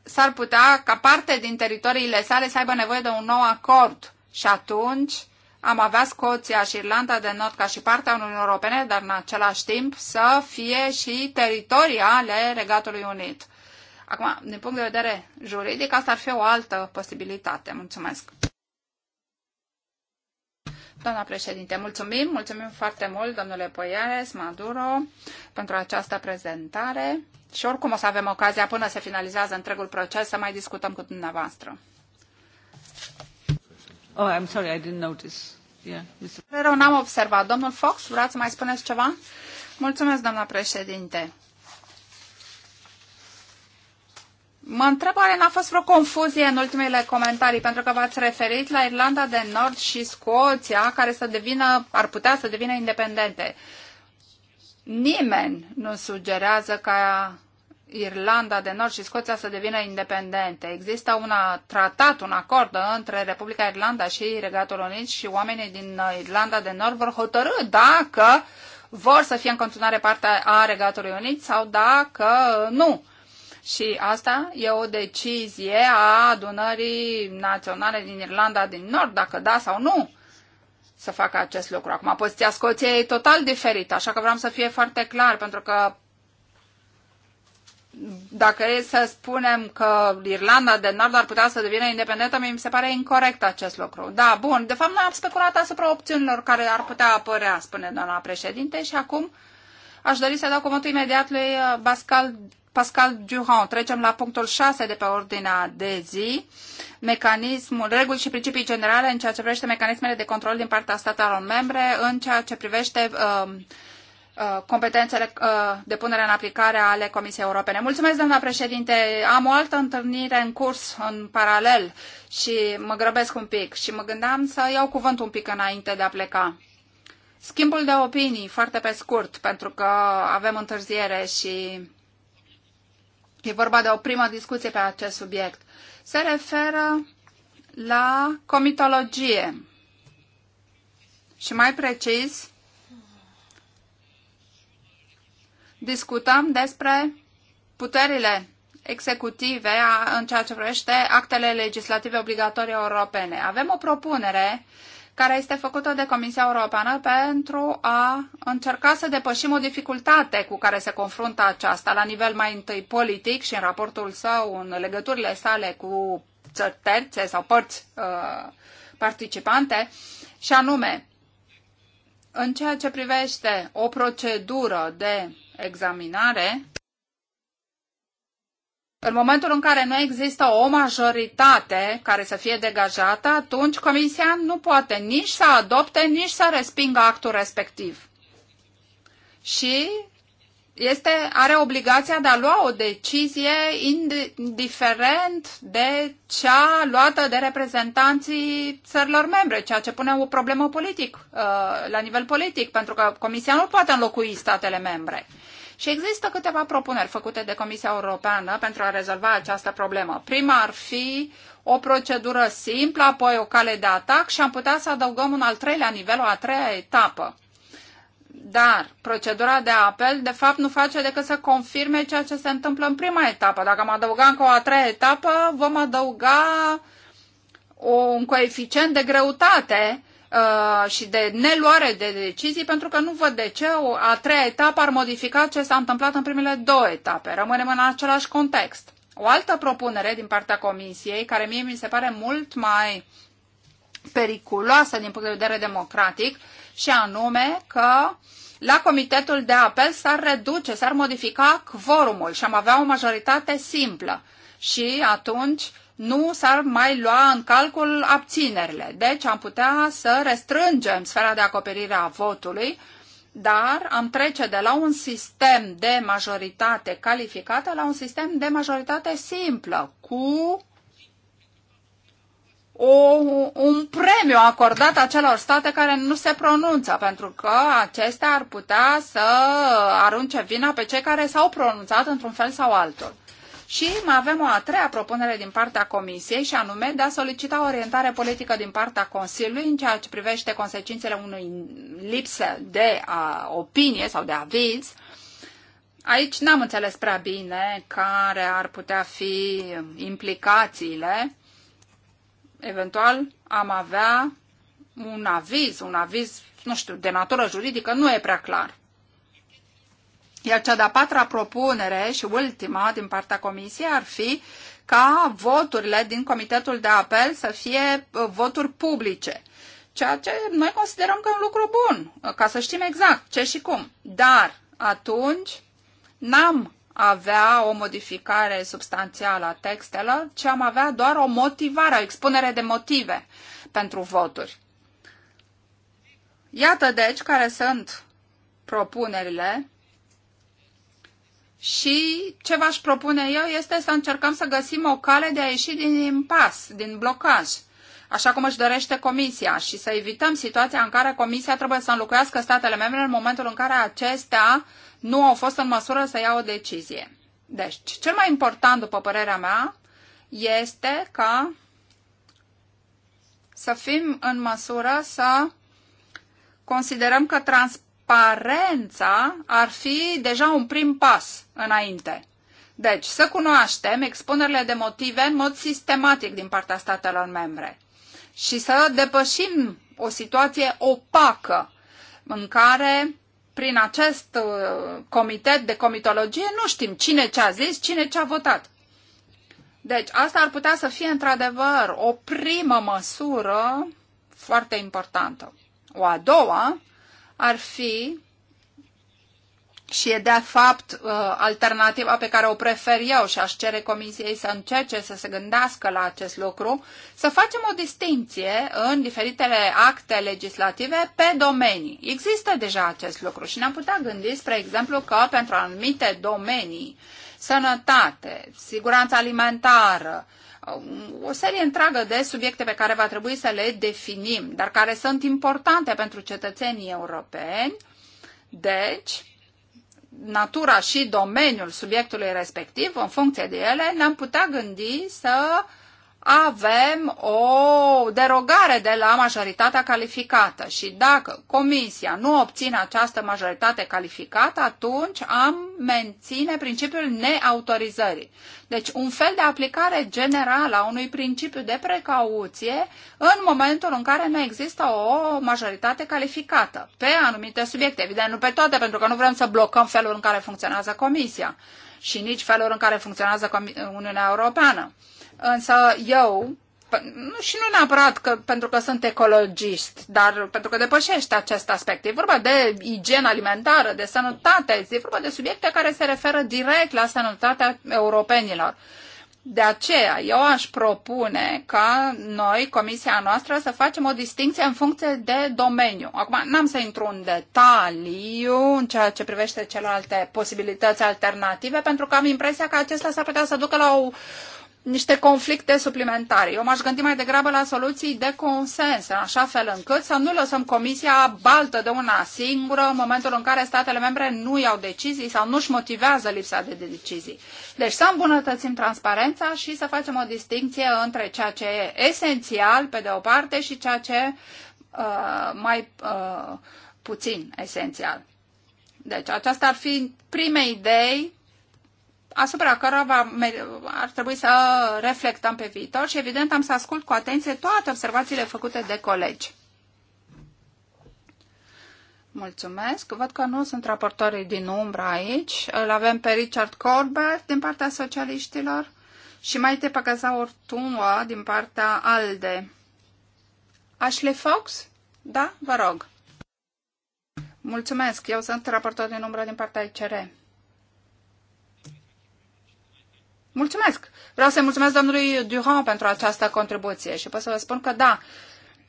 s-ar putea ca parte din teritoriile sale să aibă nevoie de un nou acord și atunci am avea Scoția și Irlanda de Nord ca și partea Uniunii Europene, dar în același timp să fie și teritoria ale Regatului Unit. Acum, din punct de vedere juridic, asta ar fi o altă posibilitate. Mulțumesc! Doamna președinte, mulțumim, mulțumim foarte mult, domnule Poiares, Maduro, pentru această prezentare și oricum o să avem ocazia până se finalizează întregul proces să mai discutăm cu dumneavoastră. Oh, I'm sorry, I didn't notice. Yeah, Mr. Rău, n-am observat. Domnul Fox, vreau să mai spuneți ceva? Mulțumesc, doamna președinte. Mă întreb oare n-a fost vreo confuzie în ultimele comentarii, pentru că v-ați referit la Irlanda de Nord și Scoția, care să devină, ar putea să devină independente. Nimeni nu sugerează ca Irlanda de Nord și Scoția să devină independente. Există un tratat, un acord între Republica Irlanda și Regatul Unit și oamenii din Irlanda de Nord vor hotărâ dacă vor să fie în continuare parte a Regatului Unit sau dacă nu. Și asta e o decizie a adunării naționale din Irlanda din Nord, dacă da sau nu să facă acest lucru. Acum, poziția Scoției e total diferită, așa că vreau să fie foarte clar, pentru că dacă e să spunem că Irlanda de Nord ar putea să devină independentă, mi se pare incorrect acest lucru. Da, bun, de fapt noi am speculat asupra opțiunilor care ar putea apărea, spune doamna președinte, și acum aș dori să dau cuvântul imediat lui uh, Bascal. Pascal Durand. Trecem la punctul 6 de pe ordinea de zi, mecanismul, reguli și principii generale în ceea ce privește mecanismele de control din partea statelor membre, în ceea ce privește uh, uh, competențele uh, de punere în aplicare ale Comisiei Europene. Mulțumesc, doamna președinte. Am o altă întâlnire în curs, în paralel, și mă grăbesc un pic și mă gândeam să iau cuvânt un pic înainte de a pleca. Schimbul de opinii, foarte pe scurt, pentru că avem întârziere și e vorba de o primă discuție pe acest subiect, se referă la comitologie și mai precis discutăm despre puterile executive în ceea ce privește actele legislative obligatorii europene. Avem o propunere uh, care este făcută de Comisia Europeană pentru a încerca să depășim o dificultate cu care se confruntă aceasta la nivel mai întâi politic și în raportul său, în legăturile sale cu țări terțe sau părți uh, participante, și anume, în ceea ce privește o procedură de examinare, în momentul în care nu există o majoritate care să fie degajată, atunci Comisia nu poate nici să adopte, nici să respingă actul respectiv. Și este, are obligația de a lua o decizie indiferent de cea luată de reprezentanții țărilor membre, ceea ce pune o problemă politic, uh, la nivel politic, pentru că Comisia nu poate înlocui statele membre. Și există câteva propuneri făcute de Comisia Europeană pentru a rezolva această problemă. Prima ar fi o procedură simplă, apoi o cale de atac și am putea să adăugăm un al treilea nivel, o a treia etapă. Dar procedura de apel, de fapt, nu face decât să confirme ceea ce se întâmplă în prima etapă. Dacă am adăugat încă o a treia etapă, vom adăuga un coeficient de greutate Uh, și de neluare de decizii, pentru că nu văd de ce o a treia etapă ar modifica ce s-a întâmplat în primele două etape. Rămânem în același context. O altă propunere din partea Comisiei, care mie mi se pare mult mai periculoasă din punct de vedere democratic, și anume că la comitetul de apel s-ar reduce, s-ar modifica quorumul și am avea o majoritate simplă. Și atunci nu s-ar mai lua în calcul abținerile. Deci am putea să restrângem sfera de acoperire a votului, dar am trece de la un sistem de majoritate calificată la un sistem de majoritate simplă, cu o, un premiu acordat acelor state care nu se pronunță, pentru că acestea ar putea să arunce vina pe cei care s-au pronunțat într-un fel sau altul. Și mai avem o a treia propunere din partea Comisiei și anume de a solicita orientare politică din partea Consiliului în ceea ce privește consecințele unui lipsă de a, opinie sau de aviz. Aici n-am înțeles prea bine care ar putea fi implicațiile. Eventual am avea un aviz, un aviz, nu știu, de natură juridică, nu e prea clar. Iar cea de-a patra propunere și ultima din partea comisiei ar fi ca voturile din comitetul de apel să fie uh, voturi publice. Ceea ce noi considerăm că e un lucru bun, uh, ca să știm exact ce și cum. Dar atunci n-am avea o modificare substanțială a textelor, ci am avea doar o motivare, o expunere de motive pentru voturi. Iată deci care sunt propunerile și ce v-aș propune eu este să încercăm să găsim o cale de a ieși din impas, din blocaj, așa cum își dorește Comisia, și să evităm situația în care Comisia trebuie să înlocuiască statele membre în momentul în care acestea nu au fost în măsură să ia o decizie. Deci, cel mai important, după părerea mea, este ca să fim în măsură să considerăm că trans transparența ar fi deja un prim pas înainte. Deci, să cunoaștem expunerile de motive în mod sistematic din partea statelor membre și să depășim o situație opacă în care prin acest uh, comitet de comitologie nu știm cine ce a zis, cine ce a votat. Deci asta ar putea să fie într-adevăr o primă măsură foarte importantă. O a doua ar fi și e de fapt uh, alternativa pe care o prefer eu și aș cere comisiei să încerce să se gândească la acest lucru, să facem o distinție în diferitele acte legislative pe domenii. Există deja acest lucru și ne-am putea gândi, spre exemplu, că pentru anumite domenii, sănătate, siguranță alimentară, uh, Um, o serie întreagă de subiecte pe care va trebui să le definim, dar care sunt importante pentru cetățenii europeni. Deci, natura și domeniul subiectului respectiv, în funcție de ele, ne-am putea gândi să uh, avem o derogare de la majoritatea calificată și dacă comisia nu obține această majoritate calificată, atunci am menține principiul neautorizării. Deci un fel de aplicare generală a unui principiu de precauție în momentul în care nu există o majoritate calificată pe anumite subiecte. Evident, nu pe toate, pentru că nu vrem să blocăm felul în care funcționează comisia și nici felul în care funcționează Uniunea Europeană. Însă eu, și nu neapărat că, pentru că sunt ecologist, dar pentru că depășește acest aspect. E vorba de igienă alimentară, de sănătate, e vorba de subiecte care se referă direct la sănătatea europenilor. De aceea, eu aș propune ca noi, comisia noastră, să facem o distinție în funcție de domeniu. Acum, n-am să intru în detaliu în ceea ce privește celelalte posibilități alternative, pentru că am impresia că acesta s-ar putea să ducă la o, niște conflicte suplimentare. Eu m-aș gândi mai degrabă la soluții de consens, în așa fel încât să nu lăsăm comisia baltă de una singură în momentul în care statele membre nu iau decizii sau nu-și motivează lipsa de decizii. Deci să îmbunătățim transparența și să facem o distinție între ceea ce e esențial, pe de o parte, și ceea ce uh, mai uh, puțin esențial. Deci aceasta ar fi prime idei asupra cărora va, ar trebui să reflectăm pe viitor și evident am să ascult cu atenție toate observațiile făcute de colegi. Mulțumesc. Văd că nu sunt raportorii din umbră aici. Îl avem pe Richard Corbett din partea socialiștilor și mai te păcăza Ortunua din partea ALDE. Ashley Fox? Da, vă rog. Mulțumesc. Eu sunt raportor din umbră din partea ICR. Mulțumesc! Vreau să-i mulțumesc domnului Durand pentru această contribuție și pot să vă spun că da,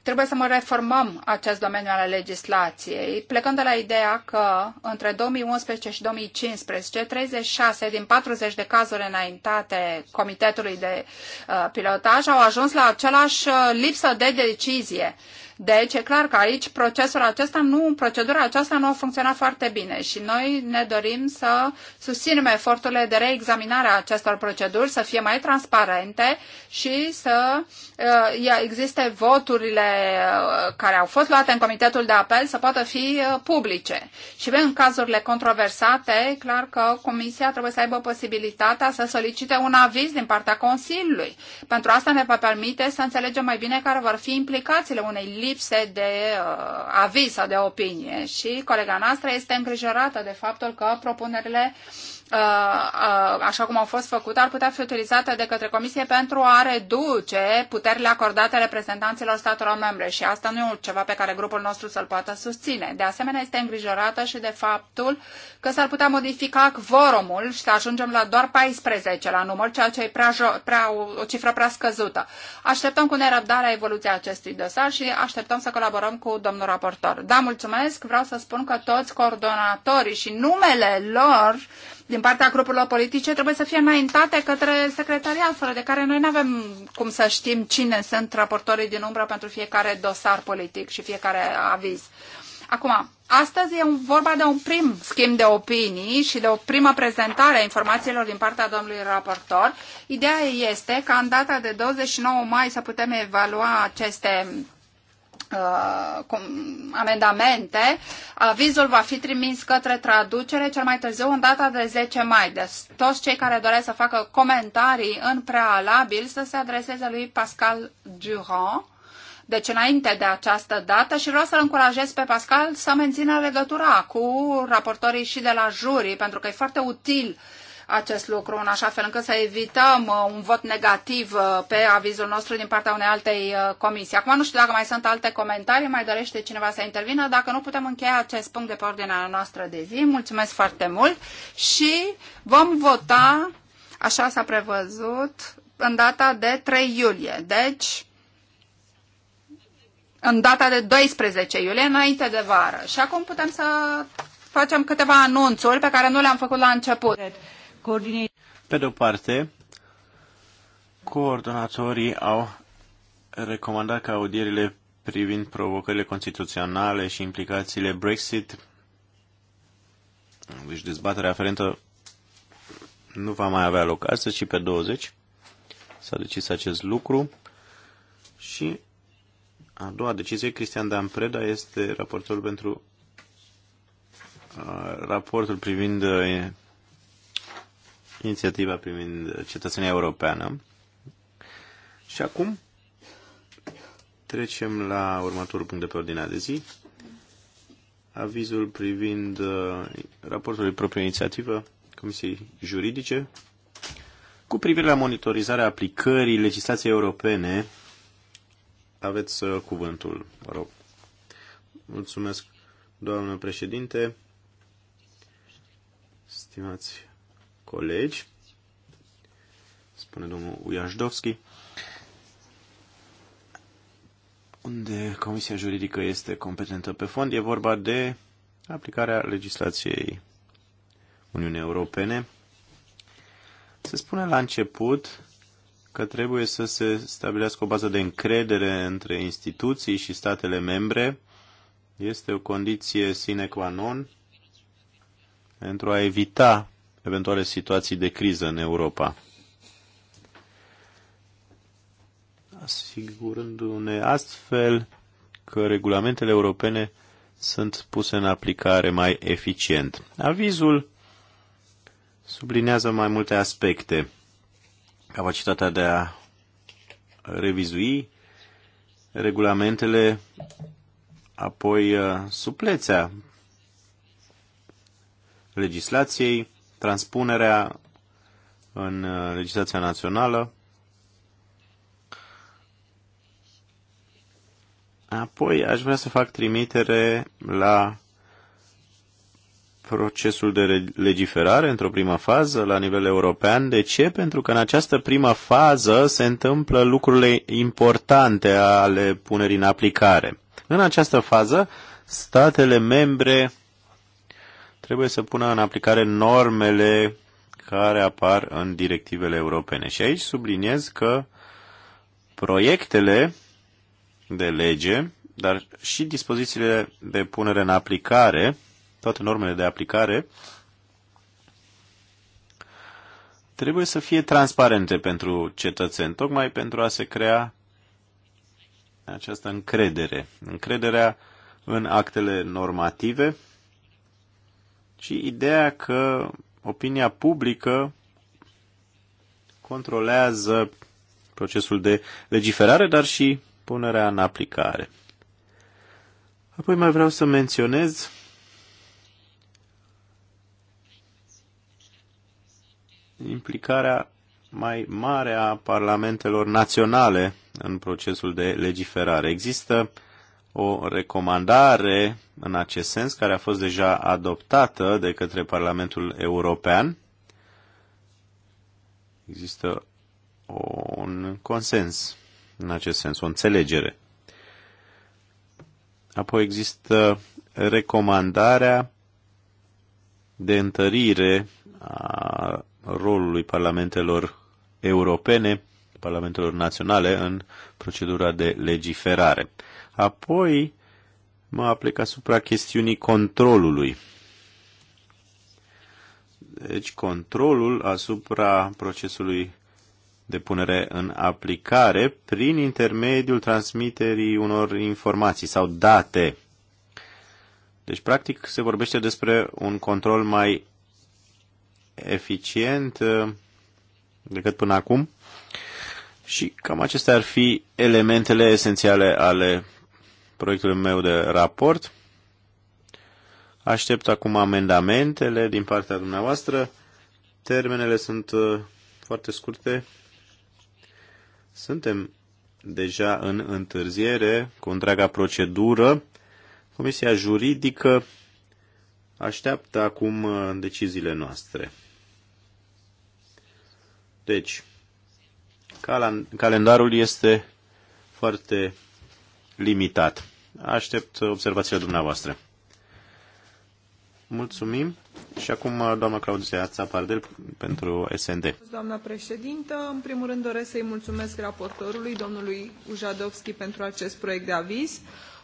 trebuie să mă reformăm acest domeniu al legislației, plecând de la ideea că între 2011 și 2015, 36 din 40 de cazuri înaintate Comitetului de uh, Pilotaj au ajuns la același uh, lipsă de decizie. Deci e clar că aici procesul acesta nu, procedura aceasta nu a funcționat foarte bine și noi ne dorim să susținem eforturile de reexaminare a acestor proceduri, să fie mai transparente și să uh, existe voturile uh, care au fost luate în comitetul de apel să poată fi uh, publice. Și în cazurile controversate, e clar că Comisia trebuie să aibă posibilitatea să solicite un aviz din partea Consiliului. Pentru asta ne va permite să înțelegem mai bine care vor fi implicațiile unei lipse de uh, aviz sau de opinie și colega noastră este îngrijorată de faptul că propunerile uh, Uh, uh, așa cum au fost făcute, ar putea fi utilizată de către Comisie pentru a reduce puterile acordate reprezentanților statelor membre și asta nu e ceva pe care grupul nostru să-l poată susține. De asemenea, este îngrijorată și de faptul că s-ar putea modifica quorumul și să ajungem la doar 14 la număr, ceea ce e prea, prea, o cifră prea scăzută. Așteptăm cu nerăbdare evoluția acestui dosar și așteptăm să colaborăm cu domnul raportor. Da, mulțumesc, vreau să spun că toți coordonatorii și numele lor din partea grupurilor politice trebuie să fie înaintate către secretariat, fără de care noi nu avem cum să știm cine sunt raportorii din umbră pentru fiecare dosar politic și fiecare aviz. Acum, astăzi e vorba de un prim schimb de opinii și de o primă prezentare a informațiilor din partea domnului raportor. Ideea este ca în data de 29 mai să putem evalua aceste Uh, amendamente, avizul va fi trimis către traducere cel mai târziu în data de 10 mai. Deci toți cei care doresc să facă comentarii în prealabil să se adreseze lui Pascal Durand, deci înainte de această dată și vreau să-l încurajez pe Pascal să mențină legătura cu raportorii și de la jurii, pentru că e foarte util uh, acest lucru în așa fel încât să evităm uh, un vot negativ uh, pe avizul nostru din partea unei altei uh, comisii. Acum nu știu dacă mai sunt alte comentarii, mai dorește cineva să intervină. Dacă nu, putem încheia acest punct de pe ordinea noastră de zi. Mulțumesc foarte mult și vom vota, așa s-a prevăzut, în data de 3 iulie. Deci, în data de 12 iulie, înainte de vară. Și acum putem să facem câteva anunțuri pe care nu le-am făcut la început. Pe de-o parte, coordonatorii au recomandat ca audierile privind provocările constituționale și implicațiile Brexit, deci dezbaterea aferentă nu va mai avea loc astăzi, ci pe 20 s-a decis acest lucru și a doua decizie, Cristian Dan Preda este raportorul pentru uh, raportul privind uh, inițiativa privind cetățenia europeană. Și acum trecem la următorul punct de pe ordinea de zi. Avizul privind uh, raportul de proprie inițiativă Comisiei Juridice cu privire la monitorizarea aplicării legislației europene. Aveți uh, cuvântul, vă rog. Mulțumesc, doamnă președinte, stimați colegi, spune domnul Ujașdovski, unde Comisia Juridică este competentă pe fond, e vorba de aplicarea legislației Uniunii Europene. Se spune la început că trebuie să se stabilească o bază de încredere între instituții și statele membre. Este o condiție sine qua non pentru a evita eventuale situații de criză în Europa. Asigurându-ne astfel că regulamentele europene sunt puse în aplicare mai eficient. Avizul sublinează mai multe aspecte. Capacitatea de a revizui regulamentele, apoi uh, suplețea legislației, transpunerea în uh, legislația națională. Apoi aș vrea să fac trimitere la procesul de legiferare într-o primă fază la nivel european. De ce? Pentru că în această primă fază se întâmplă lucrurile importante ale punerii în aplicare. În această fază, statele membre trebuie să pună în aplicare normele care apar în directivele europene. Și aici subliniez că proiectele de lege, dar și dispozițiile de punere în aplicare, toate normele de aplicare, trebuie să fie transparente pentru cetățeni, tocmai pentru a se crea această încredere. Încrederea în actele normative și ideea că opinia publică controlează procesul de legiferare, dar și punerea în aplicare. Apoi mai vreau să menționez implicarea mai mare a parlamentelor naționale în procesul de legiferare. Există o recomandare în acest sens care a fost deja adoptată de către Parlamentul European. Există un consens în acest sens, o înțelegere. Apoi există recomandarea de întărire a rolului parlamentelor europene, parlamentelor naționale în procedura de legiferare. Apoi mă aplic asupra chestiunii controlului. Deci controlul asupra procesului de punere în aplicare prin intermediul transmiterii unor informații sau date. Deci, practic, se vorbește despre un control mai eficient uh, decât până acum și cam acestea ar fi elementele esențiale ale proiectul meu de raport. Aștept acum amendamentele din partea dumneavoastră. Termenele sunt uh, foarte scurte. Suntem deja în întârziere cu întreaga procedură. Comisia juridică așteaptă acum uh, deciziile noastre. Deci, calendarul este foarte limitat. Aștept observațiile dumneavoastră. Mulțumim. Și acum doamna Claudia Țapardel pentru SND. Doamna președintă, în primul rând doresc să-i mulțumesc raportorului, domnului Ujadovski, pentru acest proiect de aviz.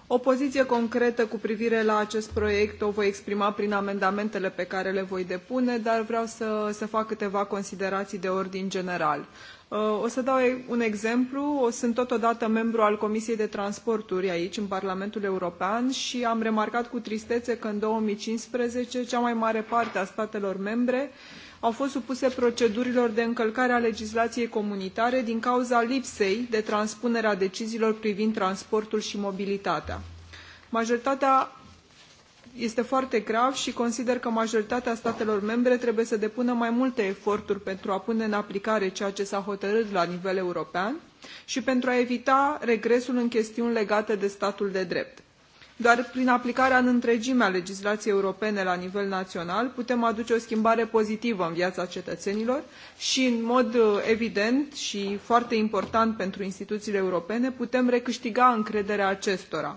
O poziție concretă cu privire la acest proiect o voi exprima prin amendamentele pe care le voi depune, dar vreau să, să fac câteva considerații de ordin general. Uh, o să dau un exemplu. Sunt totodată membru al Comisiei de Transporturi aici, în Parlamentul European, și am remarcat cu tristețe că în 2015 cea mai mare parte a statelor membre au fost supuse procedurilor de încălcare a legislației comunitare din cauza lipsei de transpunere a deciziilor privind transportul și mobilitatea. Majoritatea este foarte grav și consider că majoritatea statelor membre trebuie să depună mai multe eforturi pentru a pune în aplicare ceea ce s-a hotărât la nivel european și pentru a evita regresul în chestiuni legate de statul de drept doar prin aplicarea în întregime a legislației europene la nivel național putem aduce o schimbare pozitivă în viața cetățenilor și în mod uh, evident și foarte important pentru instituțiile europene putem recâștiga încrederea acestora.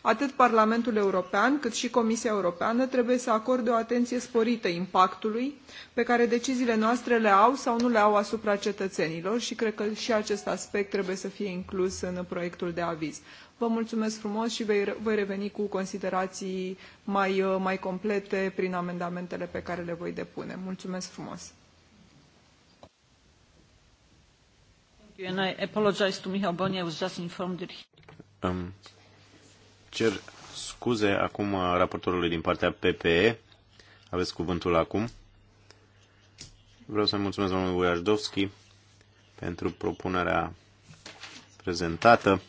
Atât Parlamentul European cât și Comisia Europeană trebuie să acorde o atenție sporită impactului pe care deciziile noastre le au sau nu le au asupra cetățenilor și cred că și acest aspect trebuie să fie inclus în proiectul de aviz. Vă mulțumesc frumos și voi reveni cu considerații mai, uh, mai complete prin amendamentele pe care le voi depune. Mulțumesc frumos! And I to I was just informed that cer scuze acum raportorului din partea PPE. Aveți cuvântul acum. Vreau să mulțumesc domnului Wojardowski pentru propunerea prezentată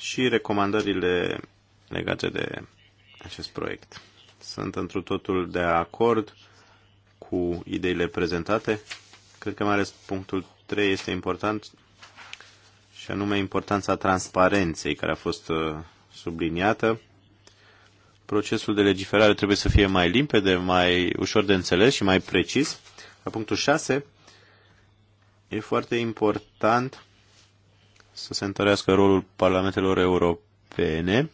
și recomandările legate de acest proiect. Sunt întru totul de acord cu ideile prezentate. Cred că mai ales punctul 3 este important și anume importanța transparenței care a fost uh, subliniată. Procesul de legiferare trebuie să fie mai limpede, mai ușor de înțeles și mai precis. La punctul 6 e foarte important să se întărească rolul parlamentelor europene,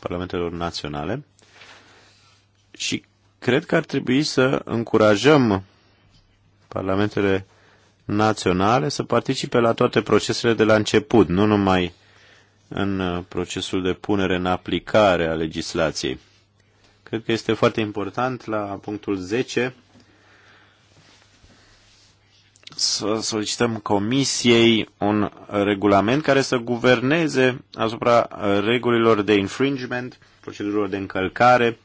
parlamentelor naționale și cred că ar trebui să încurajăm parlamentele naționale să participe la toate procesele de la început, nu numai în uh, procesul de punere în aplicare a legislației. Cred că este foarte important la punctul 10 să solicităm comisiei un regulament care să guverneze asupra regulilor de infringement, procedurilor de încălcare,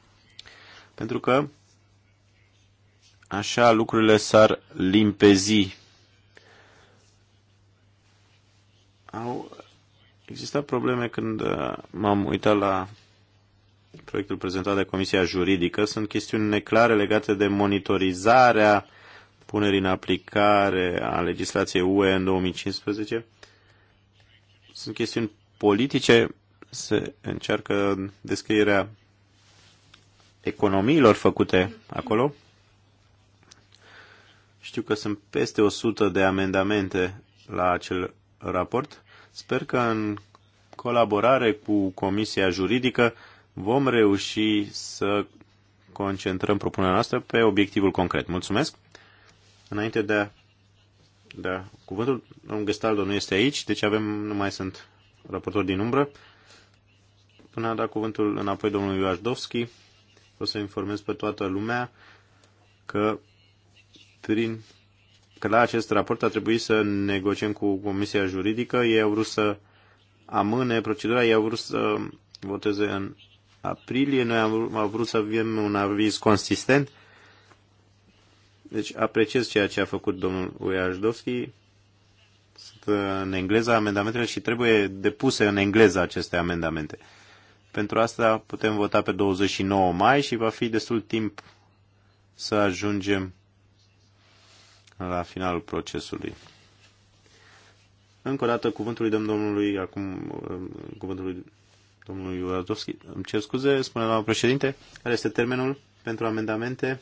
pentru că așa lucrurile s-ar limpezi. Au existat probleme când uh, m-am uitat la proiectul prezentat de Comisia Juridică. Sunt chestiuni neclare legate de monitorizarea punerii în aplicare a legislației UE în 2015. Sunt chestiuni politice, se încearcă descrierea economiilor făcute acolo. Știu că sunt peste 100 de amendamente la acel raport. Sper că în colaborare cu Comisia Juridică vom reuși să concentrăm propunerea noastră pe obiectivul concret. Mulțumesc! Înainte de a da, cuvântul domnul Gestaldo nu este aici, deci avem, nu mai sunt raportori din umbră. Până a dat cuvântul înapoi domnului Iuajdovski, o să informez pe toată lumea că, prin, că la acest raport a trebuit să negociem cu Comisia Juridică. Ei au vrut să amâne procedura, ei au vrut să voteze în aprilie. Noi am, am vrut să avem un aviz consistent deci apreciez ceea ce a făcut domnul Ujazdowski. Sunt în engleză amendamentele și trebuie depuse în engleză aceste amendamente. Pentru asta putem vota pe 29 mai și va fi destul timp să ajungem la finalul procesului. Încă o dată cuvântului dăm domnului, acum um, cuvântului domnului Uradovski. Îmi cer scuze, spune la președinte, care este termenul pentru amendamente?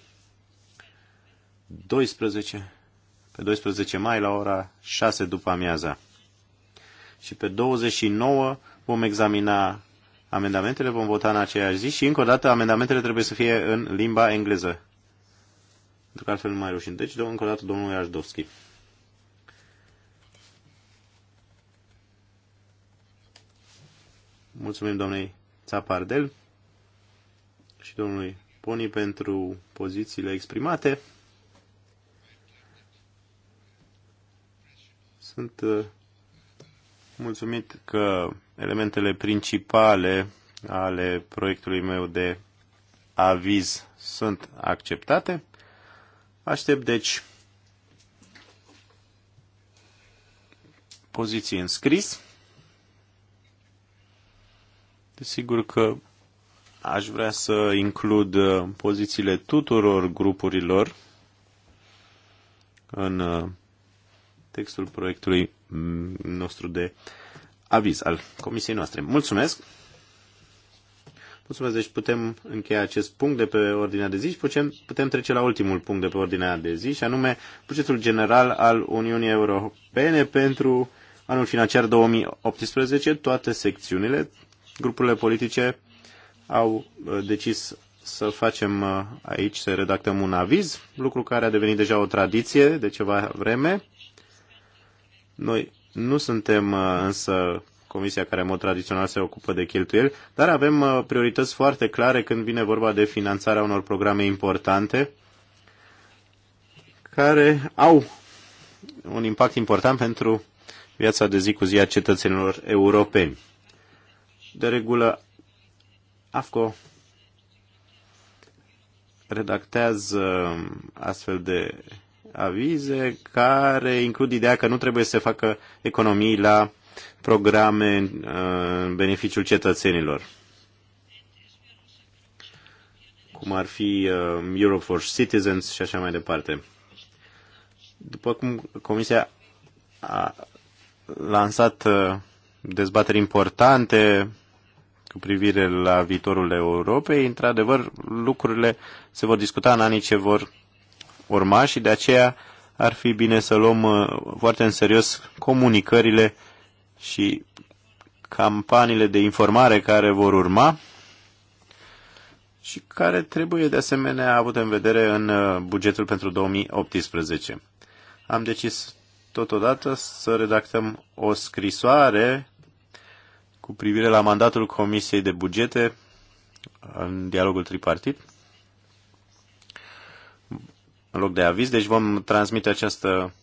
12, pe 12 mai la ora 6 după amiaza. Și pe 29 vom examina amendamentele, vom vota în aceeași zi și încă o dată amendamentele trebuie să fie în limba engleză. Pentru că altfel nu mai reușim. Deci, încă o dată, domnul Iașdovski. Mulțumim domnului Țapardel și domnului Poni pentru pozițiile exprimate. Sunt uh, mulțumit că elementele principale ale proiectului meu de aviz sunt acceptate. Aștept, deci, poziții în scris. Desigur că aș vrea să includ uh, pozițiile tuturor grupurilor în uh, textul proiectului mm, nostru de aviz al comisiei noastre. Mulțumesc! Mulțumesc, deci putem încheia acest punct de pe ordinea de zi și putem, putem trece la ultimul punct de pe ordinea de zi și anume bugetul general al Uniunii Europene pentru anul financiar 2018. Toate secțiunile, grupurile politice au uh, decis să facem uh, aici, să redactăm un aviz, lucru care a devenit deja o tradiție de ceva vreme. Noi nu suntem uh, însă comisia care în mod tradițional se ocupă de cheltuieli, dar avem uh, priorități foarte clare când vine vorba de finanțarea unor programe importante care au un impact important pentru viața de zi cu zi a cetățenilor europeni. De regulă, AFCO redactează uh, astfel de avize care includ ideea că nu trebuie să facă economii la programe uh, în beneficiul cetățenilor cum ar fi uh, Europe for Citizens și așa mai departe. După cum Comisia a lansat uh, dezbateri importante cu privire la viitorul Europei, într-adevăr, lucrurile se vor discuta în anii ce vor urma și de aceea ar fi bine să luăm uh, foarte în serios comunicările și campaniile de informare care vor urma și care trebuie de asemenea avut în vedere în uh, bugetul pentru 2018. Am decis totodată să redactăm o scrisoare cu privire la mandatul Comisiei de Bugete în dialogul tripartit în loc de aviz, deci vom transmite această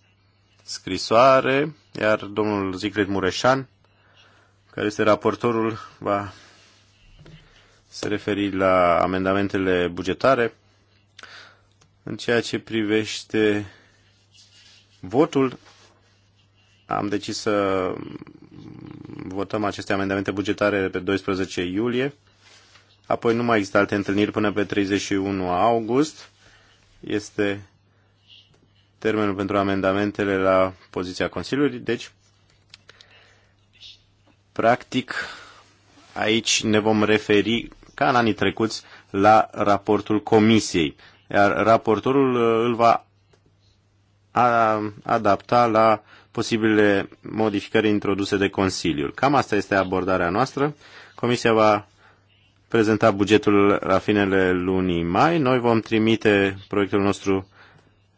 scrisoare, iar domnul Zicred Mureșan, care este raportorul, va se referi la amendamentele bugetare. În ceea ce privește votul, am decis să votăm aceste amendamente bugetare pe 12 iulie, apoi nu mai există alte întâlniri până pe 31 august, este termenul pentru amendamentele la poziția Consiliului, deci practic aici ne vom referi ca în anii trecuți la raportul Comisiei, iar raportorul uh, îl va adapta la posibile modificări introduse de Consiliul. Cam asta este abordarea noastră. Comisia va prezenta bugetul la finele lunii mai. Noi vom trimite proiectul nostru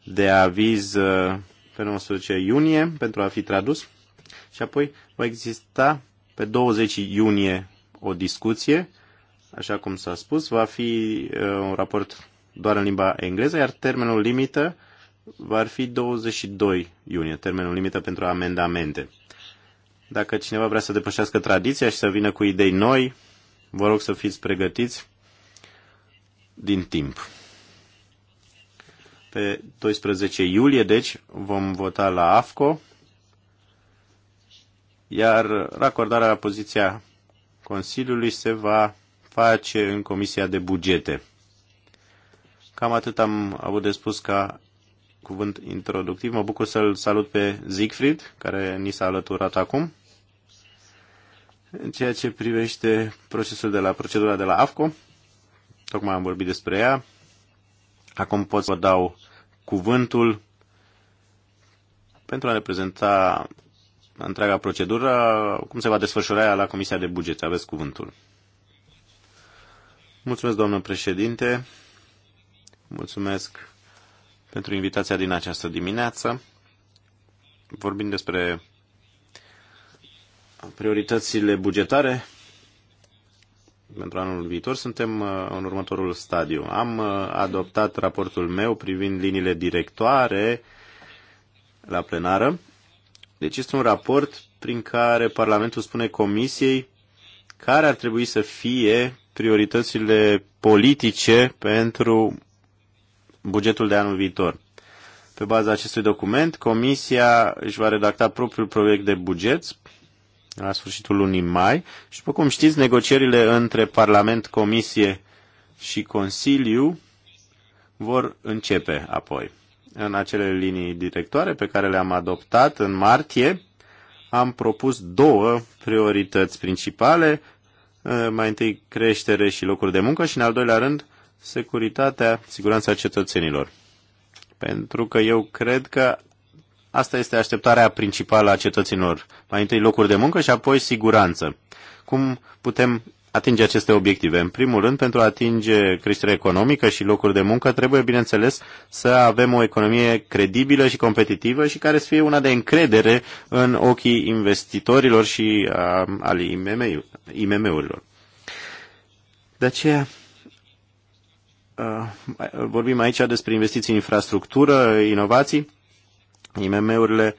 de aviz uh, pe 19 iunie pentru a fi tradus și apoi va exista pe 20 iunie o discuție, așa cum s-a spus, va fi uh, un raport doar în limba engleză, iar termenul limită va fi 22 iunie, termenul limită pentru amendamente. Dacă cineva vrea să depășească tradiția și să vină cu idei noi, Vă rog să fiți pregătiți din timp. Pe 12 iulie, deci, vom vota la AFCO, iar racordarea la poziția Consiliului se va face în Comisia de Bugete. Cam atât am avut de spus ca cuvânt introductiv. Mă bucur să-l salut pe Siegfried, care ni s-a alăturat acum. În ceea ce privește procesul de la procedura de la AFCO, tocmai am vorbit despre ea. Acum pot să vă dau cuvântul pentru a reprezenta întreaga procedură, cum se va desfășura ea la Comisia de Buget. Aveți cuvântul. Mulțumesc, doamnă președinte. Mulțumesc pentru invitația din această dimineață. Vorbim despre prioritățile bugetare pentru anul viitor suntem uh, în următorul stadiu. Am uh, adoptat raportul meu privind liniile directoare la plenară. Deci este un raport prin care Parlamentul spune Comisiei care ar trebui să fie prioritățile politice pentru bugetul de anul viitor. Pe baza acestui document, Comisia își va redacta propriul proiect de buget la sfârșitul lunii mai și, după cum știți, negocierile între Parlament, Comisie și Consiliu vor începe apoi. În acele linii directoare pe care le-am adoptat în martie, am propus două priorități principale, eh, mai întâi creștere și locuri de muncă și, în al doilea rând, securitatea, siguranța cetățenilor. Pentru că eu cred că Asta este așteptarea principală a cetățenilor. Mai întâi locuri de muncă și apoi siguranță. Cum putem atinge aceste obiective? În primul rând, pentru a atinge creșterea economică și locuri de muncă, trebuie, bineînțeles, să avem o economie credibilă și competitivă și care să fie una de încredere în ochii investitorilor și a, ale IMM-urilor. De aceea, vorbim aici despre investiții în infrastructură, inovații IMM-urile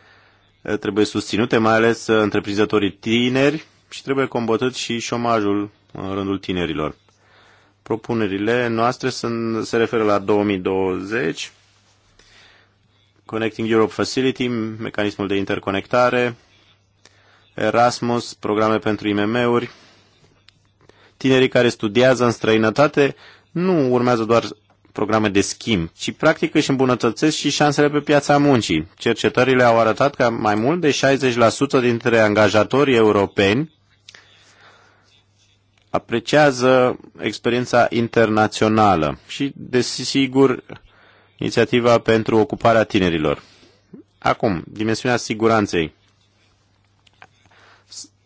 trebuie susținute, mai ales întreprinzătorii tineri și trebuie combătut și șomajul în rândul tinerilor. Propunerile noastre sunt, se referă la 2020, Connecting Europe Facility, mecanismul de interconectare, Erasmus, programe pentru IMM-uri. Tinerii care studiază în străinătate nu urmează doar programe de schimb, ci practic își îmbunătățesc și șansele pe piața muncii. Cercetările au arătat că mai mult de 60% dintre angajatorii europeni apreciază experiența internațională și, desigur, inițiativa pentru ocuparea tinerilor. Acum, dimensiunea siguranței.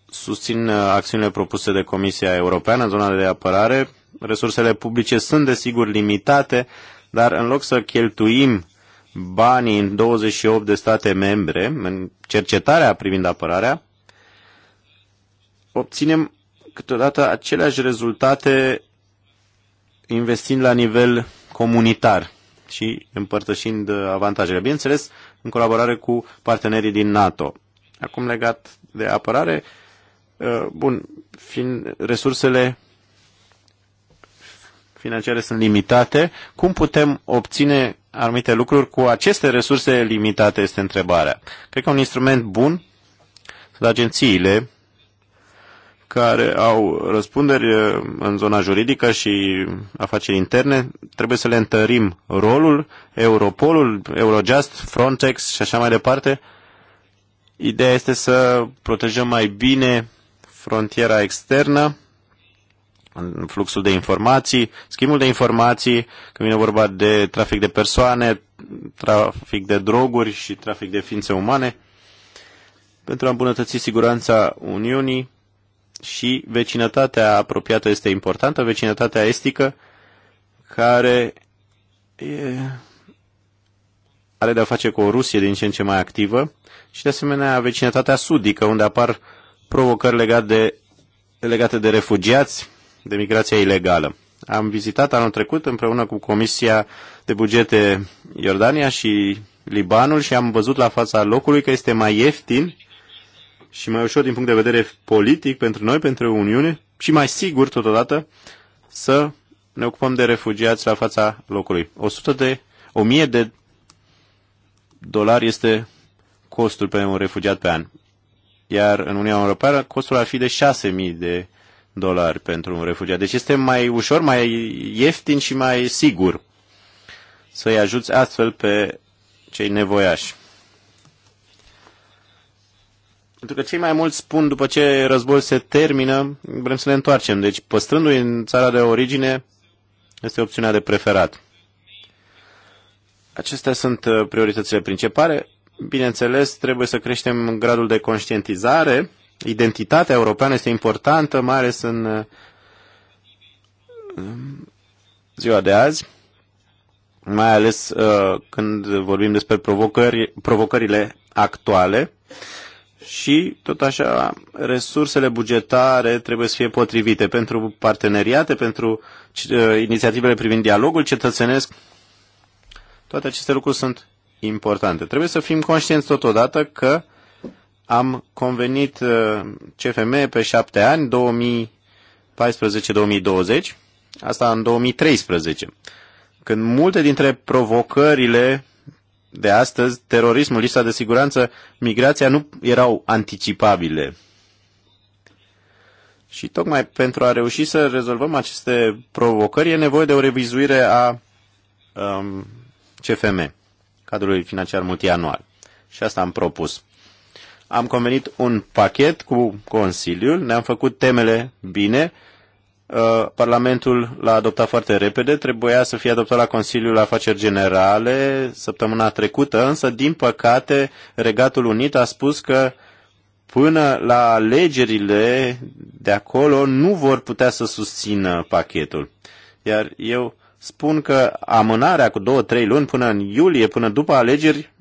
Susțin uh, acțiunile propuse de Comisia Europeană în zona de apărare resursele publice sunt desigur limitate, dar în loc să cheltuim banii în 28 de state membre, în cercetarea privind apărarea, obținem câteodată aceleași rezultate investind la nivel comunitar și împărtășind avantajele. Bineînțeles, în colaborare cu partenerii din NATO. Acum legat de apărare, bun, fiind resursele financiare sunt limitate, cum putem obține anumite lucruri cu aceste resurse limitate este întrebarea. Cred că un instrument bun sunt agențiile care au răspunderi eh, în zona juridică și afaceri interne, trebuie să le întărim rolul, Europolul, Eurojust, Frontex și așa mai departe. Ideea este să protejăm mai bine frontiera externă în fluxul de informații, schimbul de informații, când vine vorba de trafic de persoane, trafic de droguri și trafic de ființe umane, pentru a îmbunătăți siguranța Uniunii și vecinătatea apropiată este importantă, vecinătatea estică, care e, are de-a face cu o Rusie din ce în ce mai activă și de asemenea vecinătatea sudică, unde apar provocări legate de, legate de refugiați, de migrație ilegală. Am vizitat anul trecut împreună cu Comisia de Bugete Iordania și Libanul și am văzut la fața locului că este mai ieftin și mai ușor din punct de vedere politic pentru noi, pentru Uniune și mai sigur totodată să ne ocupăm de refugiați la fața locului. 100 de, 1000 de dolari este costul pe un refugiat pe an. Iar în Uniunea Europeană costul ar fi de 6.000 de dolari pentru un refugiat. Deci este mai ușor, mai ieftin și mai sigur să-i ajuți astfel pe cei nevoiași. Pentru că cei mai mulți spun după ce războiul se termină, vrem să ne întoarcem. Deci păstrându-i în țara de origine este opțiunea de preferat. Acestea sunt uh, prioritățile principale. Bineînțeles, trebuie să creștem gradul de conștientizare identitatea europeană este importantă, mai ales uh, în ziua de azi, mai ales uh, când vorbim despre provocări, provocările actuale și, tot așa, resursele bugetare trebuie să fie potrivite pentru parteneriate, pentru uh, inițiativele privind dialogul cetățenesc. Toate aceste lucruri sunt importante. Trebuie să fim conștienți totodată că uh, am convenit uh, CFM pe șapte ani, 2014-2020, asta în 2013, când multe dintre provocările de astăzi, terorismul, lista de siguranță, migrația nu erau anticipabile. Și tocmai pentru a reuși să rezolvăm aceste provocări e nevoie de o revizuire a um, CFM, cadrului financiar multianual. Și asta am propus am convenit un pachet cu Consiliul, ne-am făcut temele bine, uh, Parlamentul l-a adoptat foarte repede, trebuia să fie adoptat la Consiliul Afaceri Generale săptămâna trecută, însă, din păcate, Regatul Unit a spus că până la alegerile de acolo nu vor putea să susțină pachetul. Iar eu spun că amânarea cu două, trei luni până în iulie, până după alegeri,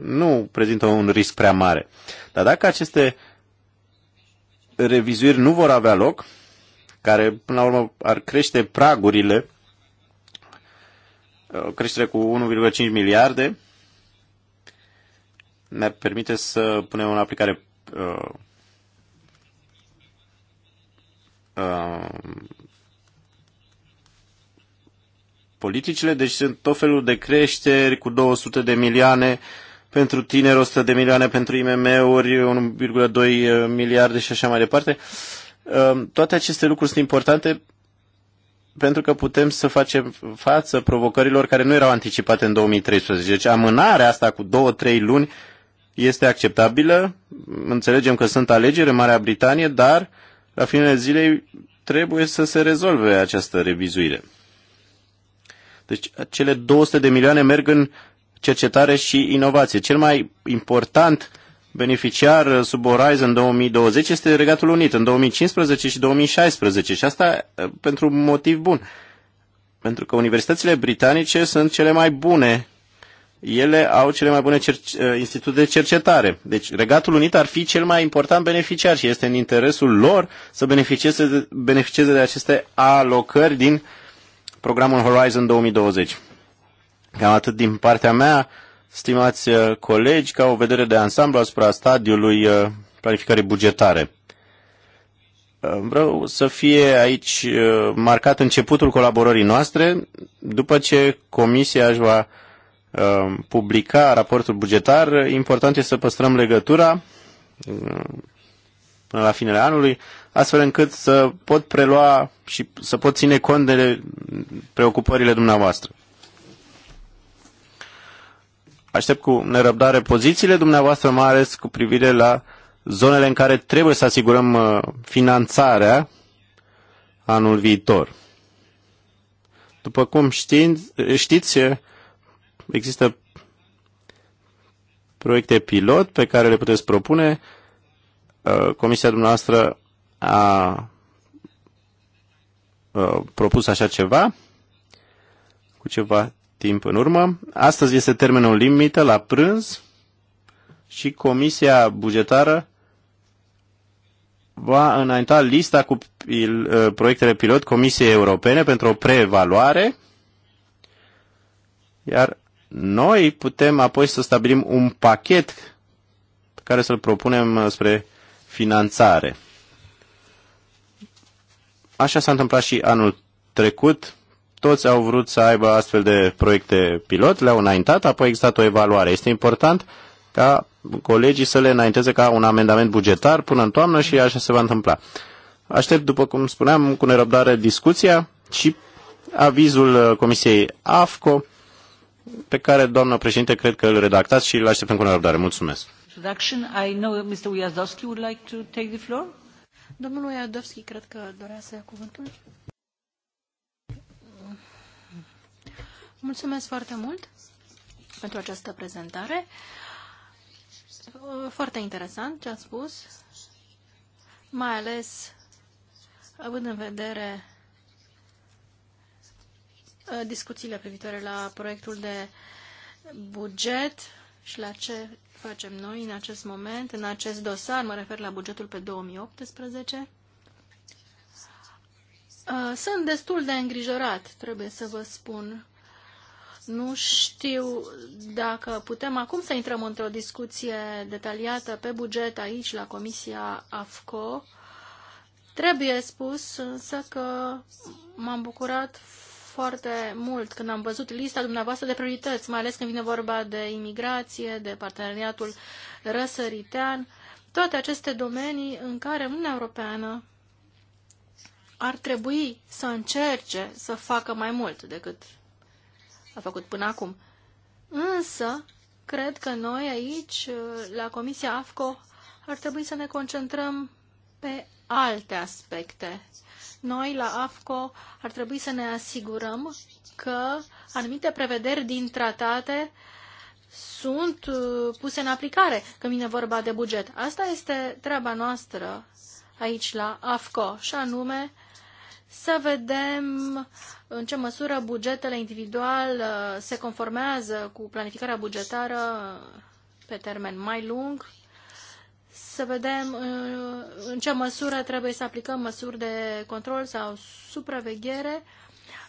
nu prezintă un risc prea mare. Dar dacă aceste revizuiri nu vor avea loc, care până la urmă ar crește pragurile, creștere cu 1,5 miliarde, ne-ar permite să punem în aplicare uh, uh, politicile, deci sunt tot felul de creșteri cu 200 de milioane uh, pentru tineri, 100 de milioane pentru IMM-uri, 1,2 eh, miliarde și așa mai departe. Eh, toate aceste lucruri sunt importante pentru că putem să facem față provocărilor care nu erau anticipate în 2013. Deci amânarea asta cu 2-3 luni este acceptabilă. Înțelegem că sunt alegeri în Marea Britanie, dar la finele zilei trebuie să se rezolve această revizuire. Deci cele 200 de milioane merg în cercetare și inovație. Cel mai important beneficiar uh, sub Horizon 2020 este Regatul Unit în 2015 și 2016 și asta uh, pentru un motiv bun. Pentru că universitățile britanice sunt cele mai bune. Ele au cele mai bune uh, institute de cercetare. Deci Regatul Unit ar fi cel mai important beneficiar și este în interesul lor să beneficieze, beneficieze de aceste alocări din programul Horizon 2020. Cam atât din partea mea, stimați uh, colegi, ca o vedere de ansamblu asupra stadiului uh, planificării bugetare. Uh, vreau să fie aici marcat începutul colaborării noastre, după ce Comisia își va publica raportul bugetar, important este să păstrăm legătura până la finele anului, astfel încât să pot prelua și să pot ține cont de preocupările dumneavoastră aștept cu nerăbdare pozițiile dumneavoastră, mai ales cu privire la zonele în care trebuie să asigurăm uh, finanțarea anul viitor. După cum știți, știți uh, există proiecte pilot pe care le puteți propune. Uh, comisia dumneavoastră a propus așa ceva cu ceva timp în urmă. Astăzi este termenul limită la prânz și Comisia Bugetară va înainta lista cu pil, uh, proiectele pilot Comisiei Europene pentru o preevaluare, iar noi putem apoi să stabilim un pachet pe care să-l propunem uh, spre finanțare. Așa s-a întâmplat și anul trecut toți au vrut să aibă astfel de proiecte pilot, le-au înaintat, apoi a existat o evaluare. Este important ca colegii să le înainteze ca un amendament bugetar până în toamnă și așa se va întâmpla. Aștept, după cum spuneam, cu nerăbdare discuția și avizul uh, Comisiei AFCO, pe care, doamnă președinte, cred că îl redactați și îl așteptăm cu nerăbdare. Mulțumesc. Domnul Ujazdowski, cred că dorea să ia cuvântul. Mulțumesc foarte mult pentru această prezentare. Uh, foarte interesant ce a spus, mai ales având în vedere uh, discuțiile privitoare la proiectul de buget și la ce facem noi în acest moment, în acest dosar, mă refer la bugetul pe 2018. Uh, sunt destul de îngrijorat, trebuie să vă spun, nu știu dacă putem acum să intrăm într-o discuție detaliată pe buget aici, la Comisia AFCO. Trebuie spus însă că m-am bucurat foarte mult când am văzut lista dumneavoastră de priorități, mai ales când vine vorba de imigrație, de parteneriatul răsăritean, toate aceste domenii în care Uniunea Europeană ar trebui să încerce să facă mai mult decât a făcut până acum. Însă, cred că noi aici, la Comisia AFCO, ar trebui să ne concentrăm pe alte aspecte. Noi, la AFCO, ar trebui să ne asigurăm că anumite prevederi din tratate sunt uh, puse în aplicare când vine vorba de buget. Asta este treaba noastră aici la AFCO, și anume să vedem în ce măsură bugetele individual uh, se conformează cu planificarea bugetară pe termen mai lung, să vedem uh, în ce măsură trebuie să aplicăm măsuri de control sau supraveghere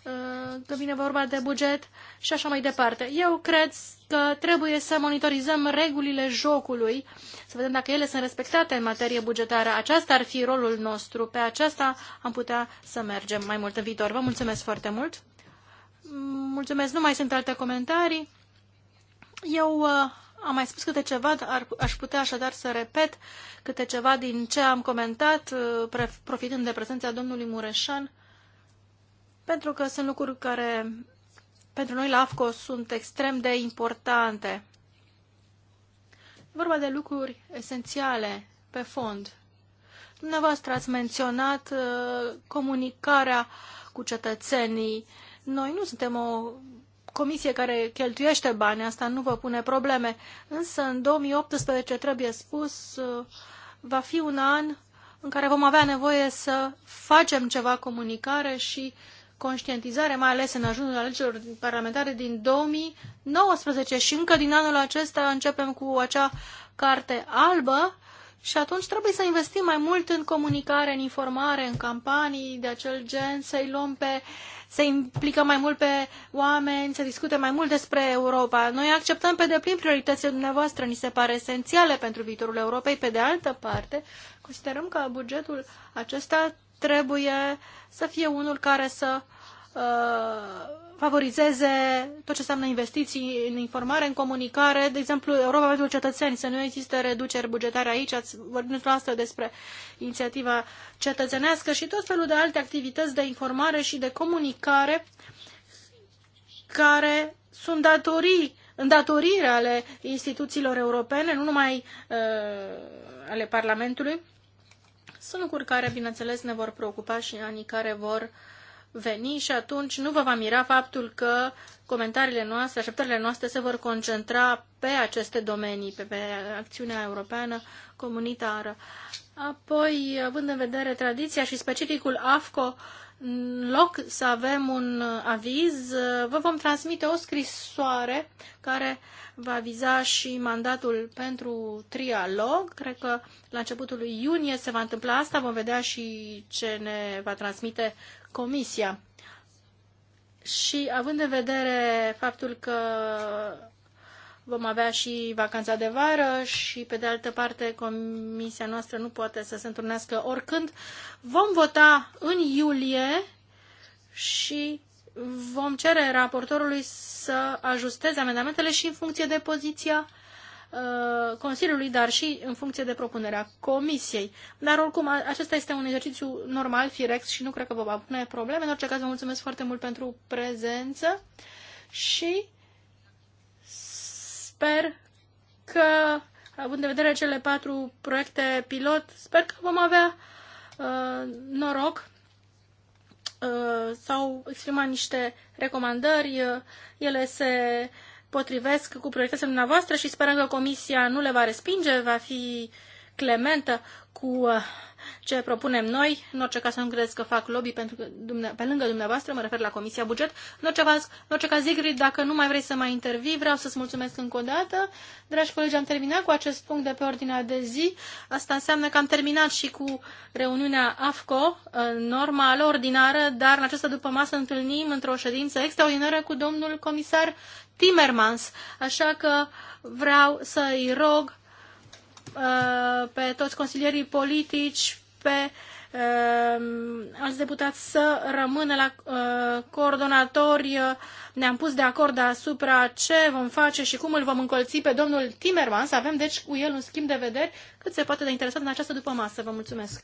Uh, când vine vorba de buget și așa mai departe. Eu cred că trebuie să monitorizăm regulile jocului, să vedem dacă ele sunt respectate în materie bugetară. Aceasta ar fi rolul nostru. Pe aceasta am putea să mergem mai mult în viitor. Vă mulțumesc foarte mult. Mulțumesc. Nu mai sunt alte comentarii. Eu uh, am mai spus câte ceva, ar, aș putea așadar să repet câte ceva din ce am comentat, uh, profitând de prezența domnului Mureșan pentru că sunt lucruri care pentru noi la AFCO sunt extrem de importante. vorba de lucruri esențiale pe fond. Dumneavoastră ați menționat uh, comunicarea cu cetățenii. Noi nu suntem o comisie care cheltuiește bani, asta nu vă pune probleme, însă în 2018, trebuie spus, uh, va fi un an în care vom avea nevoie să facem ceva comunicare și uh, conștientizare, mai ales în ajunul alegerilor parlamentare din 2019 și încă din anul acesta începem cu acea carte albă și atunci trebuie să investim mai mult în comunicare, în informare, în campanii de acel gen, să-i luăm pe, să implicăm mai mult pe oameni, să discute mai mult despre Europa. Noi acceptăm pe deplin prioritățile dumneavoastră, ni se pare esențiale pentru viitorul Europei. Pe de altă parte, considerăm că bugetul acesta trebuie să fie unul care să uh, favorizeze tot ce înseamnă investiții în informare, în comunicare, de exemplu, Europa pentru cetățeni, să nu existe reduceri bugetare aici, ați vorbit asta despre inițiativa cetățenească și tot felul de alte activități de informare și de comunicare care sunt datorii, îndatoriri ale instituțiilor europene, nu numai uh, ale Parlamentului, sunt lucruri care, bineînțeles, ne vor preocupa și în anii care vor veni și atunci nu vă va mira faptul că comentariile noastre, așteptările noastre se vor concentra pe aceste domenii, pe, pe acțiunea europeană comunitară. Apoi, având în vedere tradiția și specificul AFCO, în loc să avem un uh, aviz, uh, vă vom transmite o scrisoare care va viza și mandatul pentru trialog. Cred că la începutul lui iunie se va întâmpla asta. Vom vedea și ce ne va transmite comisia. Și având în vedere faptul că vom avea și vacanța de vară și, pe de altă parte, comisia noastră nu poate să se întrunească oricând. Vom vota în iulie și vom cere raportorului să ajusteze amendamentele și în funcție de poziția uh, Consiliului, dar și în funcție de propunerea Comisiei. Dar oricum, acesta este un exercițiu normal, firex și nu cred că vă va pune probleme. În orice caz, vă mulțumesc foarte mult pentru prezență și sper că, având în vedere cele patru proiecte pilot, sper că vom avea uh, noroc uh, sau exprima niște recomandări. Uh, ele se potrivesc cu proiectele dumneavoastră și sperăm că Comisia nu le va respinge, va fi clementă cu uh, ce propunem noi. În orice caz, să nu credeți că fac lobby pentru că, pe lângă dumneavoastră, mă refer la Comisia Buget. În orice caz, în orice caz Zigrid, dacă nu mai vrei să mai intervii, vreau să-ți mulțumesc încă o dată. Dragi colegi, am terminat cu acest punct de pe ordinea de zi. Asta înseamnă că am terminat și cu reuniunea AFCO, normală, ordinară, dar în această după masă întâlnim într-o ședință extraordinară cu domnul comisar Timmermans. Așa că vreau să-i rog Uh, pe toți consilierii politici, pe uh, alți deputați să rămână la uh, coordonatori. Ne-am pus de acord asupra ce vom face și cum îl vom încolți pe domnul Timmermans. Avem deci cu el un schimb de vederi cât se poate de interesant în această după masă. Vă mulțumesc!